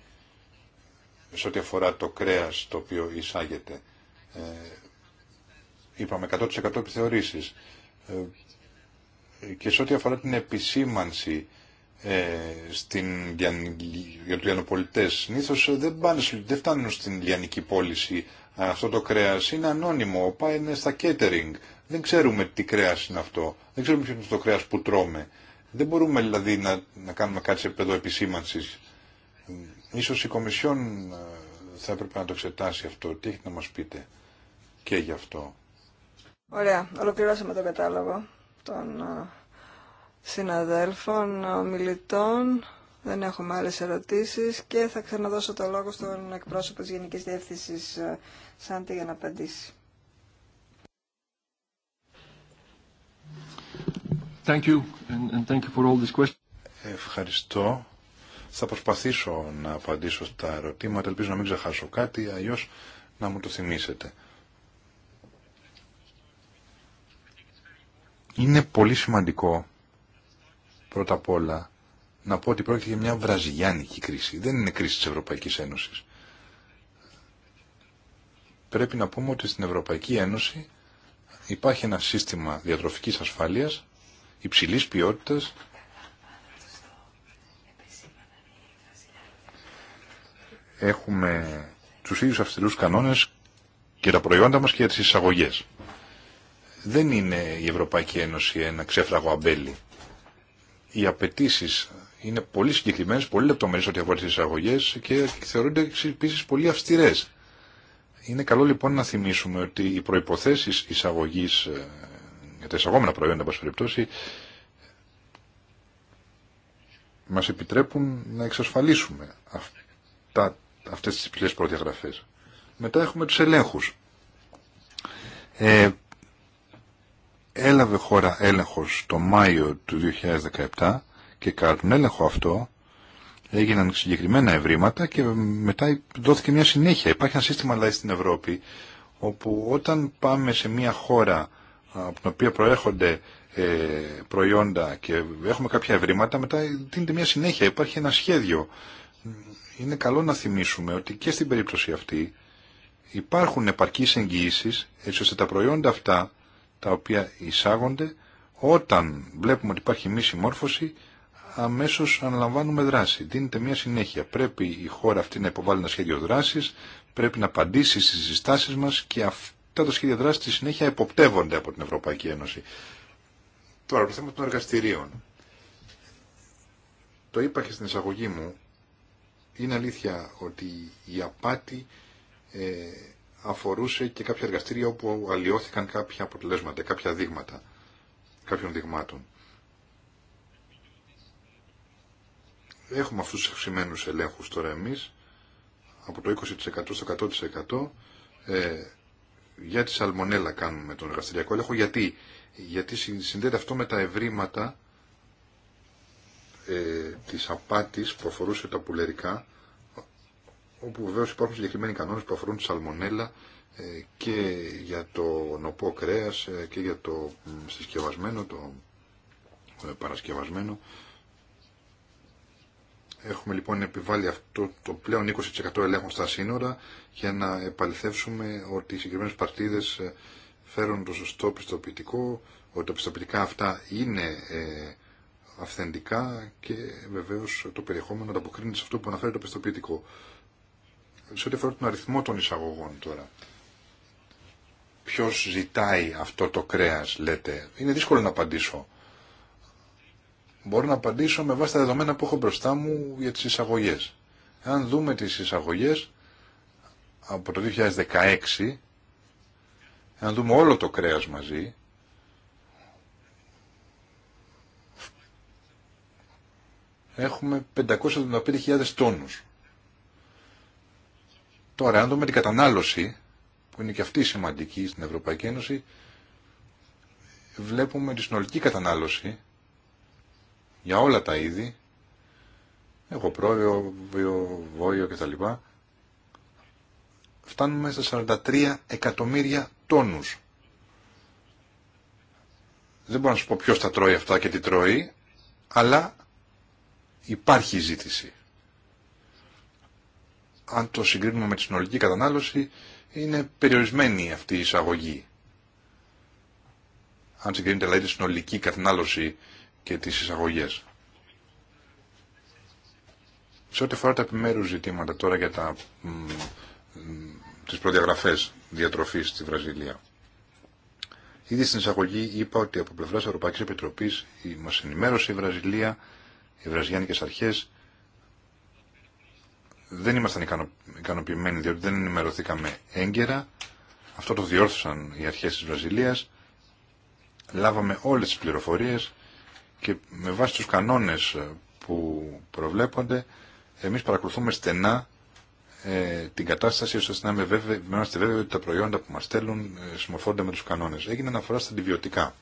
σε ό,τι αφορά το κρέας το οποίο εισάγεται. Ε, είπαμε 100% επιθεωρήσεις. Ε, και σε ό,τι αφορά την επισήμανση ε, στην, για του λιανοπολιτές. Συνήθω ε, δεν, δεν φτάνουν στην λιανική πώληση. Ε, αυτό το κρέας είναι ανώνυμο, πάει στα catering. Δεν ξέρουμε τι κρέας είναι αυτό. Δεν ξέρουμε ποιο είναι το κρέας που τρώμε. Δεν μπορούμε δηλαδή να, να κάνουμε κάτι σε επίπεδο επισήμανση. Ίσως η Κομισιόν θα έπρεπε να το εξετάσει αυτό. Τι έχετε να μα πείτε και γι' αυτό. Ωραία. Ολοκληρώσαμε τον κατάλογο των συναδέλφων, ομιλητών. Δεν έχουμε άλλε ερωτήσεις και θα ξαναδώσω το λόγο στον εκπρόσωπο της Γενικής Διεύθυνσης ε, Σάντι για να απαντήσει. Ευχαριστώ. Θα προσπαθήσω να απαντήσω στα ερωτήματα. Ελπίζω να μην ξεχάσω κάτι, αλλιώ να μου το θυμίσετε. Είναι πολύ σημαντικό Πρώτα απ' όλα, να πω ότι πρόκειται για μια βραζιλιάνικη κρίση. Δεν είναι κρίση της Ευρωπαϊκής Ένωσης. Πρέπει να πούμε ότι στην Ευρωπαϊκή Ένωση υπάρχει ένα σύστημα διατροφικής ασφάλειας υψηλής ποιότητας έχουμε τους ίδιους αυστηρούς κανόνες και τα προϊόντα μας και για τις εισαγωγές. Δεν είναι η Ευρωπαϊκή Ένωση ένα ξέφραγο αμπέλι οι απαιτήσει είναι πολύ συγκεκριμένε, πολύ λεπτομερεί ό,τι αφορά τι εισαγωγέ και θεωρούνται επίση πολύ αυστηρέ. Είναι καλό λοιπόν να θυμίσουμε ότι οι προποθέσει εισαγωγή ε, για τα εισαγόμενα προϊόντα, εν περιπτώσει, μα επιτρέπουν να εξασφαλίσουμε αυτέ αυτές τις προδιαγραφέ. Μετά έχουμε του ελέγχου. Ε, έλαβε χώρα έλεγχος το Μάιο του 2017 και κατά τον έλεγχο αυτό έγιναν συγκεκριμένα ευρήματα και μετά δόθηκε μια συνέχεια. Υπάρχει ένα σύστημα λέει στην Ευρώπη όπου όταν πάμε σε μια χώρα από την οποία προέρχονται ε, προϊόντα και έχουμε κάποια ευρήματα, μετά δίνεται μια συνέχεια, υπάρχει ένα σχέδιο. Είναι καλό να θυμίσουμε ότι και στην περίπτωση αυτή υπάρχουν επαρκείς εγγυήσεις έτσι ώστε τα προϊόντα αυτά τα οποία εισάγονται, όταν βλέπουμε ότι υπάρχει μη συμμόρφωση, αμέσω αναλαμβάνουμε δράση. Δίνεται μια συνέχεια. Πρέπει η χώρα αυτή να υποβάλει ένα σχέδιο δράση, πρέπει να απαντήσει στις συστάσει μα και αυτά τα σχέδια δράση στη συνέχεια εποπτεύονται από την Ευρωπαϊκή Ένωση. Τώρα, το θέμα των εργαστηρίων. Το είπα και στην εισαγωγή μου, είναι αλήθεια ότι η απάτη ε, αφορούσε και κάποια εργαστήρια όπου αλλοιώθηκαν κάποια αποτελέσματα, κάποια δείγματα κάποιων δειγμάτων. Έχουμε αυτούς τους αυξημένους ελέγχους τώρα εμείς, από το 20% στο 100% ε, για τη σαλμονέλα κάνουμε τον εργαστηριακό έλεγχο. Γιατί, Γιατί συνδέεται αυτό με τα ευρήματα ε, της απάτης που αφορούσε τα πουλερικά όπου βεβαίω υπάρχουν συγκεκριμένοι κανόνε που αφορούν τη σαλμονέλα ε, και για το νοπό κρέας ε, και για το συσκευασμένο, το ε, παρασκευασμένο. Έχουμε λοιπόν επιβάλει αυτό το πλέον 20% ελέγχων στα σύνορα για να επαληθεύσουμε ότι οι συγκεκριμένες παρτίδες φέρουν το σωστό πιστοποιητικό, ότι τα πιστοποιητικά αυτά είναι αυθεντικά και βεβαίως το περιεχόμενο ανταποκρίνεται σε αυτό που αναφέρει το πιστοποιητικό σε ό,τι αφορά τον αριθμό των εισαγωγών τώρα. Ποιος ζητάει αυτό το κρέας, λέτε. Είναι δύσκολο να απαντήσω. Μπορώ να απαντήσω με βάση τα δεδομένα που έχω μπροστά μου για τις εισαγωγές. Αν δούμε τις εισαγωγές από το 2016, αν δούμε όλο το κρέας μαζί, έχουμε 575.000 τόνους. Τώρα, αν δούμε την κατανάλωση, που είναι και αυτή σημαντική στην Ευρωπαϊκή Ένωση, βλέπουμε τη συνολική κατανάλωση για όλα τα είδη, εγώ πρόβιο, και τα κτλ. Φτάνουμε στα 43 εκατομμύρια τόνους. Δεν μπορώ να σου πω ποιος τα τρώει αυτά και τι τρώει, αλλά υπάρχει ζήτηση αν το συγκρίνουμε με τη συνολική κατανάλωση, είναι περιορισμένη αυτή η εισαγωγή. Αν συγκρίνεται δηλαδή τη συνολική κατανάλωση και τις εισαγωγές. Σε ό,τι αφορά τα επιμέρου ζητήματα τώρα για τα, μ, μ, τις προδιαγραφές διατροφής στη Βραζιλία. Ήδη στην εισαγωγή είπα ότι από πλευράς Ευρωπαϊκής Επιτροπής μας ενημέρωσε η Βραζιλία, οι βραζιάνικες αρχές, δεν ήμασταν ικανοποιημένοι διότι δεν ενημερωθήκαμε έγκαιρα. Αυτό το διόρθωσαν οι αρχές της Βραζιλίας. Λάβαμε όλες τις πληροφορίες και με βάση τους κανόνες ε, που προβλέπονται εμείς παρακολουθούμε στενά ε, την κατάσταση ώστε να είμαστε βέβαιοι ότι τα προϊόντα που μας στέλνουν ε, με τους κανόνες. Έγινε αναφορά στα αντιβιωτικά.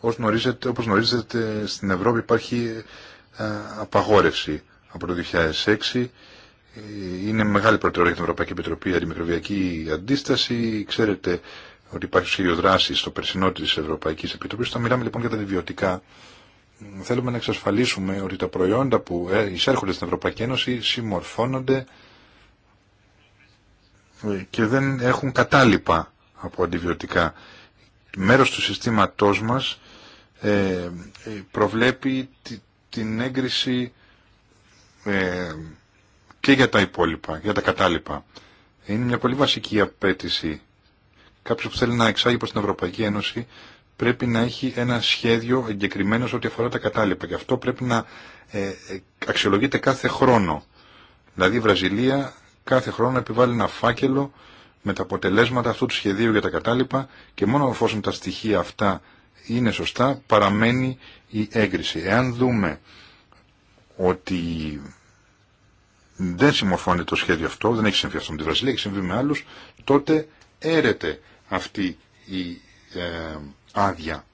γνωρίζετε, όπως γνωρίζετε στην Ευρώπη υπάρχει ε, απαγόρευση από το 2006. Είναι μεγάλη προτεραιότητα για την Ευρωπαϊκή Επιτροπή η μικροβιακή αντίσταση. Ξέρετε ότι υπάρχει σχέδιο δράση στο περσινό τη Ευρωπαϊκή Επιτροπή. Θα μιλάμε λοιπόν για τα αντιβιωτικά, θέλουμε να εξασφαλίσουμε ότι τα προϊόντα που ε, εισέρχονται στην Ευρωπαϊκή Ένωση συμμορφώνονται και δεν έχουν κατάλοιπα από αντιβιωτικά. Μέρος του συστήματός μας ε, ε, προβλέπει την έγκριση ε, και για τα υπόλοιπα, για τα κατάλοιπα. Είναι μια πολύ βασική απέτηση. Κάποιο που θέλει να εξάγει προς την Ευρωπαϊκή Ένωση πρέπει να έχει ένα σχέδιο εγκεκριμένο σε ό,τι αφορά τα κατάλοιπα. Και αυτό πρέπει να ε, αξιολογείται κάθε χρόνο. Δηλαδή η Βραζιλία κάθε χρόνο επιβάλλει ένα φάκελο με τα αποτελέσματα αυτού του σχεδίου για τα κατάλοιπα και μόνο εφόσον τα στοιχεία αυτά είναι σωστά παραμένει η έγκριση. Εάν δούμε ότι δεν συμμορφώνεται το σχέδιο αυτό, δεν έχει συμβεί αυτό με τη Βραζιλία, έχει συμβεί με άλλους, τότε έρεται αυτή η ε, άδεια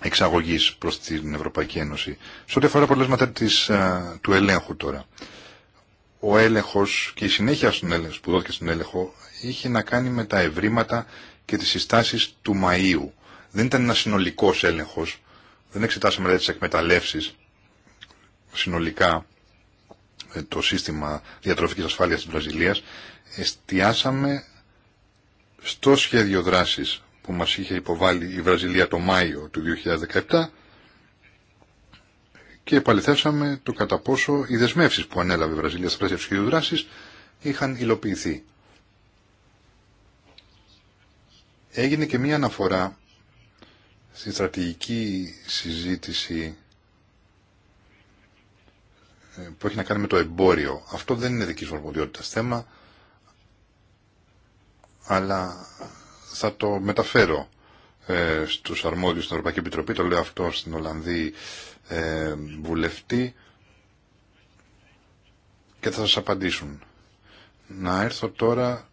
εξαγωγής προς την Ευρωπαϊκή Ένωση. Σε ό,τι αφορά αποτελέσματα της, ε, του ελέγχου τώρα. Ο έλεγχος και η συνέχεια στον έλεγχο, που δόθηκε στον έλεγχο είχε να κάνει με τα ευρήματα και τις συστάσεις του Μαΐου. Δεν ήταν ένα συνολικός έλεγχος. Δεν εξετάσαμε δηλαδή τις εκμεταλλεύσεις συνολικά το σύστημα διατροφικής ασφάλειας της Βραζιλίας, εστιάσαμε στο σχέδιο δράσης που μας είχε υποβάλει η Βραζιλία το Μάιο του 2017 και επαληθεύσαμε το κατά πόσο οι δεσμεύσεις που ανέλαβε η Βραζιλία στα πλαίσια του σχεδίου είχαν υλοποιηθεί. Έγινε και μία αναφορά στη στρατηγική συζήτηση που έχει να κάνει με το εμπόριο. Αυτό δεν είναι δική αρμοδιότητα θέμα, αλλά θα το μεταφέρω ε, στους αρμόδιους στην Ευρωπαϊκή Επιτροπή, το λέω αυτό στην Ολλανδή ε, βουλευτή και θα σας απαντήσουν. Να έρθω τώρα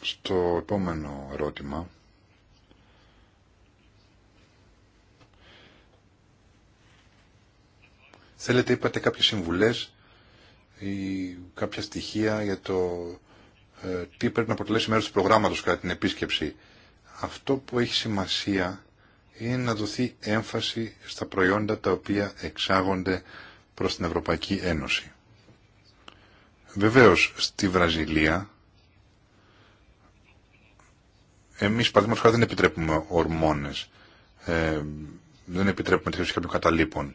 στο επόμενο ερώτημα. Θέλετε, είπατε κάποιες συμβουλές ή κάποια στοιχεία για το τι πρέπει να αποτελέσει μέρος του προγράμματος κατά την επίσκεψη. Αυτό που έχει σημασία είναι να δοθεί έμφαση στα προϊόντα τα οποία εξάγονται προς την Ευρωπαϊκή Ένωση. Βεβαίως, στη Βραζιλία, εμείς παραδείγματος χάρη δεν επιτρέπουμε ορμόνες, δεν επιτρέπουμε τη χρήση κάποιων καταλήπων.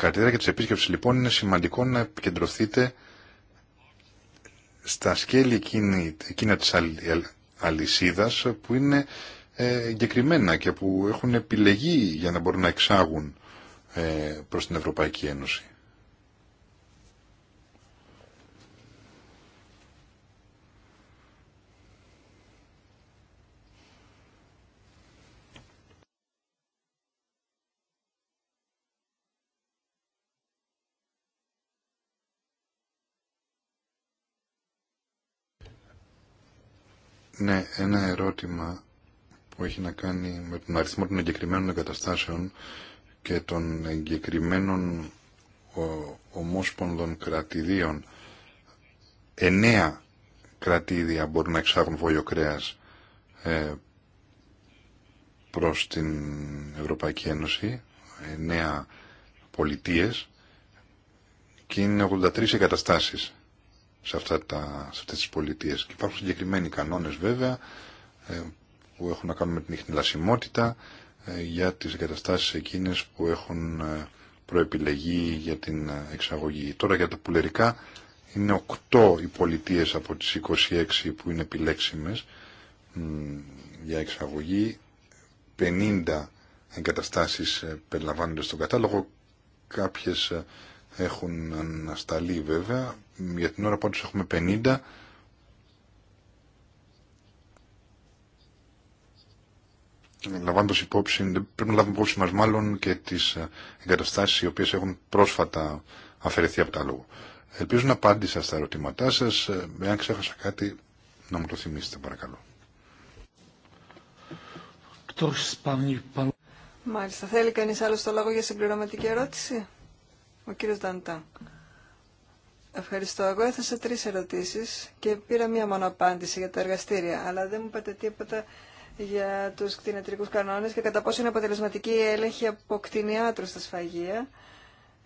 Καρτέρα τη επίσκεψη της λοιπόν είναι σημαντικό να επικεντρωθείτε στα σκέλη εκείνη, εκείνα της αλυσίδας που είναι ε, εγκεκριμένα και που έχουν επιλεγεί για να μπορούν να εξάγουν ε, προς την Ευρωπαϊκή Ένωση. Ναι, ένα ερώτημα που έχει να κάνει με τον αριθμό των εγκεκριμένων εγκαταστάσεων και των εγκεκριμένων ομόσπονδων κρατηδίων. Εννέα κρατήδια μπορούν να εξάγουν βόλιο κρέας ε, προς την Ευρωπαϊκή Ένωση, εννέα πολιτείες και είναι 83 εγκαταστάσεις σε, αυτά τα, σε αυτές τις πολιτείες. Και υπάρχουν συγκεκριμένοι κανόνες βέβαια ε, που έχουν να κάνουν με την ιχνηλασιμότητα ε, για τις εγκαταστάσεις εκείνες που έχουν ε, προεπιλεγεί για την εξαγωγή. Τώρα για τα πουλερικά είναι 8 οι πολιτείες από τις 26 που είναι επιλέξιμες για εξαγωγή. 50 εγκαταστάσεις περιλαμβάνονται στον κατάλογο. Κάποιες έχουν ανασταλεί βέβαια. Για την ώρα πάντως έχουμε 50. Λαμβάνοντα υπόψη, πρέπει να λάβουμε υπόψη μα μάλλον και τι εγκαταστάσει οι οποίε έχουν πρόσφατα αφαιρεθεί από τα λόγο. Ελπίζω να απάντησα στα ερωτήματά σα. Εάν ξέχασα κάτι, να μου το θυμίσετε, παρακαλώ. Μάλιστα. Θέλει κανεί άλλο το λόγο για συμπληρωματική ερώτηση. Ο κύριος Νταντά. Ευχαριστώ. Εγώ έθεσα τρεις ερωτήσεις και πήρα μία μόνο απάντηση για τα εργαστήρια, αλλά δεν μου είπατε τίποτα για τους κτηνιατρικούς κανόνες και κατά πόσο είναι αποτελεσματική η έλεγχη από κτηνιάτρου στα σφαγεία.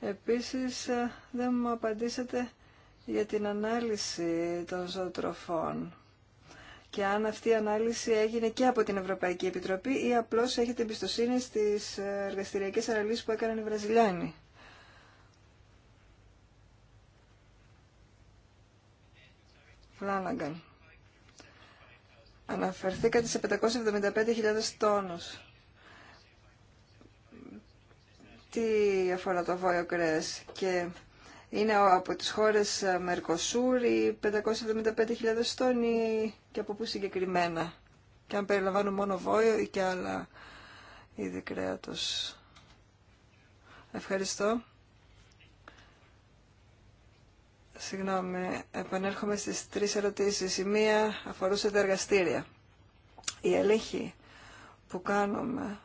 Επίσης, ε, δεν μου απαντήσατε για την ανάλυση των ζωοτροφών και αν αυτή η ανάλυση έγινε και από την Ευρωπαϊκή Επιτροπή ή απλώς έχετε εμπιστοσύνη στις ε, εργαστηριακές αναλύσεις που έκαναν οι Βραζιλιάνοι. Φλάναγκαν. Αναφερθήκατε σε 575.000 τόνους. Τι αφορά το βόλιο κρέας και είναι από τις χώρες ή 575.000 τόνοι και από πού συγκεκριμένα. Και αν περιλαμβάνουν μόνο βόλιο ή και άλλα είδη κρέατος. Ευχαριστώ. Συγγνώμη, επανέρχομαι στις τρεις ερωτήσεις. Η μία αφορούσε τα εργαστήρια. Η ελέγχη που κάνουμε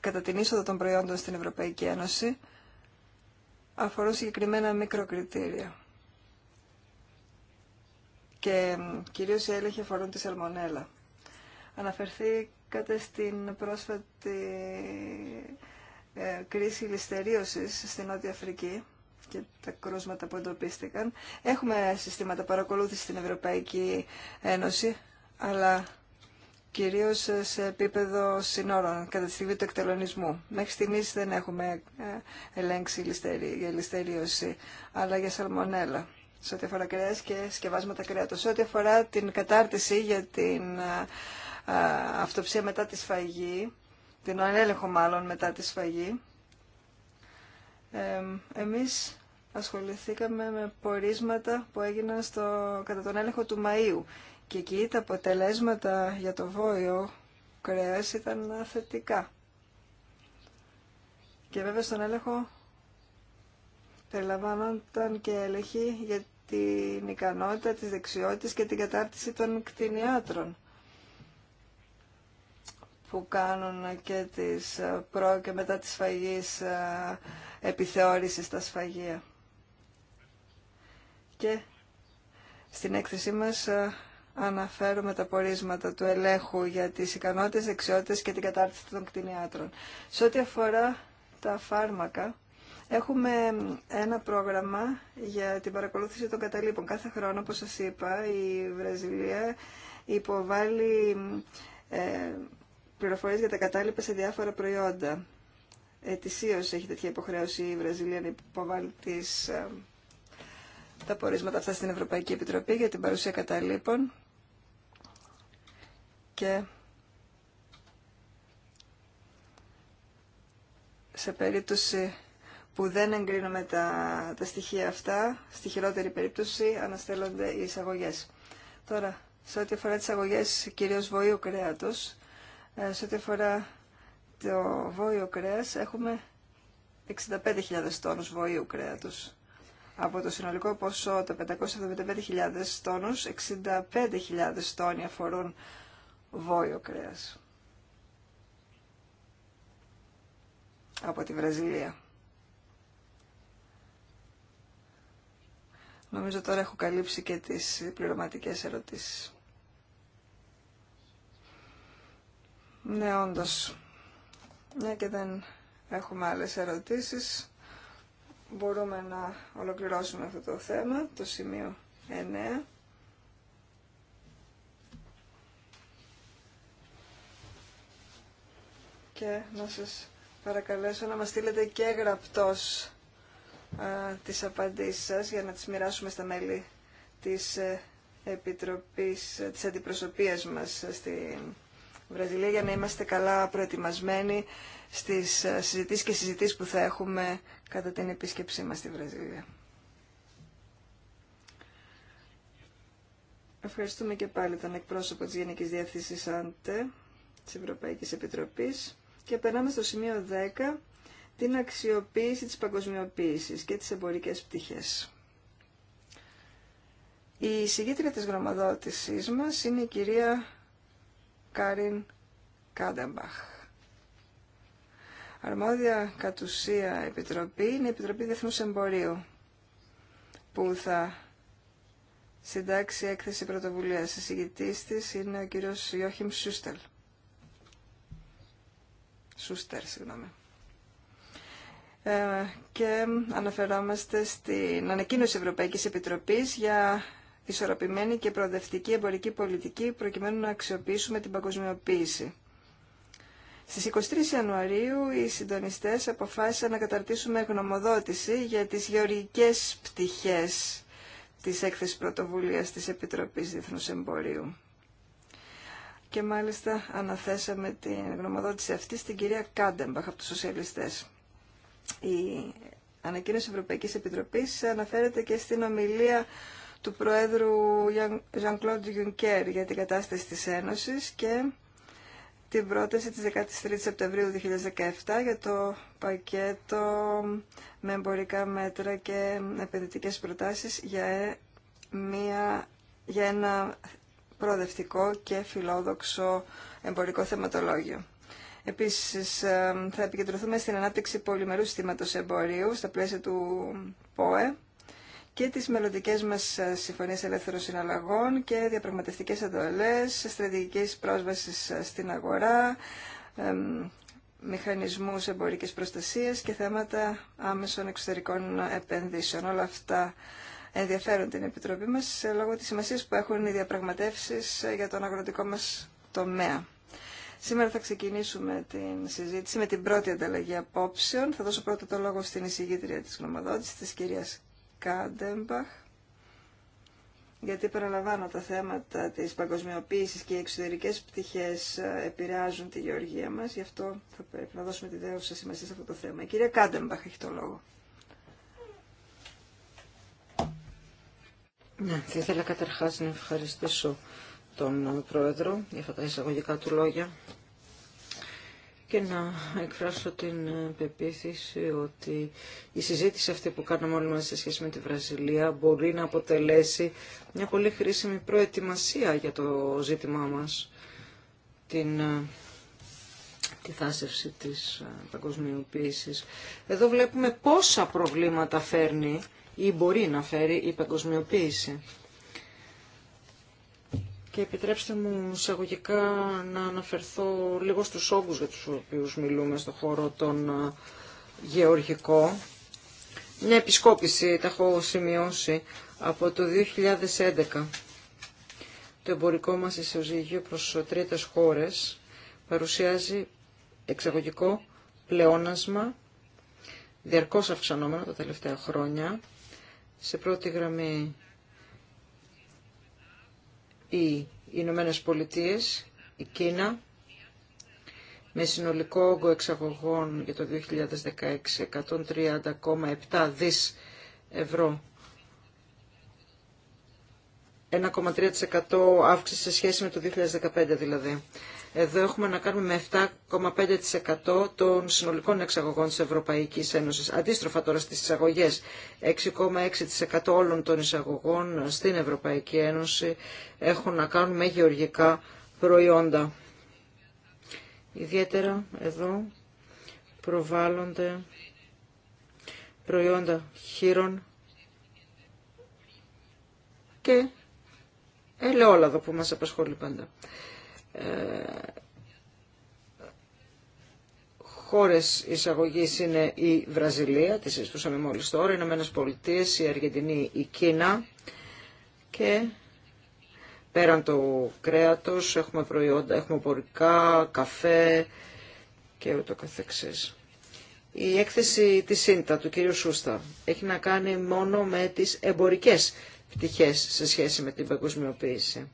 κατά την είσοδο των προϊόντων στην Ευρωπαϊκή Ένωση αφορούσε συγκεκριμένα μικροκριτήρια. Και κυρίως η έλεγχοι αφορούν τη σαλμονέλα. Αναφερθήκατε στην πρόσφατη ε, κρίση ληστερίωσης στην Νότια Αφρική και τα κρούσματα που εντοπίστηκαν. Έχουμε συστήματα παρακολούθηση στην Ευρωπαϊκή Ένωση, αλλά κυρίως σε επίπεδο συνόρων, κατά τη στιγμή του εκτελονισμού. Μέχρι στιγμής δεν έχουμε ε, ελέγξει για ληστερίωση, αλλά για σαλμονέλα σε ό,τι αφορά κρέας και σκευάσματα κρέατος. Σε ό,τι αφορά την κατάρτιση για την ε, ε, αυτοψία μετά τη σφαγή, την ανέλεγχο μάλλον μετά τη σφαγή, εμείς ασχοληθήκαμε με πορίσματα που έγιναν στο, κατά τον έλεγχο του Μαΐου και εκεί τα αποτελέσματα για το βόηο κρέας ήταν θετικά. Και βέβαια στον έλεγχο περιλαμβάνονταν και έλεγχοι για την ικανότητα, τις δεξιότητες και την κατάρτιση των κτηνιάτρων που κάνουν και τις ε, προ και μετά της σφαγής ε, επιθεώρηση στα σφαγεία. Και στην έκθεσή μας ε, αναφέρουμε τα πορίσματα του ελέγχου για τις ικανότητες, δεξιότητες και την κατάρτιση των κτηνιάτρων. Σε ό,τι αφορά τα φάρμακα, έχουμε ένα πρόγραμμα για την παρακολούθηση των καταλήπων. Κάθε χρόνο, όπως σας είπα, η Βραζιλία υποβάλλει πληροφορίε για τα κατάλοιπα σε διάφορα προϊόντα. Ετησίω έχει τέτοια υποχρέωση η Βραζιλία να υποβάλει τις, ε, τα πορίσματα αυτά στην Ευρωπαϊκή Επιτροπή για την παρουσία καταλήπων και σε περίπτωση που δεν εγκρίνουμε τα, στοιχεία αυτά, στη χειρότερη περίπτωση αναστέλλονται οι εισαγωγές. Τώρα, σε ό,τι αφορά τις αγωγές κυρίως βοήου κρέατος, ε, σε ό,τι αφορά το βόλιο κρέας, έχουμε 65.000 τόνους βοήου κρέατος. Από το συνολικό ποσό, τα 575.000 τόνους, 65.000 τόνοι αφορούν βόλιο κρέας. Από τη Βραζιλία. Νομίζω τώρα έχω καλύψει και τις πληρωματικές ερωτήσεις. Ναι, όντως. Ναι, και δεν έχουμε άλλες ερωτήσεις. Μπορούμε να ολοκληρώσουμε αυτό το θέμα, το σημείο 9. Και να σας παρακαλέσω να μας στείλετε και γραπτός α, τις απαντήσεις σας για να τις μοιράσουμε στα μέλη της ε, Επιτροπής, ε, της Αντιπροσωπείας μας ε, στην Βραζιλία για να είμαστε καλά προετοιμασμένοι στις ε, συζητήσεις και συζητήσεις που θα έχουμε κατά την επίσκεψή μας στη Βραζιλία. Ευχαριστούμε και πάλι τον εκπρόσωπο της Γενικής Διεύθυνσης ΑΝΤΕ της Ευρωπαϊκής Επιτροπής και περνάμε στο σημείο 10 την αξιοποίηση της παγκοσμιοποίησης και τις εμπορικές πτυχές. Η συγκίτρια της γνωμοδότησής μας είναι η κυρία Κάριν Κάντεμπαχ. Αρμόδια κατ' ουσία επιτροπή είναι η Επιτροπή Διεθνούς Εμπορίου που θα συντάξει έκθεση πρωτοβουλίας. Συζητητής της είναι ο κύριος Ιόχιμ Σούστελ. Σούστερ, συγγνώμη. Ε, και αναφερόμαστε στην ανακοίνωση Ευρωπαϊκής Επιτροπής για ισορροπημένη και προοδευτική εμπορική πολιτική προκειμένου να αξιοποιήσουμε την παγκοσμιοποίηση. Στις 23 Ιανουαρίου οι συντονιστές αποφάσισαν να καταρτήσουμε γνωμοδότηση για τις γεωργικές πτυχές της έκθεσης πρωτοβουλίας της Επιτροπής Διεθνούς Εμπορίου. Και μάλιστα αναθέσαμε την γνωμοδότηση αυτή στην κυρία Κάντεμπαχ από τους σοσιαλιστές. Η ανακοίνωση Ευρωπαϊκής Επιτροπής αναφέρεται και στην ομιλία του Προέδρου Jean-Claude Juncker για την κατάσταση της Ένωσης και την πρόταση της 13 Σεπτεμβρίου 2017 για το πακέτο με εμπορικά μέτρα και επενδυτικές προτάσεις για, ε- μια, για ένα προοδευτικό και φιλόδοξο εμπορικό θεματολόγιο. Επίσης, ε, θα επικεντρωθούμε στην ανάπτυξη πολυμερού συστήματος εμπορίου στα πλαίσια του ΠΟΕ και τις μελλοντικές μας ε, συμφωνίες ελεύθερων συναλλαγών και διαπραγματευτικές εντολές, στρατηγικής πρόσβασης ε, στην αγορά, μηχανισμούς εμπορικής προστασίας και θέματα άμεσων εξωτερικών επενδύσεων. Όλα αυτά ενδιαφέρουν την Επιτροπή μας ε, λόγω της σημασίας που έχουν οι διαπραγματεύσεις για τον αγροτικό μας τομέα. Σήμερα θα ξεκινήσουμε την συζήτηση με την πρώτη ανταλλαγή απόψεων. Θα δώσω πρώτα το λόγο στην εισηγήτρια της γνωμοδότησης, της κυρίας Κάντεμπαχ, γιατί παραλαμβάνω τα θέματα της παγκοσμιοποίησης και οι εξωτερικές πτυχές ε, επηρεάζουν τη γεωργία μας, γι' αυτό θα πρέπει να δώσουμε τη σε σημασία σε αυτό το θέμα. Η κυρία Κάντεμπαχ έχει το λόγο. Ναι, θα ήθελα καταρχάς να ευχαριστήσω τον Πρόεδρο για αυτά τα εισαγωγικά του λόγια και να εκφράσω την πεποίθηση ότι η συζήτηση αυτή που κάνουμε όλοι μας σε σχέση με τη Βραζιλία μπορεί να αποτελέσει μια πολύ χρήσιμη προετοιμασία για το ζήτημά μας, την, ε, τη θάσευση της ε, παγκοσμιοποίησης. Εδώ βλέπουμε πόσα προβλήματα φέρνει ή μπορεί να φέρει η παγκοσμιοποίηση και επιτρέψτε μου εισαγωγικά να αναφερθώ λίγο στους όγκους για τους οποίους μιλούμε στον χώρο των γεωργικό. Μια επισκόπηση τα έχω σημειώσει από το 2011. Το εμπορικό μας ισοζύγιο προς τρίτες χώρες παρουσιάζει εξαγωγικό πλεόνασμα διαρκώς αυξανόμενο τα τελευταία χρόνια. Σε πρώτη γραμμή οι Ηνωμένε Πολιτείε, η Κίνα, με συνολικό όγκο εξαγωγών για το 2016 130,7 δις ευρώ. 1,3% αύξηση σε σχέση με το 2015 δηλαδή. Εδώ έχουμε να κάνουμε με 7,5% των συνολικών εξαγωγών της Ευρωπαϊκής Ένωσης. Αντίστροφα τώρα στις εισαγωγές, 6,6% όλων των εισαγωγών στην Ευρωπαϊκή Ένωση έχουν να κάνουν με γεωργικά προϊόντα. Ιδιαίτερα εδώ προβάλλονται προϊόντα χείρων και ελαιόλαδο που μας απασχολεί πάντα χώρες εισαγωγής είναι η Βραζιλία, τη συζητούσαμε μόλις τώρα, οι Ηνωμένες Πολιτείες, η Αργεντινή, η Κίνα και πέραν το κρέατος έχουμε προϊόντα, έχουμε πορικά, καφέ και ούτω καθεξής. Η έκθεση της ΣΥΝΤΑ του κ. Σούστα έχει να κάνει μόνο με τις εμπορικές πτυχές σε σχέση με την παγκοσμιοποίηση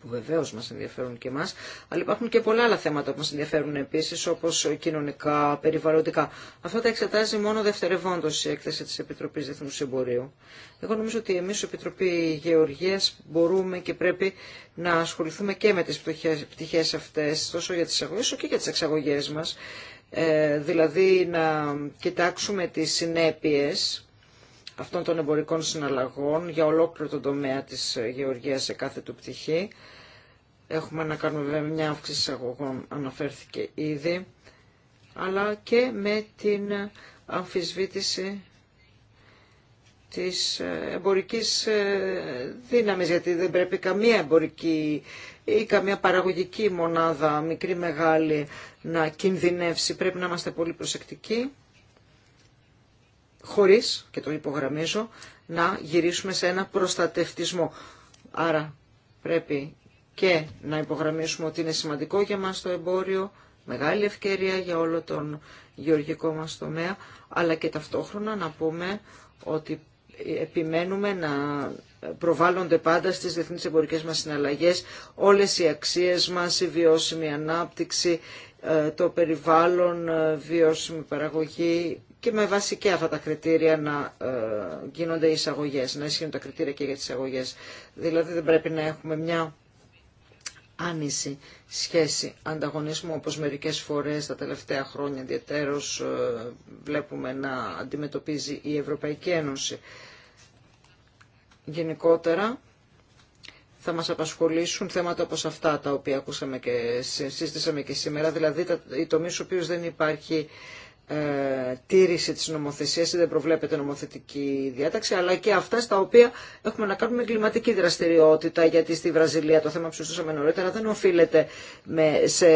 που βεβαίω μα ενδιαφέρουν και εμά, αλλά υπάρχουν και πολλά άλλα θέματα που μα ενδιαφέρουν επίση, όπω κοινωνικά, περιβαλλοντικά. Αυτά τα εξετάζει μόνο δευτερευόντω η έκθεση τη Επιτροπή Διεθνού Εμπορίου. Εγώ νομίζω ότι εμεί, ω Επιτροπή Γεωργία, μπορούμε και πρέπει να ασχοληθούμε και με τι πτυχέ αυτέ, τόσο για τι εισαγωγέ όσο και για τι εξαγωγέ μα. Ε, δηλαδή να κοιτάξουμε τις συνέπειες αυτών των εμπορικών συναλλαγών για ολόκληρο τον τομέα της γεωργίας σε κάθε του πτυχή. Έχουμε να κάνουμε μια αύξηση εισαγωγών, αναφέρθηκε ήδη, αλλά και με την αμφισβήτηση της εμπορικής ε, δύναμης, γιατί δεν πρέπει καμία εμπορική ή καμία παραγωγική μονάδα, μικρή, μεγάλη, να κινδυνεύσει. Πρέπει να είμαστε πολύ προσεκτικοί χωρίς, και το υπογραμμίζω, να γυρίσουμε σε ένα προστατευτισμό. Άρα πρέπει και να υπογραμμίσουμε ότι είναι σημαντικό για μας το εμπόριο, μεγάλη ευκαιρία για όλο τον γεωργικό μας τομέα, αλλά και ταυτόχρονα να πούμε ότι επιμένουμε να προβάλλονται πάντα στις διεθνείς εμπορικές μας συναλλαγές όλες οι αξίες μας, η βιώσιμη ανάπτυξη, ε, το περιβάλλον, ε, βιώσιμη παραγωγή, και με βάση και αυτά τα κριτήρια να ε, γίνονται οι εισαγωγές, να ισχύουν τα κριτήρια και για τι εισαγωγέ. Δηλαδή δεν πρέπει να έχουμε μια άνηση σχέση ανταγωνισμού όπως μερικές φορές τα τελευταία χρόνια ιδιαίτερως ε, βλέπουμε να αντιμετωπίζει η Ευρωπαϊκή Ένωση. Γενικότερα θα μας απασχολήσουν θέματα όπως αυτά τα οποία ακούσαμε και συζήτησαμε και σήμερα, δηλαδή οι τομείς στους οποίους δεν υπάρχει ε, τήρηση της νομοθεσίας, δεν προβλέπεται νομοθετική διάταξη, αλλά και αυτά στα οποία έχουμε να κάνουμε κλιματική δραστηριότητα, γιατί στη Βραζιλία το θέμα που συζητούσαμε νωρίτερα δεν οφείλεται με, σε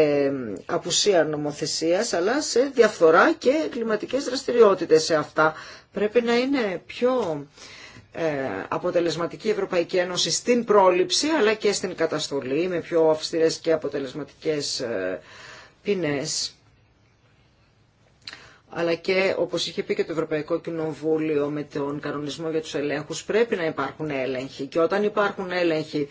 απουσία νομοθεσίας, αλλά σε διαφθορά και κλιματικές δραστηριότητες σε αυτά. Πρέπει να είναι πιο ε, αποτελεσματική η Ευρωπαϊκή Ένωση στην πρόληψη, αλλά και στην καταστολή, με πιο αυστηρές και αποτελεσματικές ε, ποινές αλλά και όπως είχε πει και το Ευρωπαϊκό Κοινοβούλιο με τον κανονισμό για τους ελέγχους πρέπει να υπάρχουν έλεγχοι και όταν υπάρχουν έλεγχοι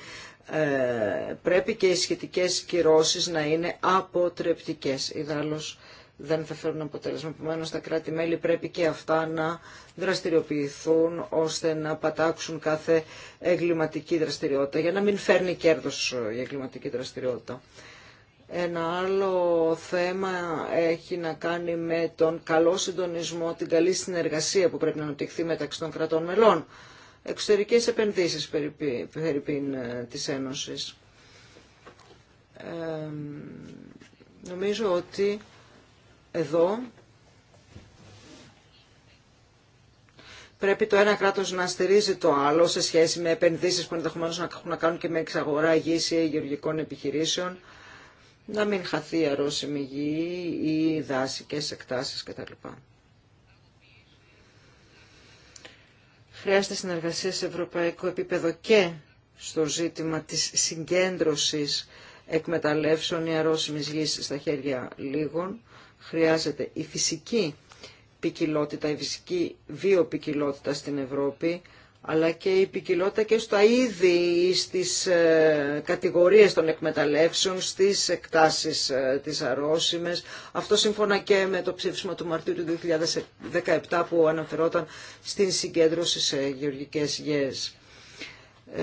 ε, πρέπει και οι σχετικές κυρώσεις να είναι αποτρεπτικές. Ιδάλλως δεν θα φέρουν αποτέλεσμα. Επομένως τα κράτη-μέλη πρέπει και αυτά να δραστηριοποιηθούν ώστε να πατάξουν κάθε εγκληματική δραστηριότητα για να μην φέρνει κέρδος η εγκληματική δραστηριότητα. Ένα άλλο θέμα έχει να κάνει με τον καλό συντονισμό, την καλή συνεργασία που πρέπει να αναπτυχθεί μεταξύ των κρατών μελών. Εξωτερικές επενδύσεις περί, πίν ε, της Ένωσης. νομίζω ότι εδώ πρέπει το ένα κράτος να στηρίζει το άλλο σε σχέση με επενδύσεις που ενδεχομένως να έχουν να κάνουν και με εξαγορά γης ή γεωργικών επιχειρήσεων να μην χαθεί αρρώσιμη γη ή δάσικες εκτάσεις κτλ. Χρειάζεται συνεργασία σε ευρωπαϊκό επίπεδο και στο ζήτημα της συγκέντρωσης εκμεταλλεύσεων ή αρρώσιμης γης στα χέρια λίγων. Χρειάζεται η φυσική ποικιλότητα, η φυσική βιοπικιλότητα στην Ευρώπη αλλά και η ποικιλότητα και στα είδη, στις ε, κατηγορίες των εκμεταλλεύσεων, στις εκτάσεις ε, της αρρώσιμες. Αυτό σύμφωνα και με το ψήφισμα του Μαρτίου του 2017 που αναφερόταν στην συγκέντρωση σε γεωργικές γέες.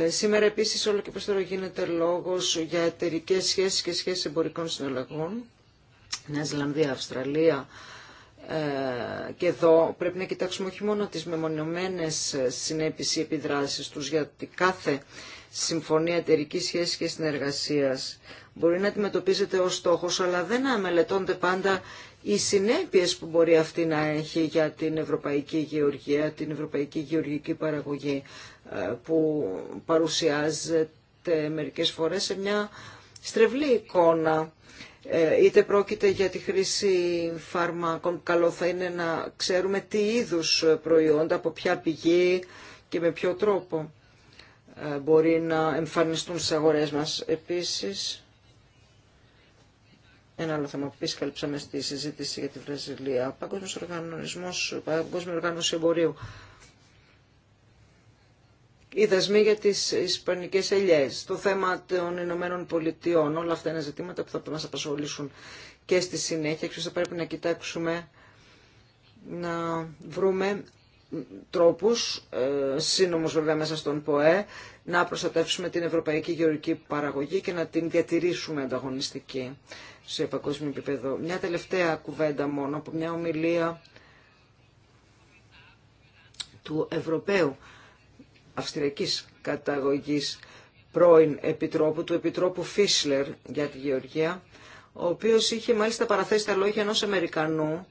Ε, σήμερα επίσης όλο και τώρα γίνεται λόγος για εταιρικέ σχέσεις και σχέσεις εμπορικών συναλλαγών. Νέα Ζηλανδία, Αυστραλία, ε, και εδώ πρέπει να κοιτάξουμε όχι μόνο τις μεμονωμένες ε, συνέπειες ή επιδράσεις τους γιατί κάθε συμφωνία εταιρική σχέση και συνεργασίας μπορεί να αντιμετωπίζεται ως στόχος αλλά δεν αμελετώνται πάντα οι συνέπειες που μπορεί αυτή να έχει για την ευρωπαϊκή γεωργία, την ευρωπαϊκή γεωργική παραγωγή ε, που παρουσιάζεται μερικές φορές σε μια στρεβλή εικόνα ε, είτε πρόκειται για τη χρήση φάρμακων, καλό θα είναι να ξέρουμε τι είδους προϊόντα, από ποια πηγή και με ποιο τρόπο ε, μπορεί να εμφανιστούν στις αγορές μας. Επίσης, ένα άλλο θέμα που επίσης στη συζήτηση για τη Βραζιλία, Παγκόσμιος Οργανισμός, Παγκόσμιο Οργάνωση Εμπορίου, οι δεσμοί για τις ισπανικές ελιές, το θέμα των Ηνωμένων Πολιτειών, όλα αυτά είναι ζητήματα που θα μας απασχολήσουν και στη συνέχεια και θα πρέπει να κοιτάξουμε να βρούμε τρόπους, ε, σύνομος βέβαια μέσα στον ΠΟΕ, να προστατεύσουμε την ευρωπαϊκή γεωργική παραγωγή και να την διατηρήσουμε ανταγωνιστική σε παγκόσμιο επίπεδο. Μια τελευταία κουβέντα μόνο από μια ομιλία του Ευρωπαίου αυστριακής καταγωγής πρώην επιτρόπου, του επιτρόπου Φίσλερ για τη Γεωργία, ο οποίος είχε μάλιστα παραθέσει τα λόγια ενός Αμερικανού,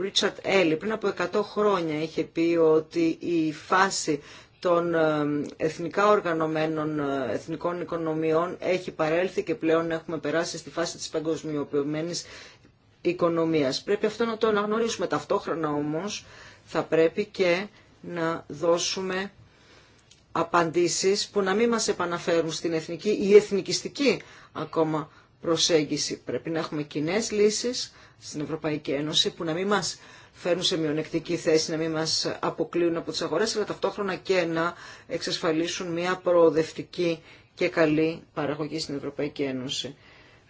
Ρίτσαρτ Έλλη, πριν από 100 χρόνια είχε πει ότι η φάση των ε, εθνικά οργανωμένων ε, εθνικών οικονομιών έχει παρέλθει και πλέον έχουμε περάσει στη φάση της παγκοσμιοποιημένης οικονομίας. Πρέπει αυτό να το αναγνωρίσουμε. Ταυτόχρονα όμως θα πρέπει και να δώσουμε απαντήσεις που να μην μας επαναφέρουν στην εθνική ή εθνικιστική ακόμα προσέγγιση. Πρέπει να έχουμε κοινέ λύσεις στην Ευρωπαϊκή Ένωση που να μην μας φέρνουν σε μειονεκτική θέση, να μην μας αποκλείουν από τις αγορές, αλλά ταυτόχρονα και να εξασφαλίσουν μια προοδευτική και καλή παραγωγή στην Ευρωπαϊκή Ένωση.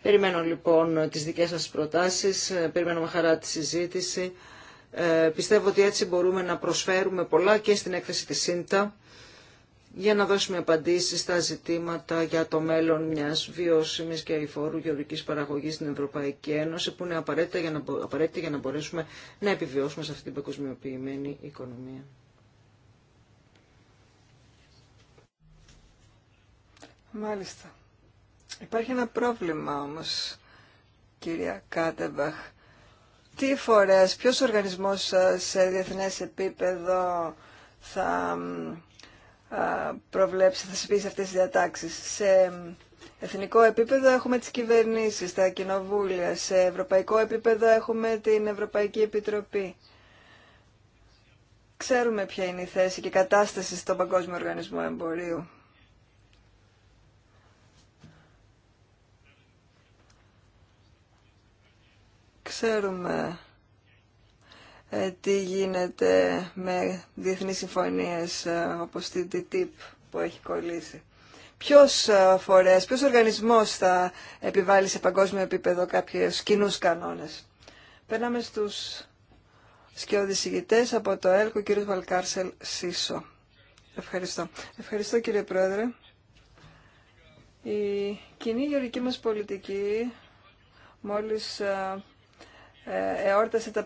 Περιμένω λοιπόν τις δικές σας προτάσεις, περιμένω με χαρά τη συζήτηση. Ε, πιστεύω ότι έτσι μπορούμε να προσφέρουμε πολλά και στην έκθεση της ΣΥΝΤΑ για να δώσουμε απαντήσεις στα ζητήματα για το μέλλον μιας βιώσιμης και αηφόρου γεωργικής παραγωγής στην Ευρωπαϊκή Ένωση που είναι απαραίτητα για να, απαραίτητη για να μπορέσουμε να επιβιώσουμε σε αυτή την παγκοσμιοποιημένη οικονομία. Μάλιστα. Υπάρχει ένα πρόβλημα όμως, κυρία Κάτεμπαχ. Τι φορές, ποιος οργανισμός ε, σε διεθνές επίπεδο θα προβλέψει, θα σε αυτές τις διατάξεις. Σε εθνικό επίπεδο έχουμε τις κυβερνήσεις, τα κοινοβούλια. Σε ευρωπαϊκό επίπεδο έχουμε την Ευρωπαϊκή Επιτροπή. Ξέρουμε ποια είναι η θέση και η κατάσταση στον Παγκόσμιο Οργανισμό Εμπορίου. Ξέρουμε ε, τι γίνεται με διεθνείς συμφωνίες ε, όπως την TTIP που έχει κολλήσει. Ποιος ε, φορέας, ποιος οργανισμός θα επιβάλλει σε παγκόσμιο επίπεδο κάποιους κοινούς κανόνες. Περνάμε στους σκιώδεις από το ΕΛΚΟ, ο κύριος Βαλκάρσελ Σίσο. Ευχαριστώ. Ευχαριστώ κύριε Πρόεδρε. Η κοινή γεωργική μας πολιτική μόλις ε, εόρτασε τα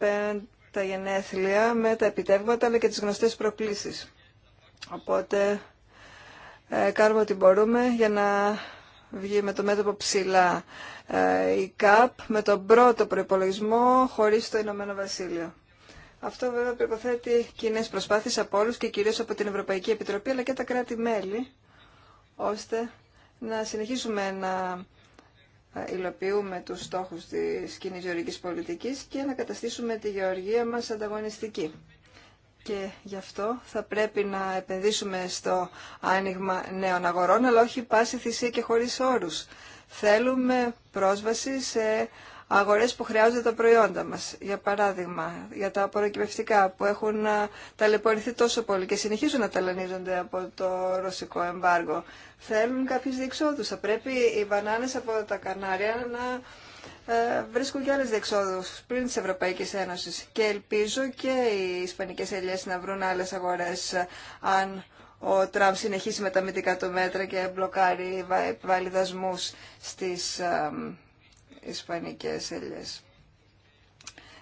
55 τα γενέθλια με τα επιτεύγματα αλλά και τις γνωστές προκλήσεις. Οπότε ε, κάνουμε ό,τι μπορούμε για να βγει με το μέτωπο ψηλά ε, η ΚΑΠ με τον πρώτο προϋπολογισμό χωρίς το Ηνωμένο Βασίλειο. Αυτό βέβαια προποθέτει κοινέ προσπάθειες από όλους και κυρίως από την Ευρωπαϊκή Επιτροπή αλλά και τα κράτη-μέλη ώστε να συνεχίσουμε να υλοποιούμε τους στόχους της κοινή γεωργικής πολιτικής και να καταστήσουμε τη γεωργία μας ανταγωνιστική. Και γι' αυτό θα πρέπει να επενδύσουμε στο άνοιγμα νέων αγορών, αλλά όχι πάση θυσία και χωρίς όρους. Θέλουμε πρόσβαση σε αγορές που χρειάζονται τα προϊόντα μας. Για παράδειγμα, για τα απορροκυπευτικά που έχουν ταλαιπωρηθεί τόσο πολύ και συνεχίζουν να ταλανίζονται από το ρωσικό εμπάργο. Θέλουν κάποιους διεξόδους. Θα πρέπει οι μπανάνες από τα Κανάρια να ε, βρίσκουν και άλλες διεξόδους πριν της Ευρωπαϊκής Ένωσης. Και ελπίζω και οι ισπανικές ελιές να βρουν άλλες αγορές ε, αν ο Τραμπ συνεχίσει με τα μυντικά του μέτρα και μπλοκάρει βαλιδασμούς στις ε, ισπανικές ελιές.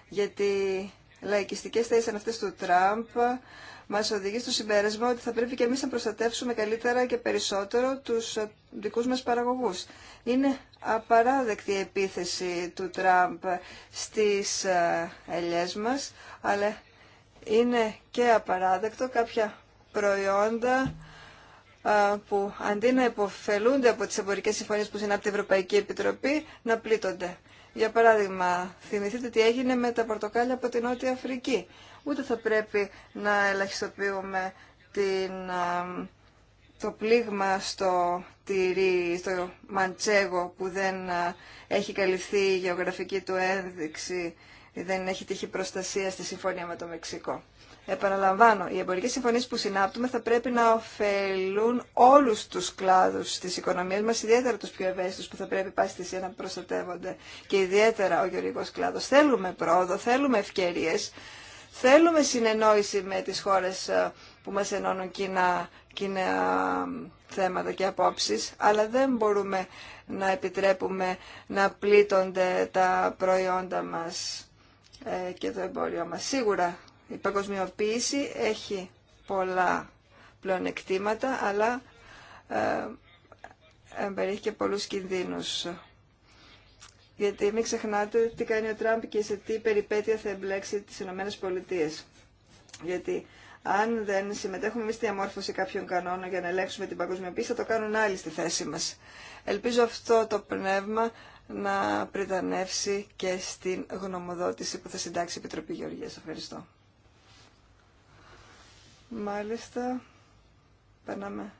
Γιατί λαϊκιστικές θέσεις σαν αυτές του Τραμπ μας οδηγεί στο συμπέρασμα ότι θα πρέπει και εμείς να προστατεύσουμε καλύτερα και περισσότερο τους δικούς μας παραγωγούς. Είναι απαράδεκτη η επίθεση του Τραμπ στις ε, ελιές μας, αλλά είναι και απαράδεκτο κάποια προϊόντα που αντί να υποφελούνται από τις εμπορικές συμφωνίες που συνάπτει η Ευρωπαϊκή Επιτροπή, να πλήττονται. Για παράδειγμα, θυμηθείτε τι έγινε με τα πορτοκάλια από την Νότια Αφρική. Ούτε θα πρέπει να ελαχιστοποιούμε την, το πλήγμα στο τυρί, στο μαντσέγο που δεν έχει καλυφθεί η γεωγραφική του ένδειξη, δεν έχει τύχει προστασία στη συμφωνία με το Μεξικό. Επαναλαμβάνω, οι εμπορικέ συμφωνίε που συνάπτουμε θα πρέπει να ωφελούν όλου του κλάδου τη οικονομία μα, ιδιαίτερα του πιο ευαίσθητου που θα πρέπει πάση θυσία να προστατεύονται και ιδιαίτερα ο γεωργικό κλάδο. Θέλουμε πρόοδο, θέλουμε ευκαιρίε, θέλουμε συνεννόηση με τι χώρε ε, που μας ενώνουν κοινά, κοινά ε, θέματα και απόψει, αλλά δεν μπορούμε να επιτρέπουμε να πλήττονται τα προϊόντα μας ε, και το εμπόριο μας. Σίγουρα η παγκοσμιοποίηση έχει πολλά πλεονεκτήματα, αλλά ε, περιέχει και πολλούς κινδύνους. Γιατί μην ξεχνάτε τι κάνει ο Τραμπ και σε τι περιπέτεια θα εμπλέξει τις Ηνωμένες Πολιτείες. Γιατί αν δεν συμμετέχουμε εμεί στη διαμόρφωση κάποιων κανόνων για να ελέγξουμε την παγκοσμιοποίηση, θα το κάνουν άλλοι στη θέση μας. Ελπίζω αυτό το πνεύμα να πριτανεύσει και στην γνωμοδότηση που θα συντάξει η Επιτροπή Γεωργίας. Ευχαριστώ. Μάλιστα, περνάμε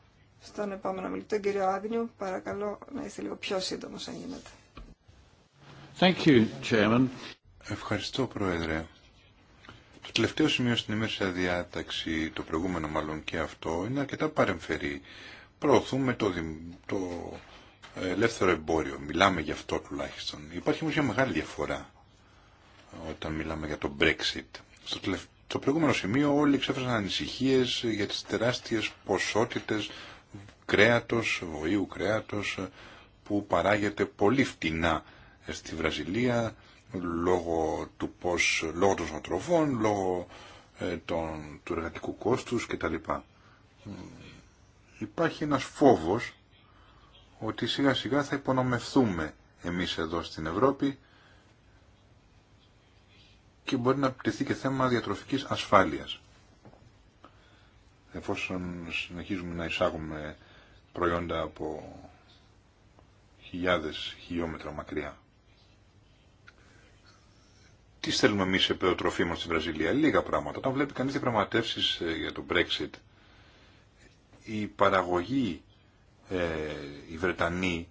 στον επόμενο μιλητή, τον κύριο Άγνιου. Παρακαλώ να είστε λίγο πιο σύντομο αν γίνεται. Thank Ευχαριστώ, Πρόεδρε. Το τελευταίο σημείο στην ημέρα διάταξη, το προηγούμενο μάλλον και αυτό, είναι αρκετά παρεμφερή. Προωθούμε το, το ελεύθερο εμπόριο. Μιλάμε γι' αυτό τουλάχιστον. Υπάρχει όμως μια μεγάλη διαφορά όταν μιλάμε για το Brexit. Στο τελευταίο το προηγούμενο σημείο όλοι εξέφρασαν ανησυχίες για τις τεράστιες ποσότητες κρέατος, βοήου κρέατος που παράγεται πολύ φτηνά στη Βραζιλία λόγω του πώς, λόγω των ζωοτροφών, λόγω ε, των, του εργατικού κόστους κτλ. Υπάρχει ένας φόβος ότι σιγά σιγά θα υπονομευθούμε εμείς εδώ στην Ευρώπη και μπορεί να πτυθεί και θέμα διατροφικής ασφάλειας. Εφόσον συνεχίζουμε να εισάγουμε προϊόντα από χιλιάδες χιλιόμετρα μακριά. Τι θέλουμε εμεί σε μας στην Βραζιλία, λίγα πράγματα. Όταν βλέπει κανείς διαπραγματεύσεις ε, για το Brexit, η παραγωγή ε, οι Βρετανοί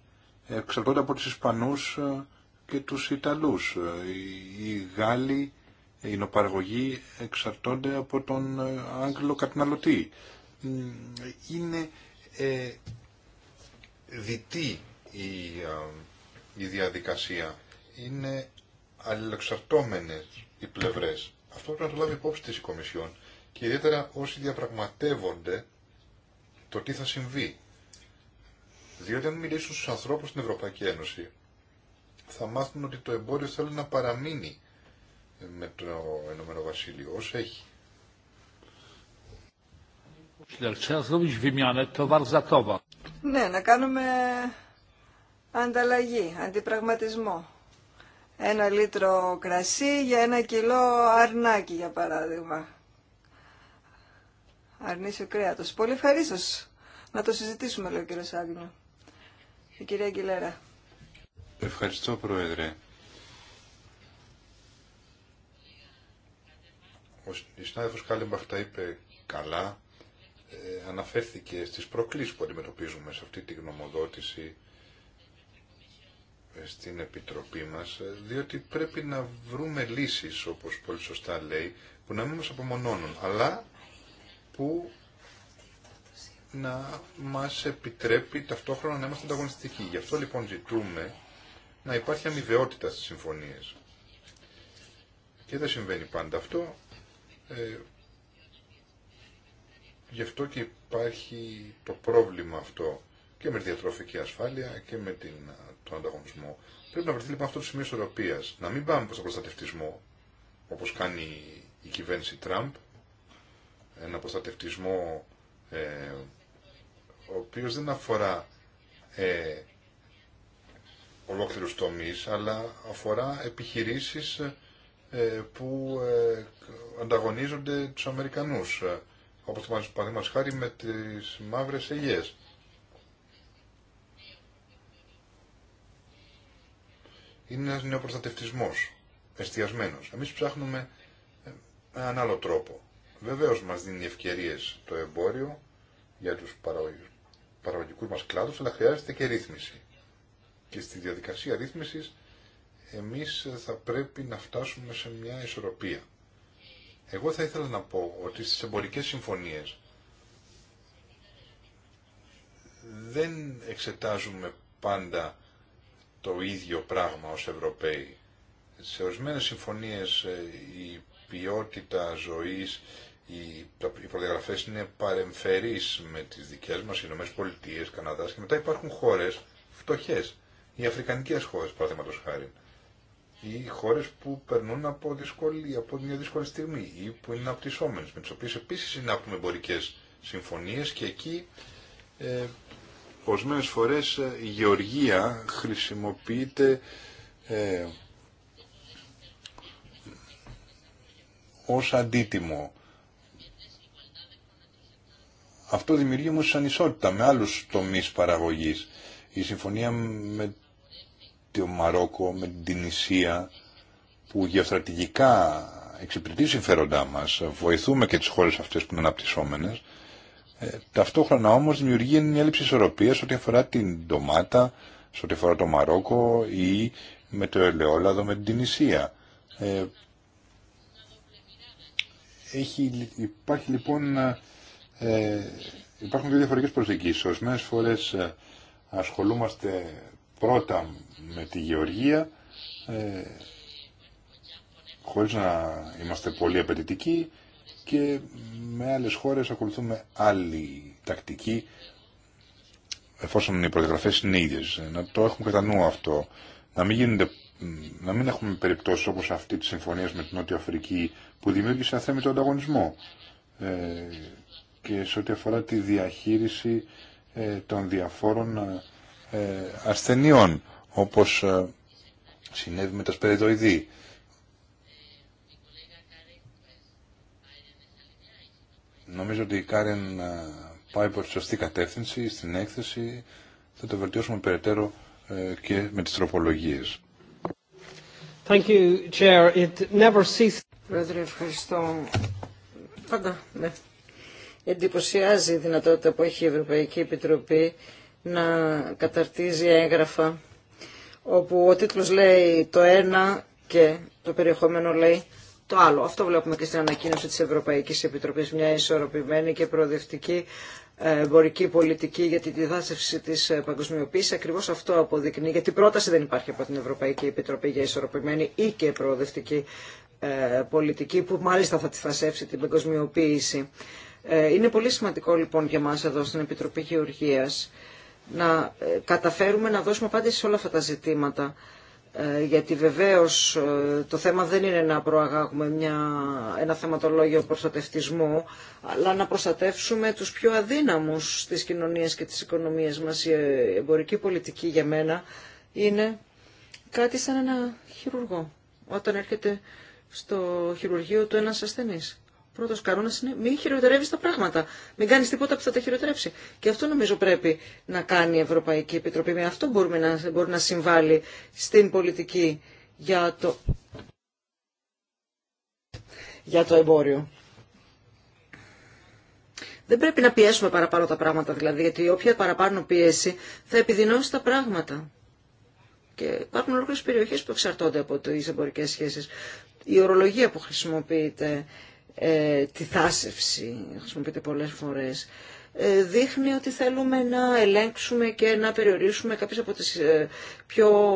εξαρτώνται από τους Ισπανούς ε, και τους Ιταλούς. Ε, οι Γάλλοι η νοπαραγωγή εξαρτώνται από τον ε, Άγγλο καταναλωτή. Είναι ε, διτή η, ε, η διαδικασία. Είναι αλληλεξαρτώμενες οι πλευρές. Αυτό πρέπει να το λάβει υπόψη της Κομισιόν και ιδιαίτερα όσοι διαπραγματεύονται το τι θα συμβεί. Διότι αν μιλήσουν στους ανθρώπους στην Ευρωπαϊκή Ένωση θα μάθουν ότι το εμπόριο θέλει να παραμείνει με το Ενωμένο Βασίλειο όσο έχει. Ναι, να κάνουμε ανταλλαγή, αντιπραγματισμό. Ένα λίτρο κρασί για ένα κιλό αρνάκι, για παράδειγμα. Αρνήσιο κρέατος. Πολύ ευχαρίστω να το συζητήσουμε, λέει ο κύριος Άγγινο. Η κυρία Αγγιλέρα. Ευχαριστώ, Πρόεδρε. Ο συνάδελφος Κάλεμπαχ τα είπε καλά, ε, αναφέρθηκε στις προκλήσεις που αντιμετωπίζουμε σε αυτή τη γνωμοδότηση ε, στην Επιτροπή μας, ε, διότι πρέπει να βρούμε λύσεις, όπως πολύ σωστά λέει, που να μην μας απομονώνουν, αλλά που να μας επιτρέπει ταυτόχρονα να είμαστε ανταγωνιστικοί. Γι' αυτό λοιπόν ζητούμε να υπάρχει αμοιβαιότητα στις συμφωνίες. Και δεν συμβαίνει πάντα αυτό. Ε, γι' αυτό και υπάρχει το πρόβλημα αυτό και με τη διατροφική ασφάλεια και με την, τον ανταγωνισμό. Πρέπει να βρεθεί λοιπόν αυτό το σημείο ισορροπία. Να μην πάμε προ τον προστατευτισμό, όπω κάνει η κυβέρνηση Τραμπ. Ένα προστατευτισμό ε, ο οποίο δεν αφορά ε, ολόκληρου τομεί, αλλά αφορά επιχειρήσει ε, που ε, ανταγωνίζονται τους Αμερικανούς, ε, όπως παραδείγματος χάρη με τις μαύρες ελιές. Είναι ένας νεοπροστατευτισμός, εστιασμένος. Εμείς ψάχνουμε ε, έναν άλλο τρόπο. Βεβαίως μας δίνει ευκαιρίες το εμπόριο για τους παραγωγικούς μας κλάδους, αλλά χρειάζεται και ρύθμιση. Και στη διαδικασία ρύθμισης εμείς θα πρέπει να φτάσουμε σε μια ισορροπία. Εγώ θα ήθελα να πω ότι στις εμπορικές συμφωνίες δεν εξετάζουμε πάντα το ίδιο πράγμα ως Ευρωπαίοι. Σε ορισμένες συμφωνίες ε, η ποιότητα ζωής, οι, προδιαγραφές είναι παρεμφερείς με τις δικές μας, οι Ηνωμένες Πολιτείες, Καναδάς και μετά υπάρχουν χώρες φτωχές. Οι αφρικανικές χώρες, παραδείγματος χάρη ή χώρες που περνούν από, δυσκολία, από μια δύσκολη στιγμή ή που είναι αναπτυσσόμενες, με τις οποίες επίσης συνάπτουμε εμπορικέ συμφωνίες και εκεί ε, ορισμένες φορές ε, η γεωργία χρησιμοποιείται ε, ως αντίτιμο. Αυτό δημιουργεί όμως ανισότητα με άλλους τομείς παραγωγής. Η συμφωνία με το Μαρόκο, με την Τινησία που γεωστρατηγικά εξυπηρετεί συμφέροντά μας, βοηθούμε και τις χώρες αυτές που είναι αναπτυσσόμενες, ε, ταυτόχρονα όμως δημιουργεί μια έλλειψη ισορροπίας ό,τι αφορά την ντομάτα, σε ό,τι αφορά το Μαρόκο ή με το ελαιόλαδο με την Τινησία. Ε, έχει, υπάρχει λοιπόν, ε, υπάρχουν δύο διαφορετικές προσεγγίσεις. Ορισμένε φορές ε, ασχολούμαστε πρώτα με τη γεωργία, ε, χωρίς να είμαστε πολύ απαιτητικοί και με άλλες χώρες ακολουθούμε άλλη τακτική εφόσον οι προδιαγραφές είναι ίδιες. Να το έχουμε κατά νου αυτό. Να μην, να μην έχουμε περιπτώσεις όπως αυτή τη συμφωνία με την Νότια Αφρική που δημιούργησε αθέμητο ανταγωνισμό. Ε, και σε ό,τι αφορά τη διαχείριση ε, των διαφόρων ε, ε, ασθενειών, όπως ε, συνέβη με το σπεριδοειδή. Νομίζω ότι η Κάρεν ε, πάει προς τη σωστή κατεύθυνση στην έκθεση. Θα το βελτιώσουμε περαιτέρω και με τις τροπολογίες. ευχαριστώ. Πάντα, ναι. Εντυπωσιάζει η δυνατότητα που έχει η Ευρωπαϊκή Επιτροπή να καταρτίζει έγγραφα όπου ο τίτλος λέει το ένα και το περιεχόμενο λέει το άλλο. Αυτό βλέπουμε και στην ανακοίνωση της Ευρωπαϊκής Επιτροπής, μια ισορροπημένη και προοδευτική ε, εμπορική πολιτική για τη διδάσευση της ε, παγκοσμιοποίησης. Ακριβώς αυτό αποδεικνύει, γιατί πρόταση δεν υπάρχει από την Ευρωπαϊκή Επιτροπή για ισορροπημένη ή και προοδευτική ε, πολιτική που μάλιστα θα τη φασεύσει την παγκοσμιοποίηση. Είναι πολύ σημαντικό λοιπόν για μας εδώ στην Επιτροπή Γεωργίας να ε, καταφέρουμε να δώσουμε απάντηση σε όλα αυτά τα ζητήματα. Ε, γιατί βεβαίως ε, το θέμα δεν είναι να προαγάγουμε μια, ένα θεματολόγιο προστατευτισμού, αλλά να προστατεύσουμε τους πιο αδύναμους στις κοινωνίες και τις οικονομίες μας. Η εμπορική πολιτική για μένα είναι κάτι σαν ένα χειρουργό. Όταν έρχεται στο χειρουργείο του ένα ασθενής πρώτος κανόνα είναι μην χειροτερεύεις τα πράγματα. Μην κάνει τίποτα που θα τα χειροτερέψει. Και αυτό νομίζω πρέπει να κάνει η Ευρωπαϊκή Επιτροπή. Με αυτό μπορούμε να, μπορεί να συμβάλλει στην πολιτική για το, για το εμπόριο. Δεν πρέπει να πιέσουμε παραπάνω τα πράγματα, δηλαδή, γιατί όποια παραπάνω πίεση θα επιδεινώσει τα πράγματα. Και υπάρχουν ολόκληρε περιοχέ που εξαρτώνται από τι εμπορικέ σχέσει. Η ορολογία που χρησιμοποιείται, ε, τη θάσευση, χρησιμοποιείται πολλές φορές, ε, δείχνει ότι θέλουμε να ελέγξουμε και να περιορίσουμε κάποιες από τις ε, πιο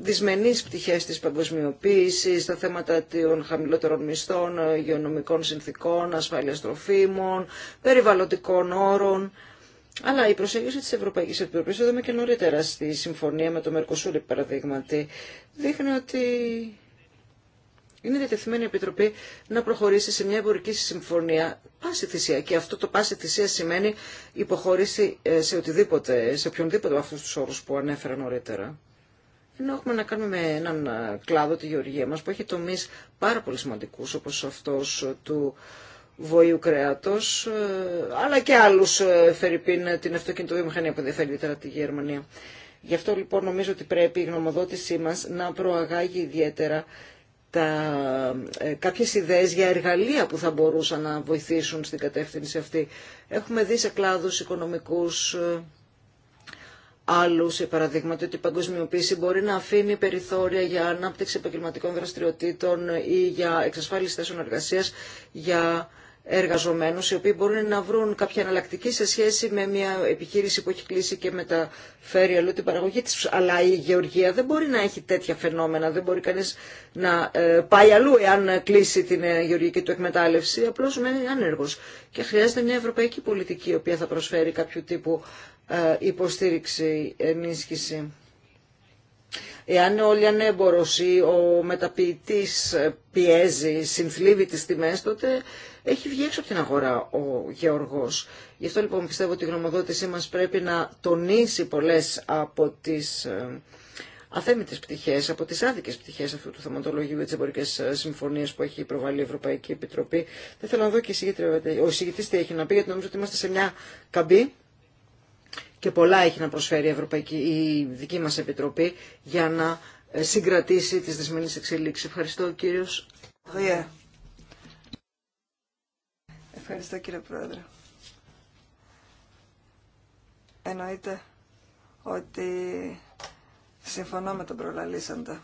δυσμενείς πτυχές της παγκοσμιοποίησης, τα θέματα των χαμηλότερων μισθών, υγειονομικών συνθήκων, ασφάλειας τροφίμων, περιβαλλοντικών όρων. Αλλά η προσέγγιση της Ευρωπαϊκής Επιτροπής, το και νωρίτερα στη συμφωνία με το Μερκοσούρι παραδείγματι, δείχνει ότι είναι διατεθειμένη η Επιτροπή να προχωρήσει σε μια εμπορική συμφωνία πάση θυσία. Και αυτό το πάση θυσία σημαίνει υποχωρήσει σε οτιδήποτε, σε οποιονδήποτε από αυτού του όρου που ανέφεραν νωρίτερα. Ενώ έχουμε να κάνουμε με έναν ε, κλάδο, τη γεωργία μα, που έχει τομεί πάρα πολύ σημαντικού, όπω αυτό του βοήου κρέατο, ε, αλλά και άλλου, ε, φερειπίν, την αυτοκινητοβιομηχανία που ενδιαφέρει ιδιαίτερα τη Γερμανία. Γι' αυτό λοιπόν νομίζω ότι πρέπει η γνωμοδότησή μα να προαγάγει ιδιαίτερα τα, ε, κάποιες ιδέες για εργαλεία που θα μπορούσαν να βοηθήσουν στην κατεύθυνση αυτή. Έχουμε δει σε κλάδους οικονομικούς ε, άλλους, παραδείγματι, ότι η παγκοσμιοποίηση μπορεί να αφήνει περιθώρια για ανάπτυξη επαγγελματικών δραστηριοτήτων ή για εξασφάλιση θέσεων εργασίας, για εργαζομένους οι οποίοι μπορούν να βρουν κάποια εναλλακτική σε σχέση με μια επιχείρηση που έχει κλείσει και μεταφέρει αλλού την παραγωγή της. Αλλά η γεωργία δεν μπορεί να έχει τέτοια φαινόμενα, δεν μπορεί κανείς να ε, πάει αλλού εάν κλείσει την ε, γεωργική του εκμετάλλευση, απλώς μένει άνεργος. Και χρειάζεται μια ευρωπαϊκή πολιτική η οποία θα προσφέρει κάποιο τύπου ε, υποστήριξη, ενίσχυση. Εάν ο λιανέμπορος ή ο μεταποιητής πιέζει, συνθλίβει τις τιμές, τότε έχει βγει έξω από την αγορά ο γεωργός. Γι' αυτό λοιπόν πιστεύω ότι η γνωμοδότησή μας πρέπει να τονίσει πολλές από τις ε, αθέμητες πτυχές, από τις άδικες πτυχές αυτού του θεματολογίου για τις εμπορικές ε, συμφωνίες που έχει προβάλει η Ευρωπαϊκή Επιτροπή. Δεν θέλω να δω και ε, ο εισηγητής τι έχει να πει, γιατί νομίζω ότι είμαστε σε μια καμπή και πολλά έχει να προσφέρει η, Ευρωπαϊκή, δική μας Επιτροπή για να ε, συγκρατήσει τις δεσμενείς εξελίξεις. Ευχαριστώ κύριος. Yeah. Ευχαριστώ κύριε Πρόεδρε. Εννοείται ότι συμφωνώ με τον προλαλήσαντα.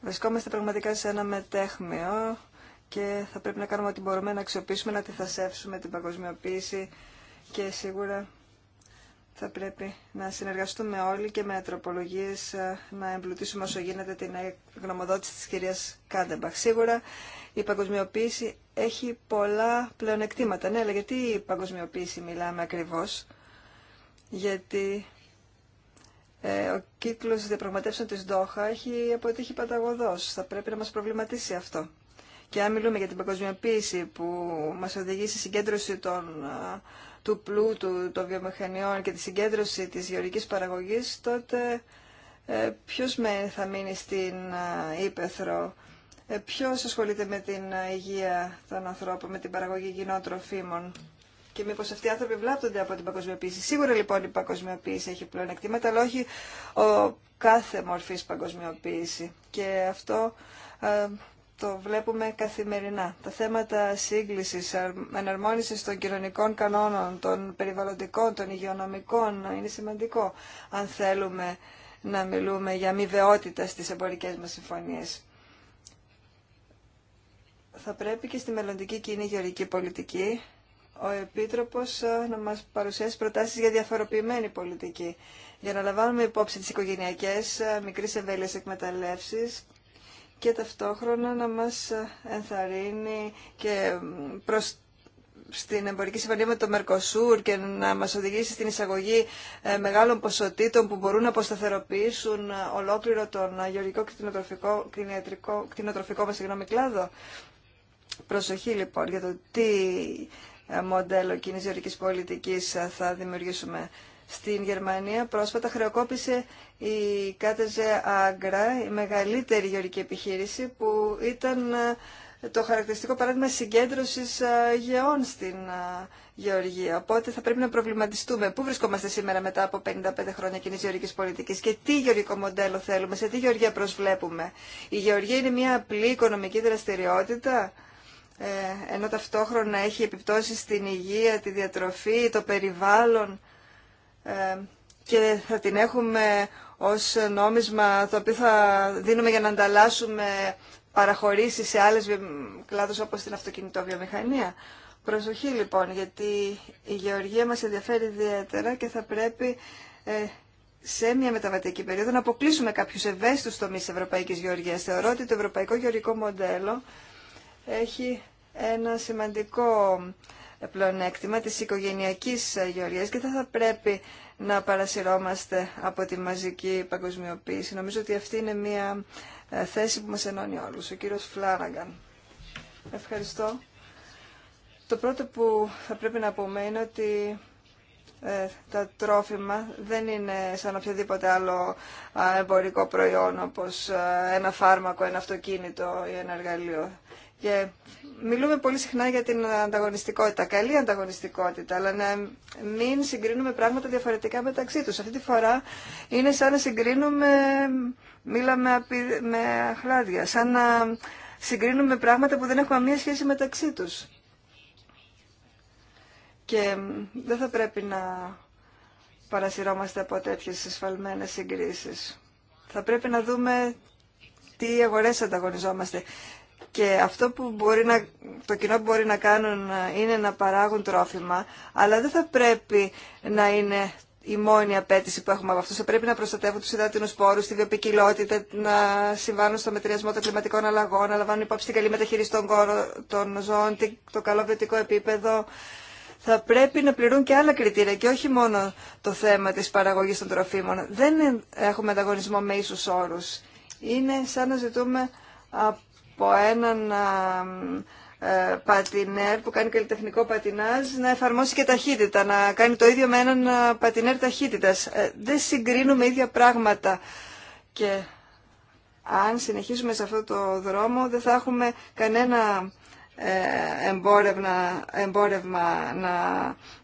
Βρισκόμαστε πραγματικά σε ένα μετέχμιο και θα πρέπει να κάνουμε ό,τι μπορούμε να αξιοποιήσουμε, να τη θασεύσουμε, την παγκοσμιοποίηση και σίγουρα θα πρέπει να συνεργαστούμε όλοι και με τροπολογίες ε, να εμπλουτίσουμε όσο γίνεται την ε, γνωμοδότηση της κυρίας Κάντεμπαχ. Σίγουρα η παγκοσμιοποίηση έχει πολλά πλεονεκτήματα. Ναι, αλλά γιατί η παγκοσμιοποίηση μιλάμε ακριβώς. Γιατί ε, ο κύκλος διαπραγματεύσεων της Ντόχα έχει αποτύχει παταγωδός. Θα πρέπει να μας προβληματίσει αυτό. Και αν μιλούμε για την παγκοσμιοποίηση που μας οδηγεί στη συγκέντρωση των ε, του πλούτου των βιομηχανιών και τη συγκέντρωση της γεωργικής παραγωγής, τότε ε, ποιος θα μείνει στην ε, Ήπεθρο, ε, ποιος ασχολείται με την υγεία των ανθρώπων, με την παραγωγή υγιεινών τροφίμων και μήπως αυτοί οι άνθρωποι βλάπτονται από την παγκοσμιοποίηση. Σίγουρα λοιπόν η παγκοσμιοποίηση έχει εκτίματα, αλλά όχι ο κάθε μορφής παγκοσμιοποίηση. Και αυτό το βλέπουμε καθημερινά. Τα θέματα σύγκλησης, εναρμόνισης των κοινωνικών κανόνων, των περιβαλλοντικών, των υγειονομικών είναι σημαντικό αν θέλουμε να μιλούμε για αμοιβαιότητα στις εμπορικές μας συμφωνίες. Θα πρέπει και στη μελλοντική κοινή γεωρική πολιτική ο Επίτροπος ε, να μας παρουσιάσει προτάσεις για διαφοροποιημένη πολιτική, για να λαμβάνουμε υπόψη τις οικογενειακές ε, μικρές εκμεταλλεύσεις και ταυτόχρονα να μας ενθαρρύνει και προς στην εμπορική συμφωνία με το Μερκοσούρ και να μας οδηγήσει στην εισαγωγή ε, μεγάλων ποσοτήτων που μπορούν να αποσταθεροποιήσουν ολόκληρο τον γεωργικό κτηνοτροφικό, κτηνοτροφικό, κτηνοτροφικό μας συγγνώμη, κλάδο. Προσοχή λοιπόν για το τι ε, μοντέλο κοινή γεωργικής πολιτικής ε, θα δημιουργήσουμε στην Γερμανία πρόσφατα χρεοκόπησε η Κάτεζε Άγκρα, η μεγαλύτερη γεωρική επιχείρηση που ήταν ε, το χαρακτηριστικό παράδειγμα συγκέντρωσης ε, γεών στην ε, γεωργία. Οπότε θα πρέπει να προβληματιστούμε πού βρισκόμαστε σήμερα μετά από 55 χρόνια κοινή γεωργικής πολιτική και τι γεωργικό μοντέλο θέλουμε, σε τι γεωργία προσβλέπουμε. Η γεωργία είναι μια απλή οικονομική δραστηριότητα ενώ ταυτόχρονα έχει επιπτώσει στην υγεία, τη διατροφή, το περιβάλλον και θα την έχουμε ως νόμισμα το οποίο θα δίνουμε για να ανταλλάσσουμε παραχωρήσεις σε άλλες κλάδους όπως την αυτοκινητοβιομηχανία. Προσοχή λοιπόν, γιατί η γεωργία μας ενδιαφέρει ιδιαίτερα και θα πρέπει ε, σε μια μεταβατική περίοδο να αποκλείσουμε κάποιους ευαίσθητους τομείς της Ευρωπαϊκής Γεωργίας. Θεωρώ ότι το ευρωπαϊκό γεωργικό μοντέλο έχει ένα σημαντικό πλεονέκτημα της οικογενειακής γεωργίας και δεν θα πρέπει να παρασυρώμαστε από τη μαζική παγκοσμιοποίηση. Νομίζω ότι αυτή είναι μια ε, θέση που μας ενώνει όλους. Ο κύριος Φλάραγκαν Ευχαριστώ. Το πρώτο που θα πρέπει να πούμε είναι ότι ε, τα τρόφιμα δεν είναι σαν οποιοδήποτε άλλο εμπορικό προϊόν όπως ε, ένα φάρμακο, ένα αυτοκίνητο ή ένα εργαλείο. Και μιλούμε πολύ συχνά για την ανταγωνιστικότητα, καλή ανταγωνιστικότητα, αλλά να μην συγκρίνουμε πράγματα διαφορετικά μεταξύ τους. Αυτή τη φορά είναι σαν να συγκρίνουμε, μίλαμε με αχλάδια, σαν να συγκρίνουμε πράγματα που δεν έχουμε μία σχέση μεταξύ τους. Και δεν θα πρέπει να παρασυρώμαστε από τέτοιες εσφαλμένες συγκρίσεις. Θα πρέπει να δούμε τι αγορές ανταγωνιζόμαστε. Και αυτό που μπορεί να, το κοινό που μπορεί να κάνουν ε, είναι να παράγουν τρόφιμα, αλλά δεν θα πρέπει να είναι η μόνη απέτηση που έχουμε από αυτού. Θα πρέπει να προστατεύουν του υδάτινου πόρου, τη βιοπικιλότητα, να συμβάνουν στο μετριασμό των κλιματικών αλλαγών, να λαμβάνουν υπόψη την καλή μεταχείριση των, κόρων των ζώων, το καλό βιωτικό επίπεδο. Θα πρέπει να πληρούν και άλλα κριτήρια και όχι μόνο το θέμα της παραγωγής των τροφίμων. Δεν έχουμε ανταγωνισμό με ίσους όρους. Είναι σαν να ζητούμε από έναν ε, πατινέρ που κάνει καλλιτεχνικό πατινάζ να εφαρμόσει και ταχύτητα, να κάνει το ίδιο με έναν πατινέρ ταχύτητας. Ε, δεν συγκρίνουμε ίδια πράγματα και αν συνεχίσουμε σε αυτό το δρόμο δεν θα έχουμε κανένα ε, εμπόρευμα, εμπόρευμα να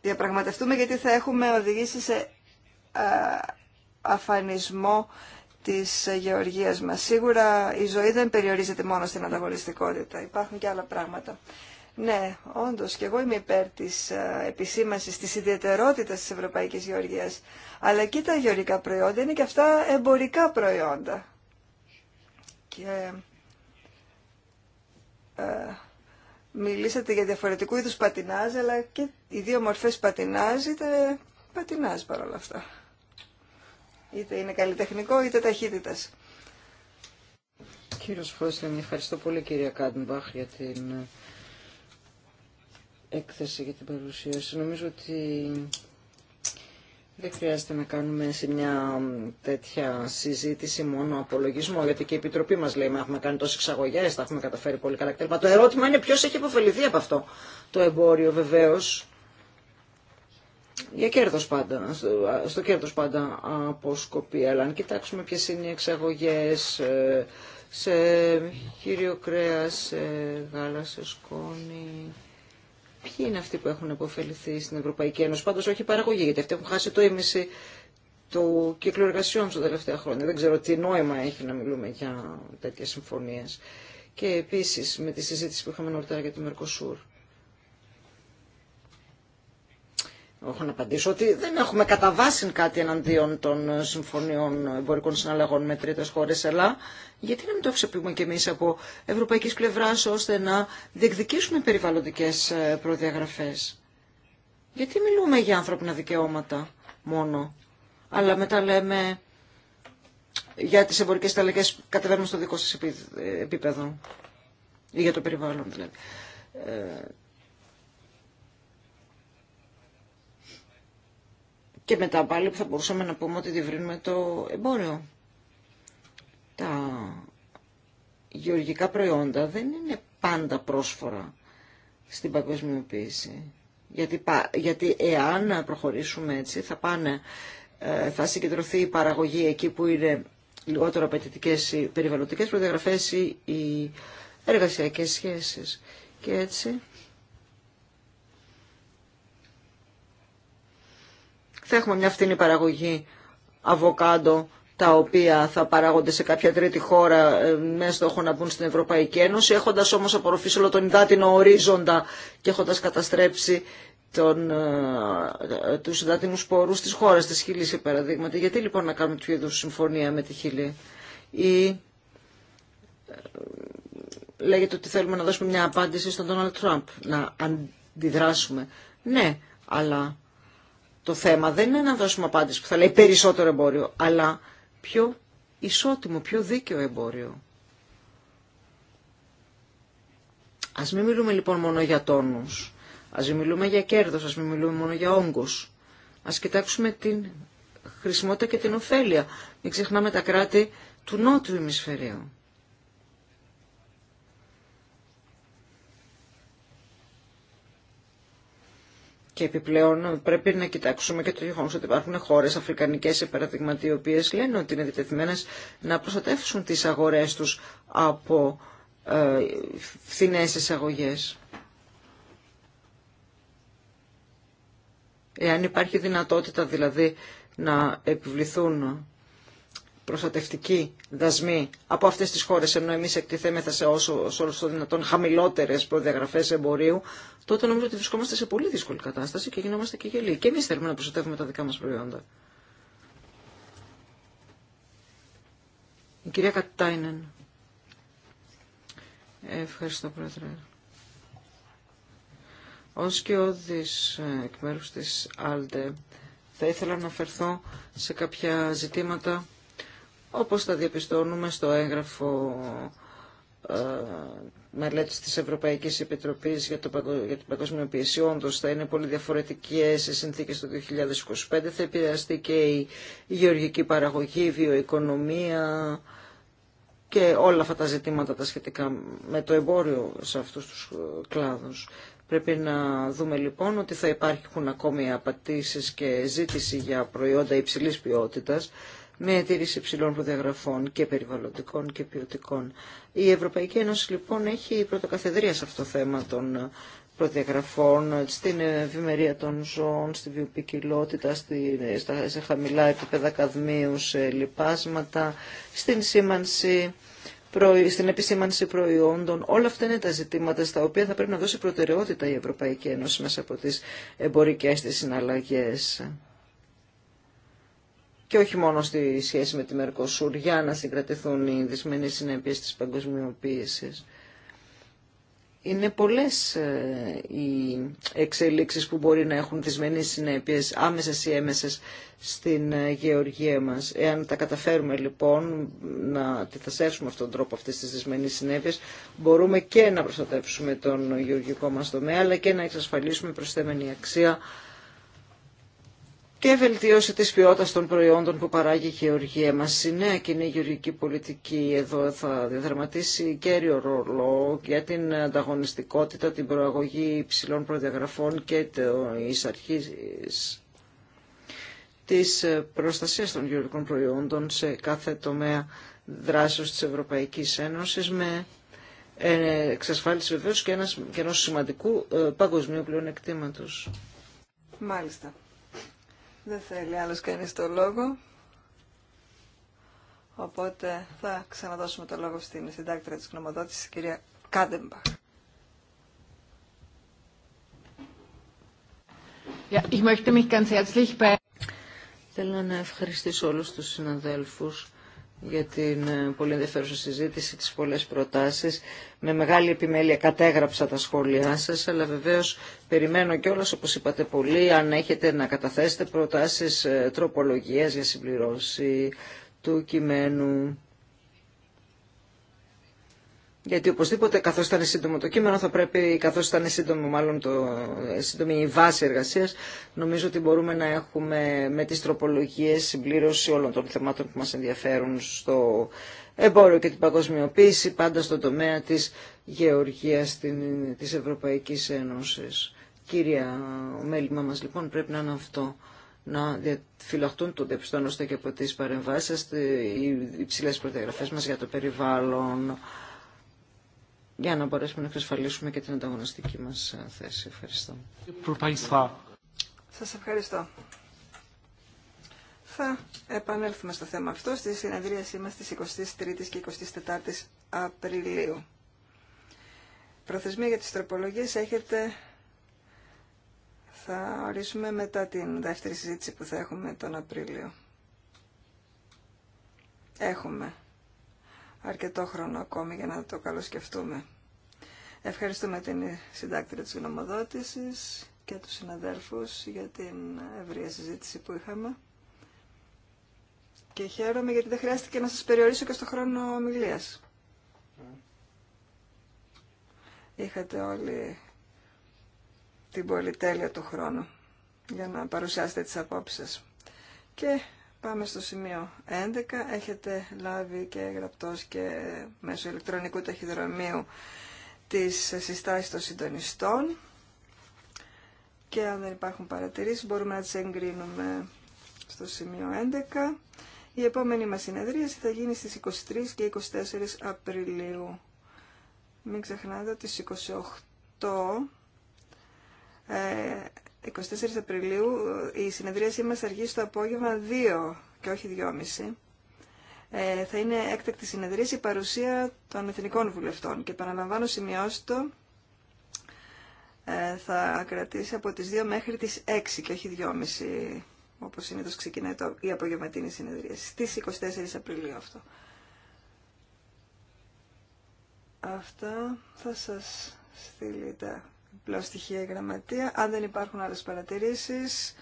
διαπραγματευτούμε γιατί θα έχουμε οδηγήσει σε αφανισμό της γεωργίας μας. Σίγουρα η ζωή δεν περιορίζεται μόνο στην ανταγωνιστικότητα. Υπάρχουν και άλλα πράγματα. Ναι, όντως, και εγώ είμαι υπέρ της ε, επισήμανσης της ιδιαιτερότητας της Ευρωπαϊκής Γεωργίας. Αλλά και τα γεωργικά προϊόντα είναι και αυτά εμπορικά προϊόντα. Και ε, μιλήσατε για διαφορετικού είδους πατινάζ, αλλά και οι δύο μορφές πατινάζ είτε πατινάζ παρόλα αυτά. Είτε είναι καλλιτεχνικό είτε ταχύτητα. Κύριο Φρόσλιν, ευχαριστώ πολύ κυρία Κάντιμπαχ για την έκθεση για την παρουσίαση. Νομίζω ότι δεν χρειάζεται να κάνουμε σε μια τέτοια συζήτηση μόνο απολογισμό, γιατί και η Επιτροπή μας λέει, μα έχουμε κάνει τόσες εξαγωγές, τα έχουμε καταφέρει πολύ καλά Το ερώτημα είναι ποιος έχει υποφεληθεί από αυτό. Το εμπόριο βεβαίως για κέρδος πάντα, στο κέρδος πάντα αποσκοπεί. Αλλά αν κοιτάξουμε ποιες είναι οι εξαγωγές ε, σε χείριο κρέα, σε γάλα, σε σκόνη... Ποιοι είναι αυτοί που έχουν υποφεληθεί στην Ευρωπαϊκή Ένωση, πάντως όχι η παραγωγή, γιατί αυτοί έχουν χάσει το ίμιση του κύκλου εργασιών στα τελευταία χρόνια. Δεν ξέρω τι νόημα έχει να μιλούμε για τέτοιες συμφωνίες. Και επίσης με τη συζήτηση που είχαμε νωρίτερα για το Μερκοσούρ. έχω να απαντήσω ότι δεν έχουμε καταβάσει κάτι εναντίον των συμφωνιών εμπορικών συναλλαγών με τρίτες χώρες, αλλά γιατί να μην το αξιοποιούμε κι εμεί από ευρωπαϊκή Πλευρά, ώστε να διεκδικήσουμε περιβαλλοντικές ε, προδιαγραφές. Γιατί μιλούμε για ανθρώπινα δικαιώματα μόνο, αλλά μετά λέμε για τις εμπορικέ συναλλαγέ κατεβαίνουμε στο δικό σα ε, επίπεδο, ή για το περιβάλλον δηλαδή. Ε, και μετά πάλι θα μπορούσαμε να πούμε ότι διευρύνουμε το εμπόριο. Τα γεωργικά προϊόντα δεν είναι πάντα πρόσφορα στην παγκοσμιοποίηση. Γιατί, γιατί εάν προχωρήσουμε έτσι θα, πάνε, ε, θα συγκεντρωθεί η παραγωγή εκεί που είναι λιγότερο απαιτητικέ οι περιβαλλοντικές προδιαγραφές ή οι εργασιακές σχέσεις. Και έτσι θα έχουμε μια φθηνή παραγωγή αβοκάντο τα οποία θα παράγονται σε κάποια τρίτη χώρα ε, με στόχο να μπουν στην Ευρωπαϊκή Ένωση, έχοντας όμως απορροφήσει όλο τον υδάτινο ορίζοντα και έχοντας καταστρέψει τον, ε, ε τους υδάτινους χώρα, της χώρας, της Χιλής, Γιατί λοιπόν να κάνουμε τέτοιου είδους συμφωνία με τη Χιλή. Ή ε, λέγεται ότι θέλουμε να δώσουμε μια απάντηση στον Τόναλτ Τραμπ, να αντιδράσουμε. Ναι, αλλά το θέμα δεν είναι να δώσουμε απάντηση που θα λέει περισσότερο εμπόριο, αλλά πιο ισότιμο, πιο δίκαιο εμπόριο. Ας μην μιλούμε λοιπόν μόνο για τόνους, ας μην μιλούμε για κέρδος, ας μην μιλούμε μόνο για όγκους. Ας κοιτάξουμε την χρησιμότητα και την ωφέλεια. Μην ξεχνάμε τα κράτη του νότου ημισφαιρίου. Και επιπλέον πρέπει να κοιτάξουμε και το γεγονό ότι υπάρχουν χώρε αφρικανικέ, παραδειγματι, οι οποίε λένε ότι είναι διτεθειμένε να προστατεύσουν τι αγορέ του από ε, φθηνέ εισαγωγέ. Εάν υπάρχει δυνατότητα δηλαδή να επιβληθούν προστατευτικοί δασμή από αυτές τις χώρες, ενώ εμεί εκτιθέμεθα σε όσο, όσο το δυνατόν χαμηλότερε προδιαγραφές εμπορίου, τότε νομίζω ότι βρισκόμαστε σε πολύ δύσκολη κατάσταση και γινόμαστε και γελοί. Και εμεί θέλουμε να προστατεύουμε τα δικά μας προϊόντα. Η κυρία Κατάινεν. Ευχαριστώ, Πρόεδρε. Ω και εκ μέρου τη Άλτε, θα ήθελα να αναφερθώ σε κάποια ζητήματα όπως θα διαπιστώνουμε στο έγγραφο ε, μελέτης της Ευρωπαϊκής Επιτροπής για, το, για την παγκοσμιοποίηση. Όντως θα είναι πολύ διαφορετικές οι συνθήκες το 2025. Θα επηρεαστεί και η γεωργική παραγωγή, η βιοοικονομία και όλα αυτά τα ζητήματα τα σχετικά με το εμπόριο σε αυτούς τους ε, κλάδους. Πρέπει να δούμε λοιπόν ότι θα υπάρχουν ακόμη απατήσεις και ζήτηση για προϊόντα υψηλής ποιότητας με τήρηση υψηλών προδιαγραφών και περιβαλλοντικών και ποιοτικών. Η Ευρωπαϊκή Ένωση λοιπόν έχει πρωτοκαθεδρία σε αυτό το θέμα των προδιαγραφών, στην ευημερία των ζώων, στη βιοπικιλότητα, σε χαμηλά επίπεδα καδμίου, σε λοιπάσματα, στην σήμανση στην επισήμανση προϊόντων. Όλα αυτά είναι τα ζητήματα στα οποία θα πρέπει να δώσει προτεραιότητα η Ευρωπαϊκή Ένωση μέσα από τις εμπορικές της συναλλαγές και όχι μόνο στη σχέση με τη Μερκοσούρ για να συγκρατηθούν οι δυσμενείς συνέπειες της παγκοσμιοποίησης. Είναι πολλές ε, οι εξελίξεις που μπορεί να έχουν δυσμενείς συνέπειες άμεσες ή έμεσες στην ε, γεωργία μας. Εάν τα καταφέρουμε λοιπόν να αντιθασεύσουμε αυτόν τον τρόπο αυτές τις δυσμενείς συνέπειες, μπορούμε και να προστατεύσουμε τον γεωργικό μας τομέα, αλλά και να εξασφαλίσουμε προσθέμενη αξία και βελτίωση της ποιότητας των προϊόντων που παράγει η γεωργία μας. Η νέα κοινή γεωργική πολιτική εδώ θα διαδραματίσει κέριο ρόλο για την ανταγωνιστικότητα, την προαγωγή υψηλών προδιαγραφών και της αρχής της προστασίας των γεωργικών προϊόντων σε κάθε τομέα δράσεως της Ευρωπαϊκής Ένωσης με εξασφάλιση βεβαίως και ενός σημαντικού ε, παγκοσμίου πλεονεκτήματος. Μάλιστα. Δεν θέλει άλλος κανείς το λόγο. Οπότε θα ξαναδώσουμε το λόγο στην συντάκτρια της γνωμοδότησης, κυρία Κάντεμπαχ. ich mich ganz bei... Θέλω να ευχαριστήσω όλους τους συναδέλφους για την ε, πολύ ενδιαφέρουσα συζήτηση, τις πολλές προτάσεις. Με μεγάλη επιμέλεια κατέγραψα τα σχόλιά σας, αλλά βεβαίως περιμένω κιόλας, όπως είπατε πολύ, αν έχετε να καταθέσετε προτάσεις ε, τροπολογίας για συμπληρώση του κειμένου. Γιατί οπωσδήποτε καθώς ήταν σύντομο το κείμενο θα πρέπει, καθώς ήταν σύντομο μάλλον το, σύντομη η βάση εργασίας, νομίζω ότι μπορούμε να έχουμε με τις τροπολογίες συμπλήρωση όλων των θεμάτων που μας ενδιαφέρουν στο εμπόριο και την παγκοσμιοποίηση, πάντα στον τομέα της γεωργίας της Ευρωπαϊκής Ένωσης. Κύρια, ο μέλημα μας λοιπόν πρέπει να είναι αυτό να διαφυλαχτούν το διαπιστώνωστε και από τις παρεμβάσεις οι υψηλές προδιαγραφές μας για το περιβάλλον, για να μπορέσουμε να εξασφαλίσουμε και την ανταγωνιστική μας ε, θέση. Ευχαριστώ. Σας ευχαριστώ. Θα επανέλθουμε στο θέμα αυτό στη συνεδρίασή μας στις 23ης και 24ης Απριλίου. Προθεσμία για τις τροπολογίες έχετε... Θα ορίσουμε μετά την δεύτερη συζήτηση που θα έχουμε τον Απρίλιο. Έχουμε αρκετό χρόνο ακόμη για να το καλοσκεφτούμε. Ευχαριστούμε την συντάκτρια της γνωμοδότησης και τους συναδέρφους για την ευρεία συζήτηση που είχαμε. Και χαίρομαι γιατί δεν χρειάστηκε να σας περιορίσω και στο χρόνο ομιλίας. Είχατε όλοι την πολυτέλεια του χρόνου για να παρουσιάσετε τις απόψεις Και Πάμε στο σημείο 11. Έχετε λάβει και γραπτός και μέσω ηλεκτρονικού ταχυδρομείου τις συστάσεις των συντονιστών και αν δεν υπάρχουν παρατηρήσεις μπορούμε να τις εγκρίνουμε στο σημείο 11. Η επόμενη μας συνεδρίαση θα γίνει στις 23 και 24 Απριλίου. Μην ξεχνάτε ότι στις 28 ε, 24 Απριλίου η συνεδρίασή μας αργεί στο απόγευμα 2 και όχι 2.30. Ε, θα είναι έκτακτη συνεδρίαση η παρουσία των εθνικών βουλευτών και επαναλαμβάνω το, ε, θα κρατήσει από τις 2 μέχρι τις 6 και όχι 2.30 όπως συνήθως ξεκινάει το, η απογευματινή συνεδρίαση στις 24 Απριλίου αυτό. Αυτά θα σας στείλει τα πλέον στοιχεία η γραμματεία. Αν δεν υπάρχουν άλλες παρατηρήσεις,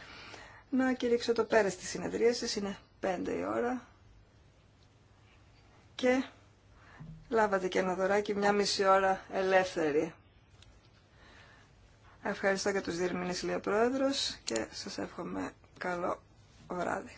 να κηρύξω το πέρας της συνεδρίασης. Είναι πέντε η ώρα. Και λάβατε και ένα δωράκι μια μισή ώρα ελεύθερη. Ευχαριστώ και τους διερμηνείς Λία Πρόεδρος και σας εύχομαι καλό βράδυ.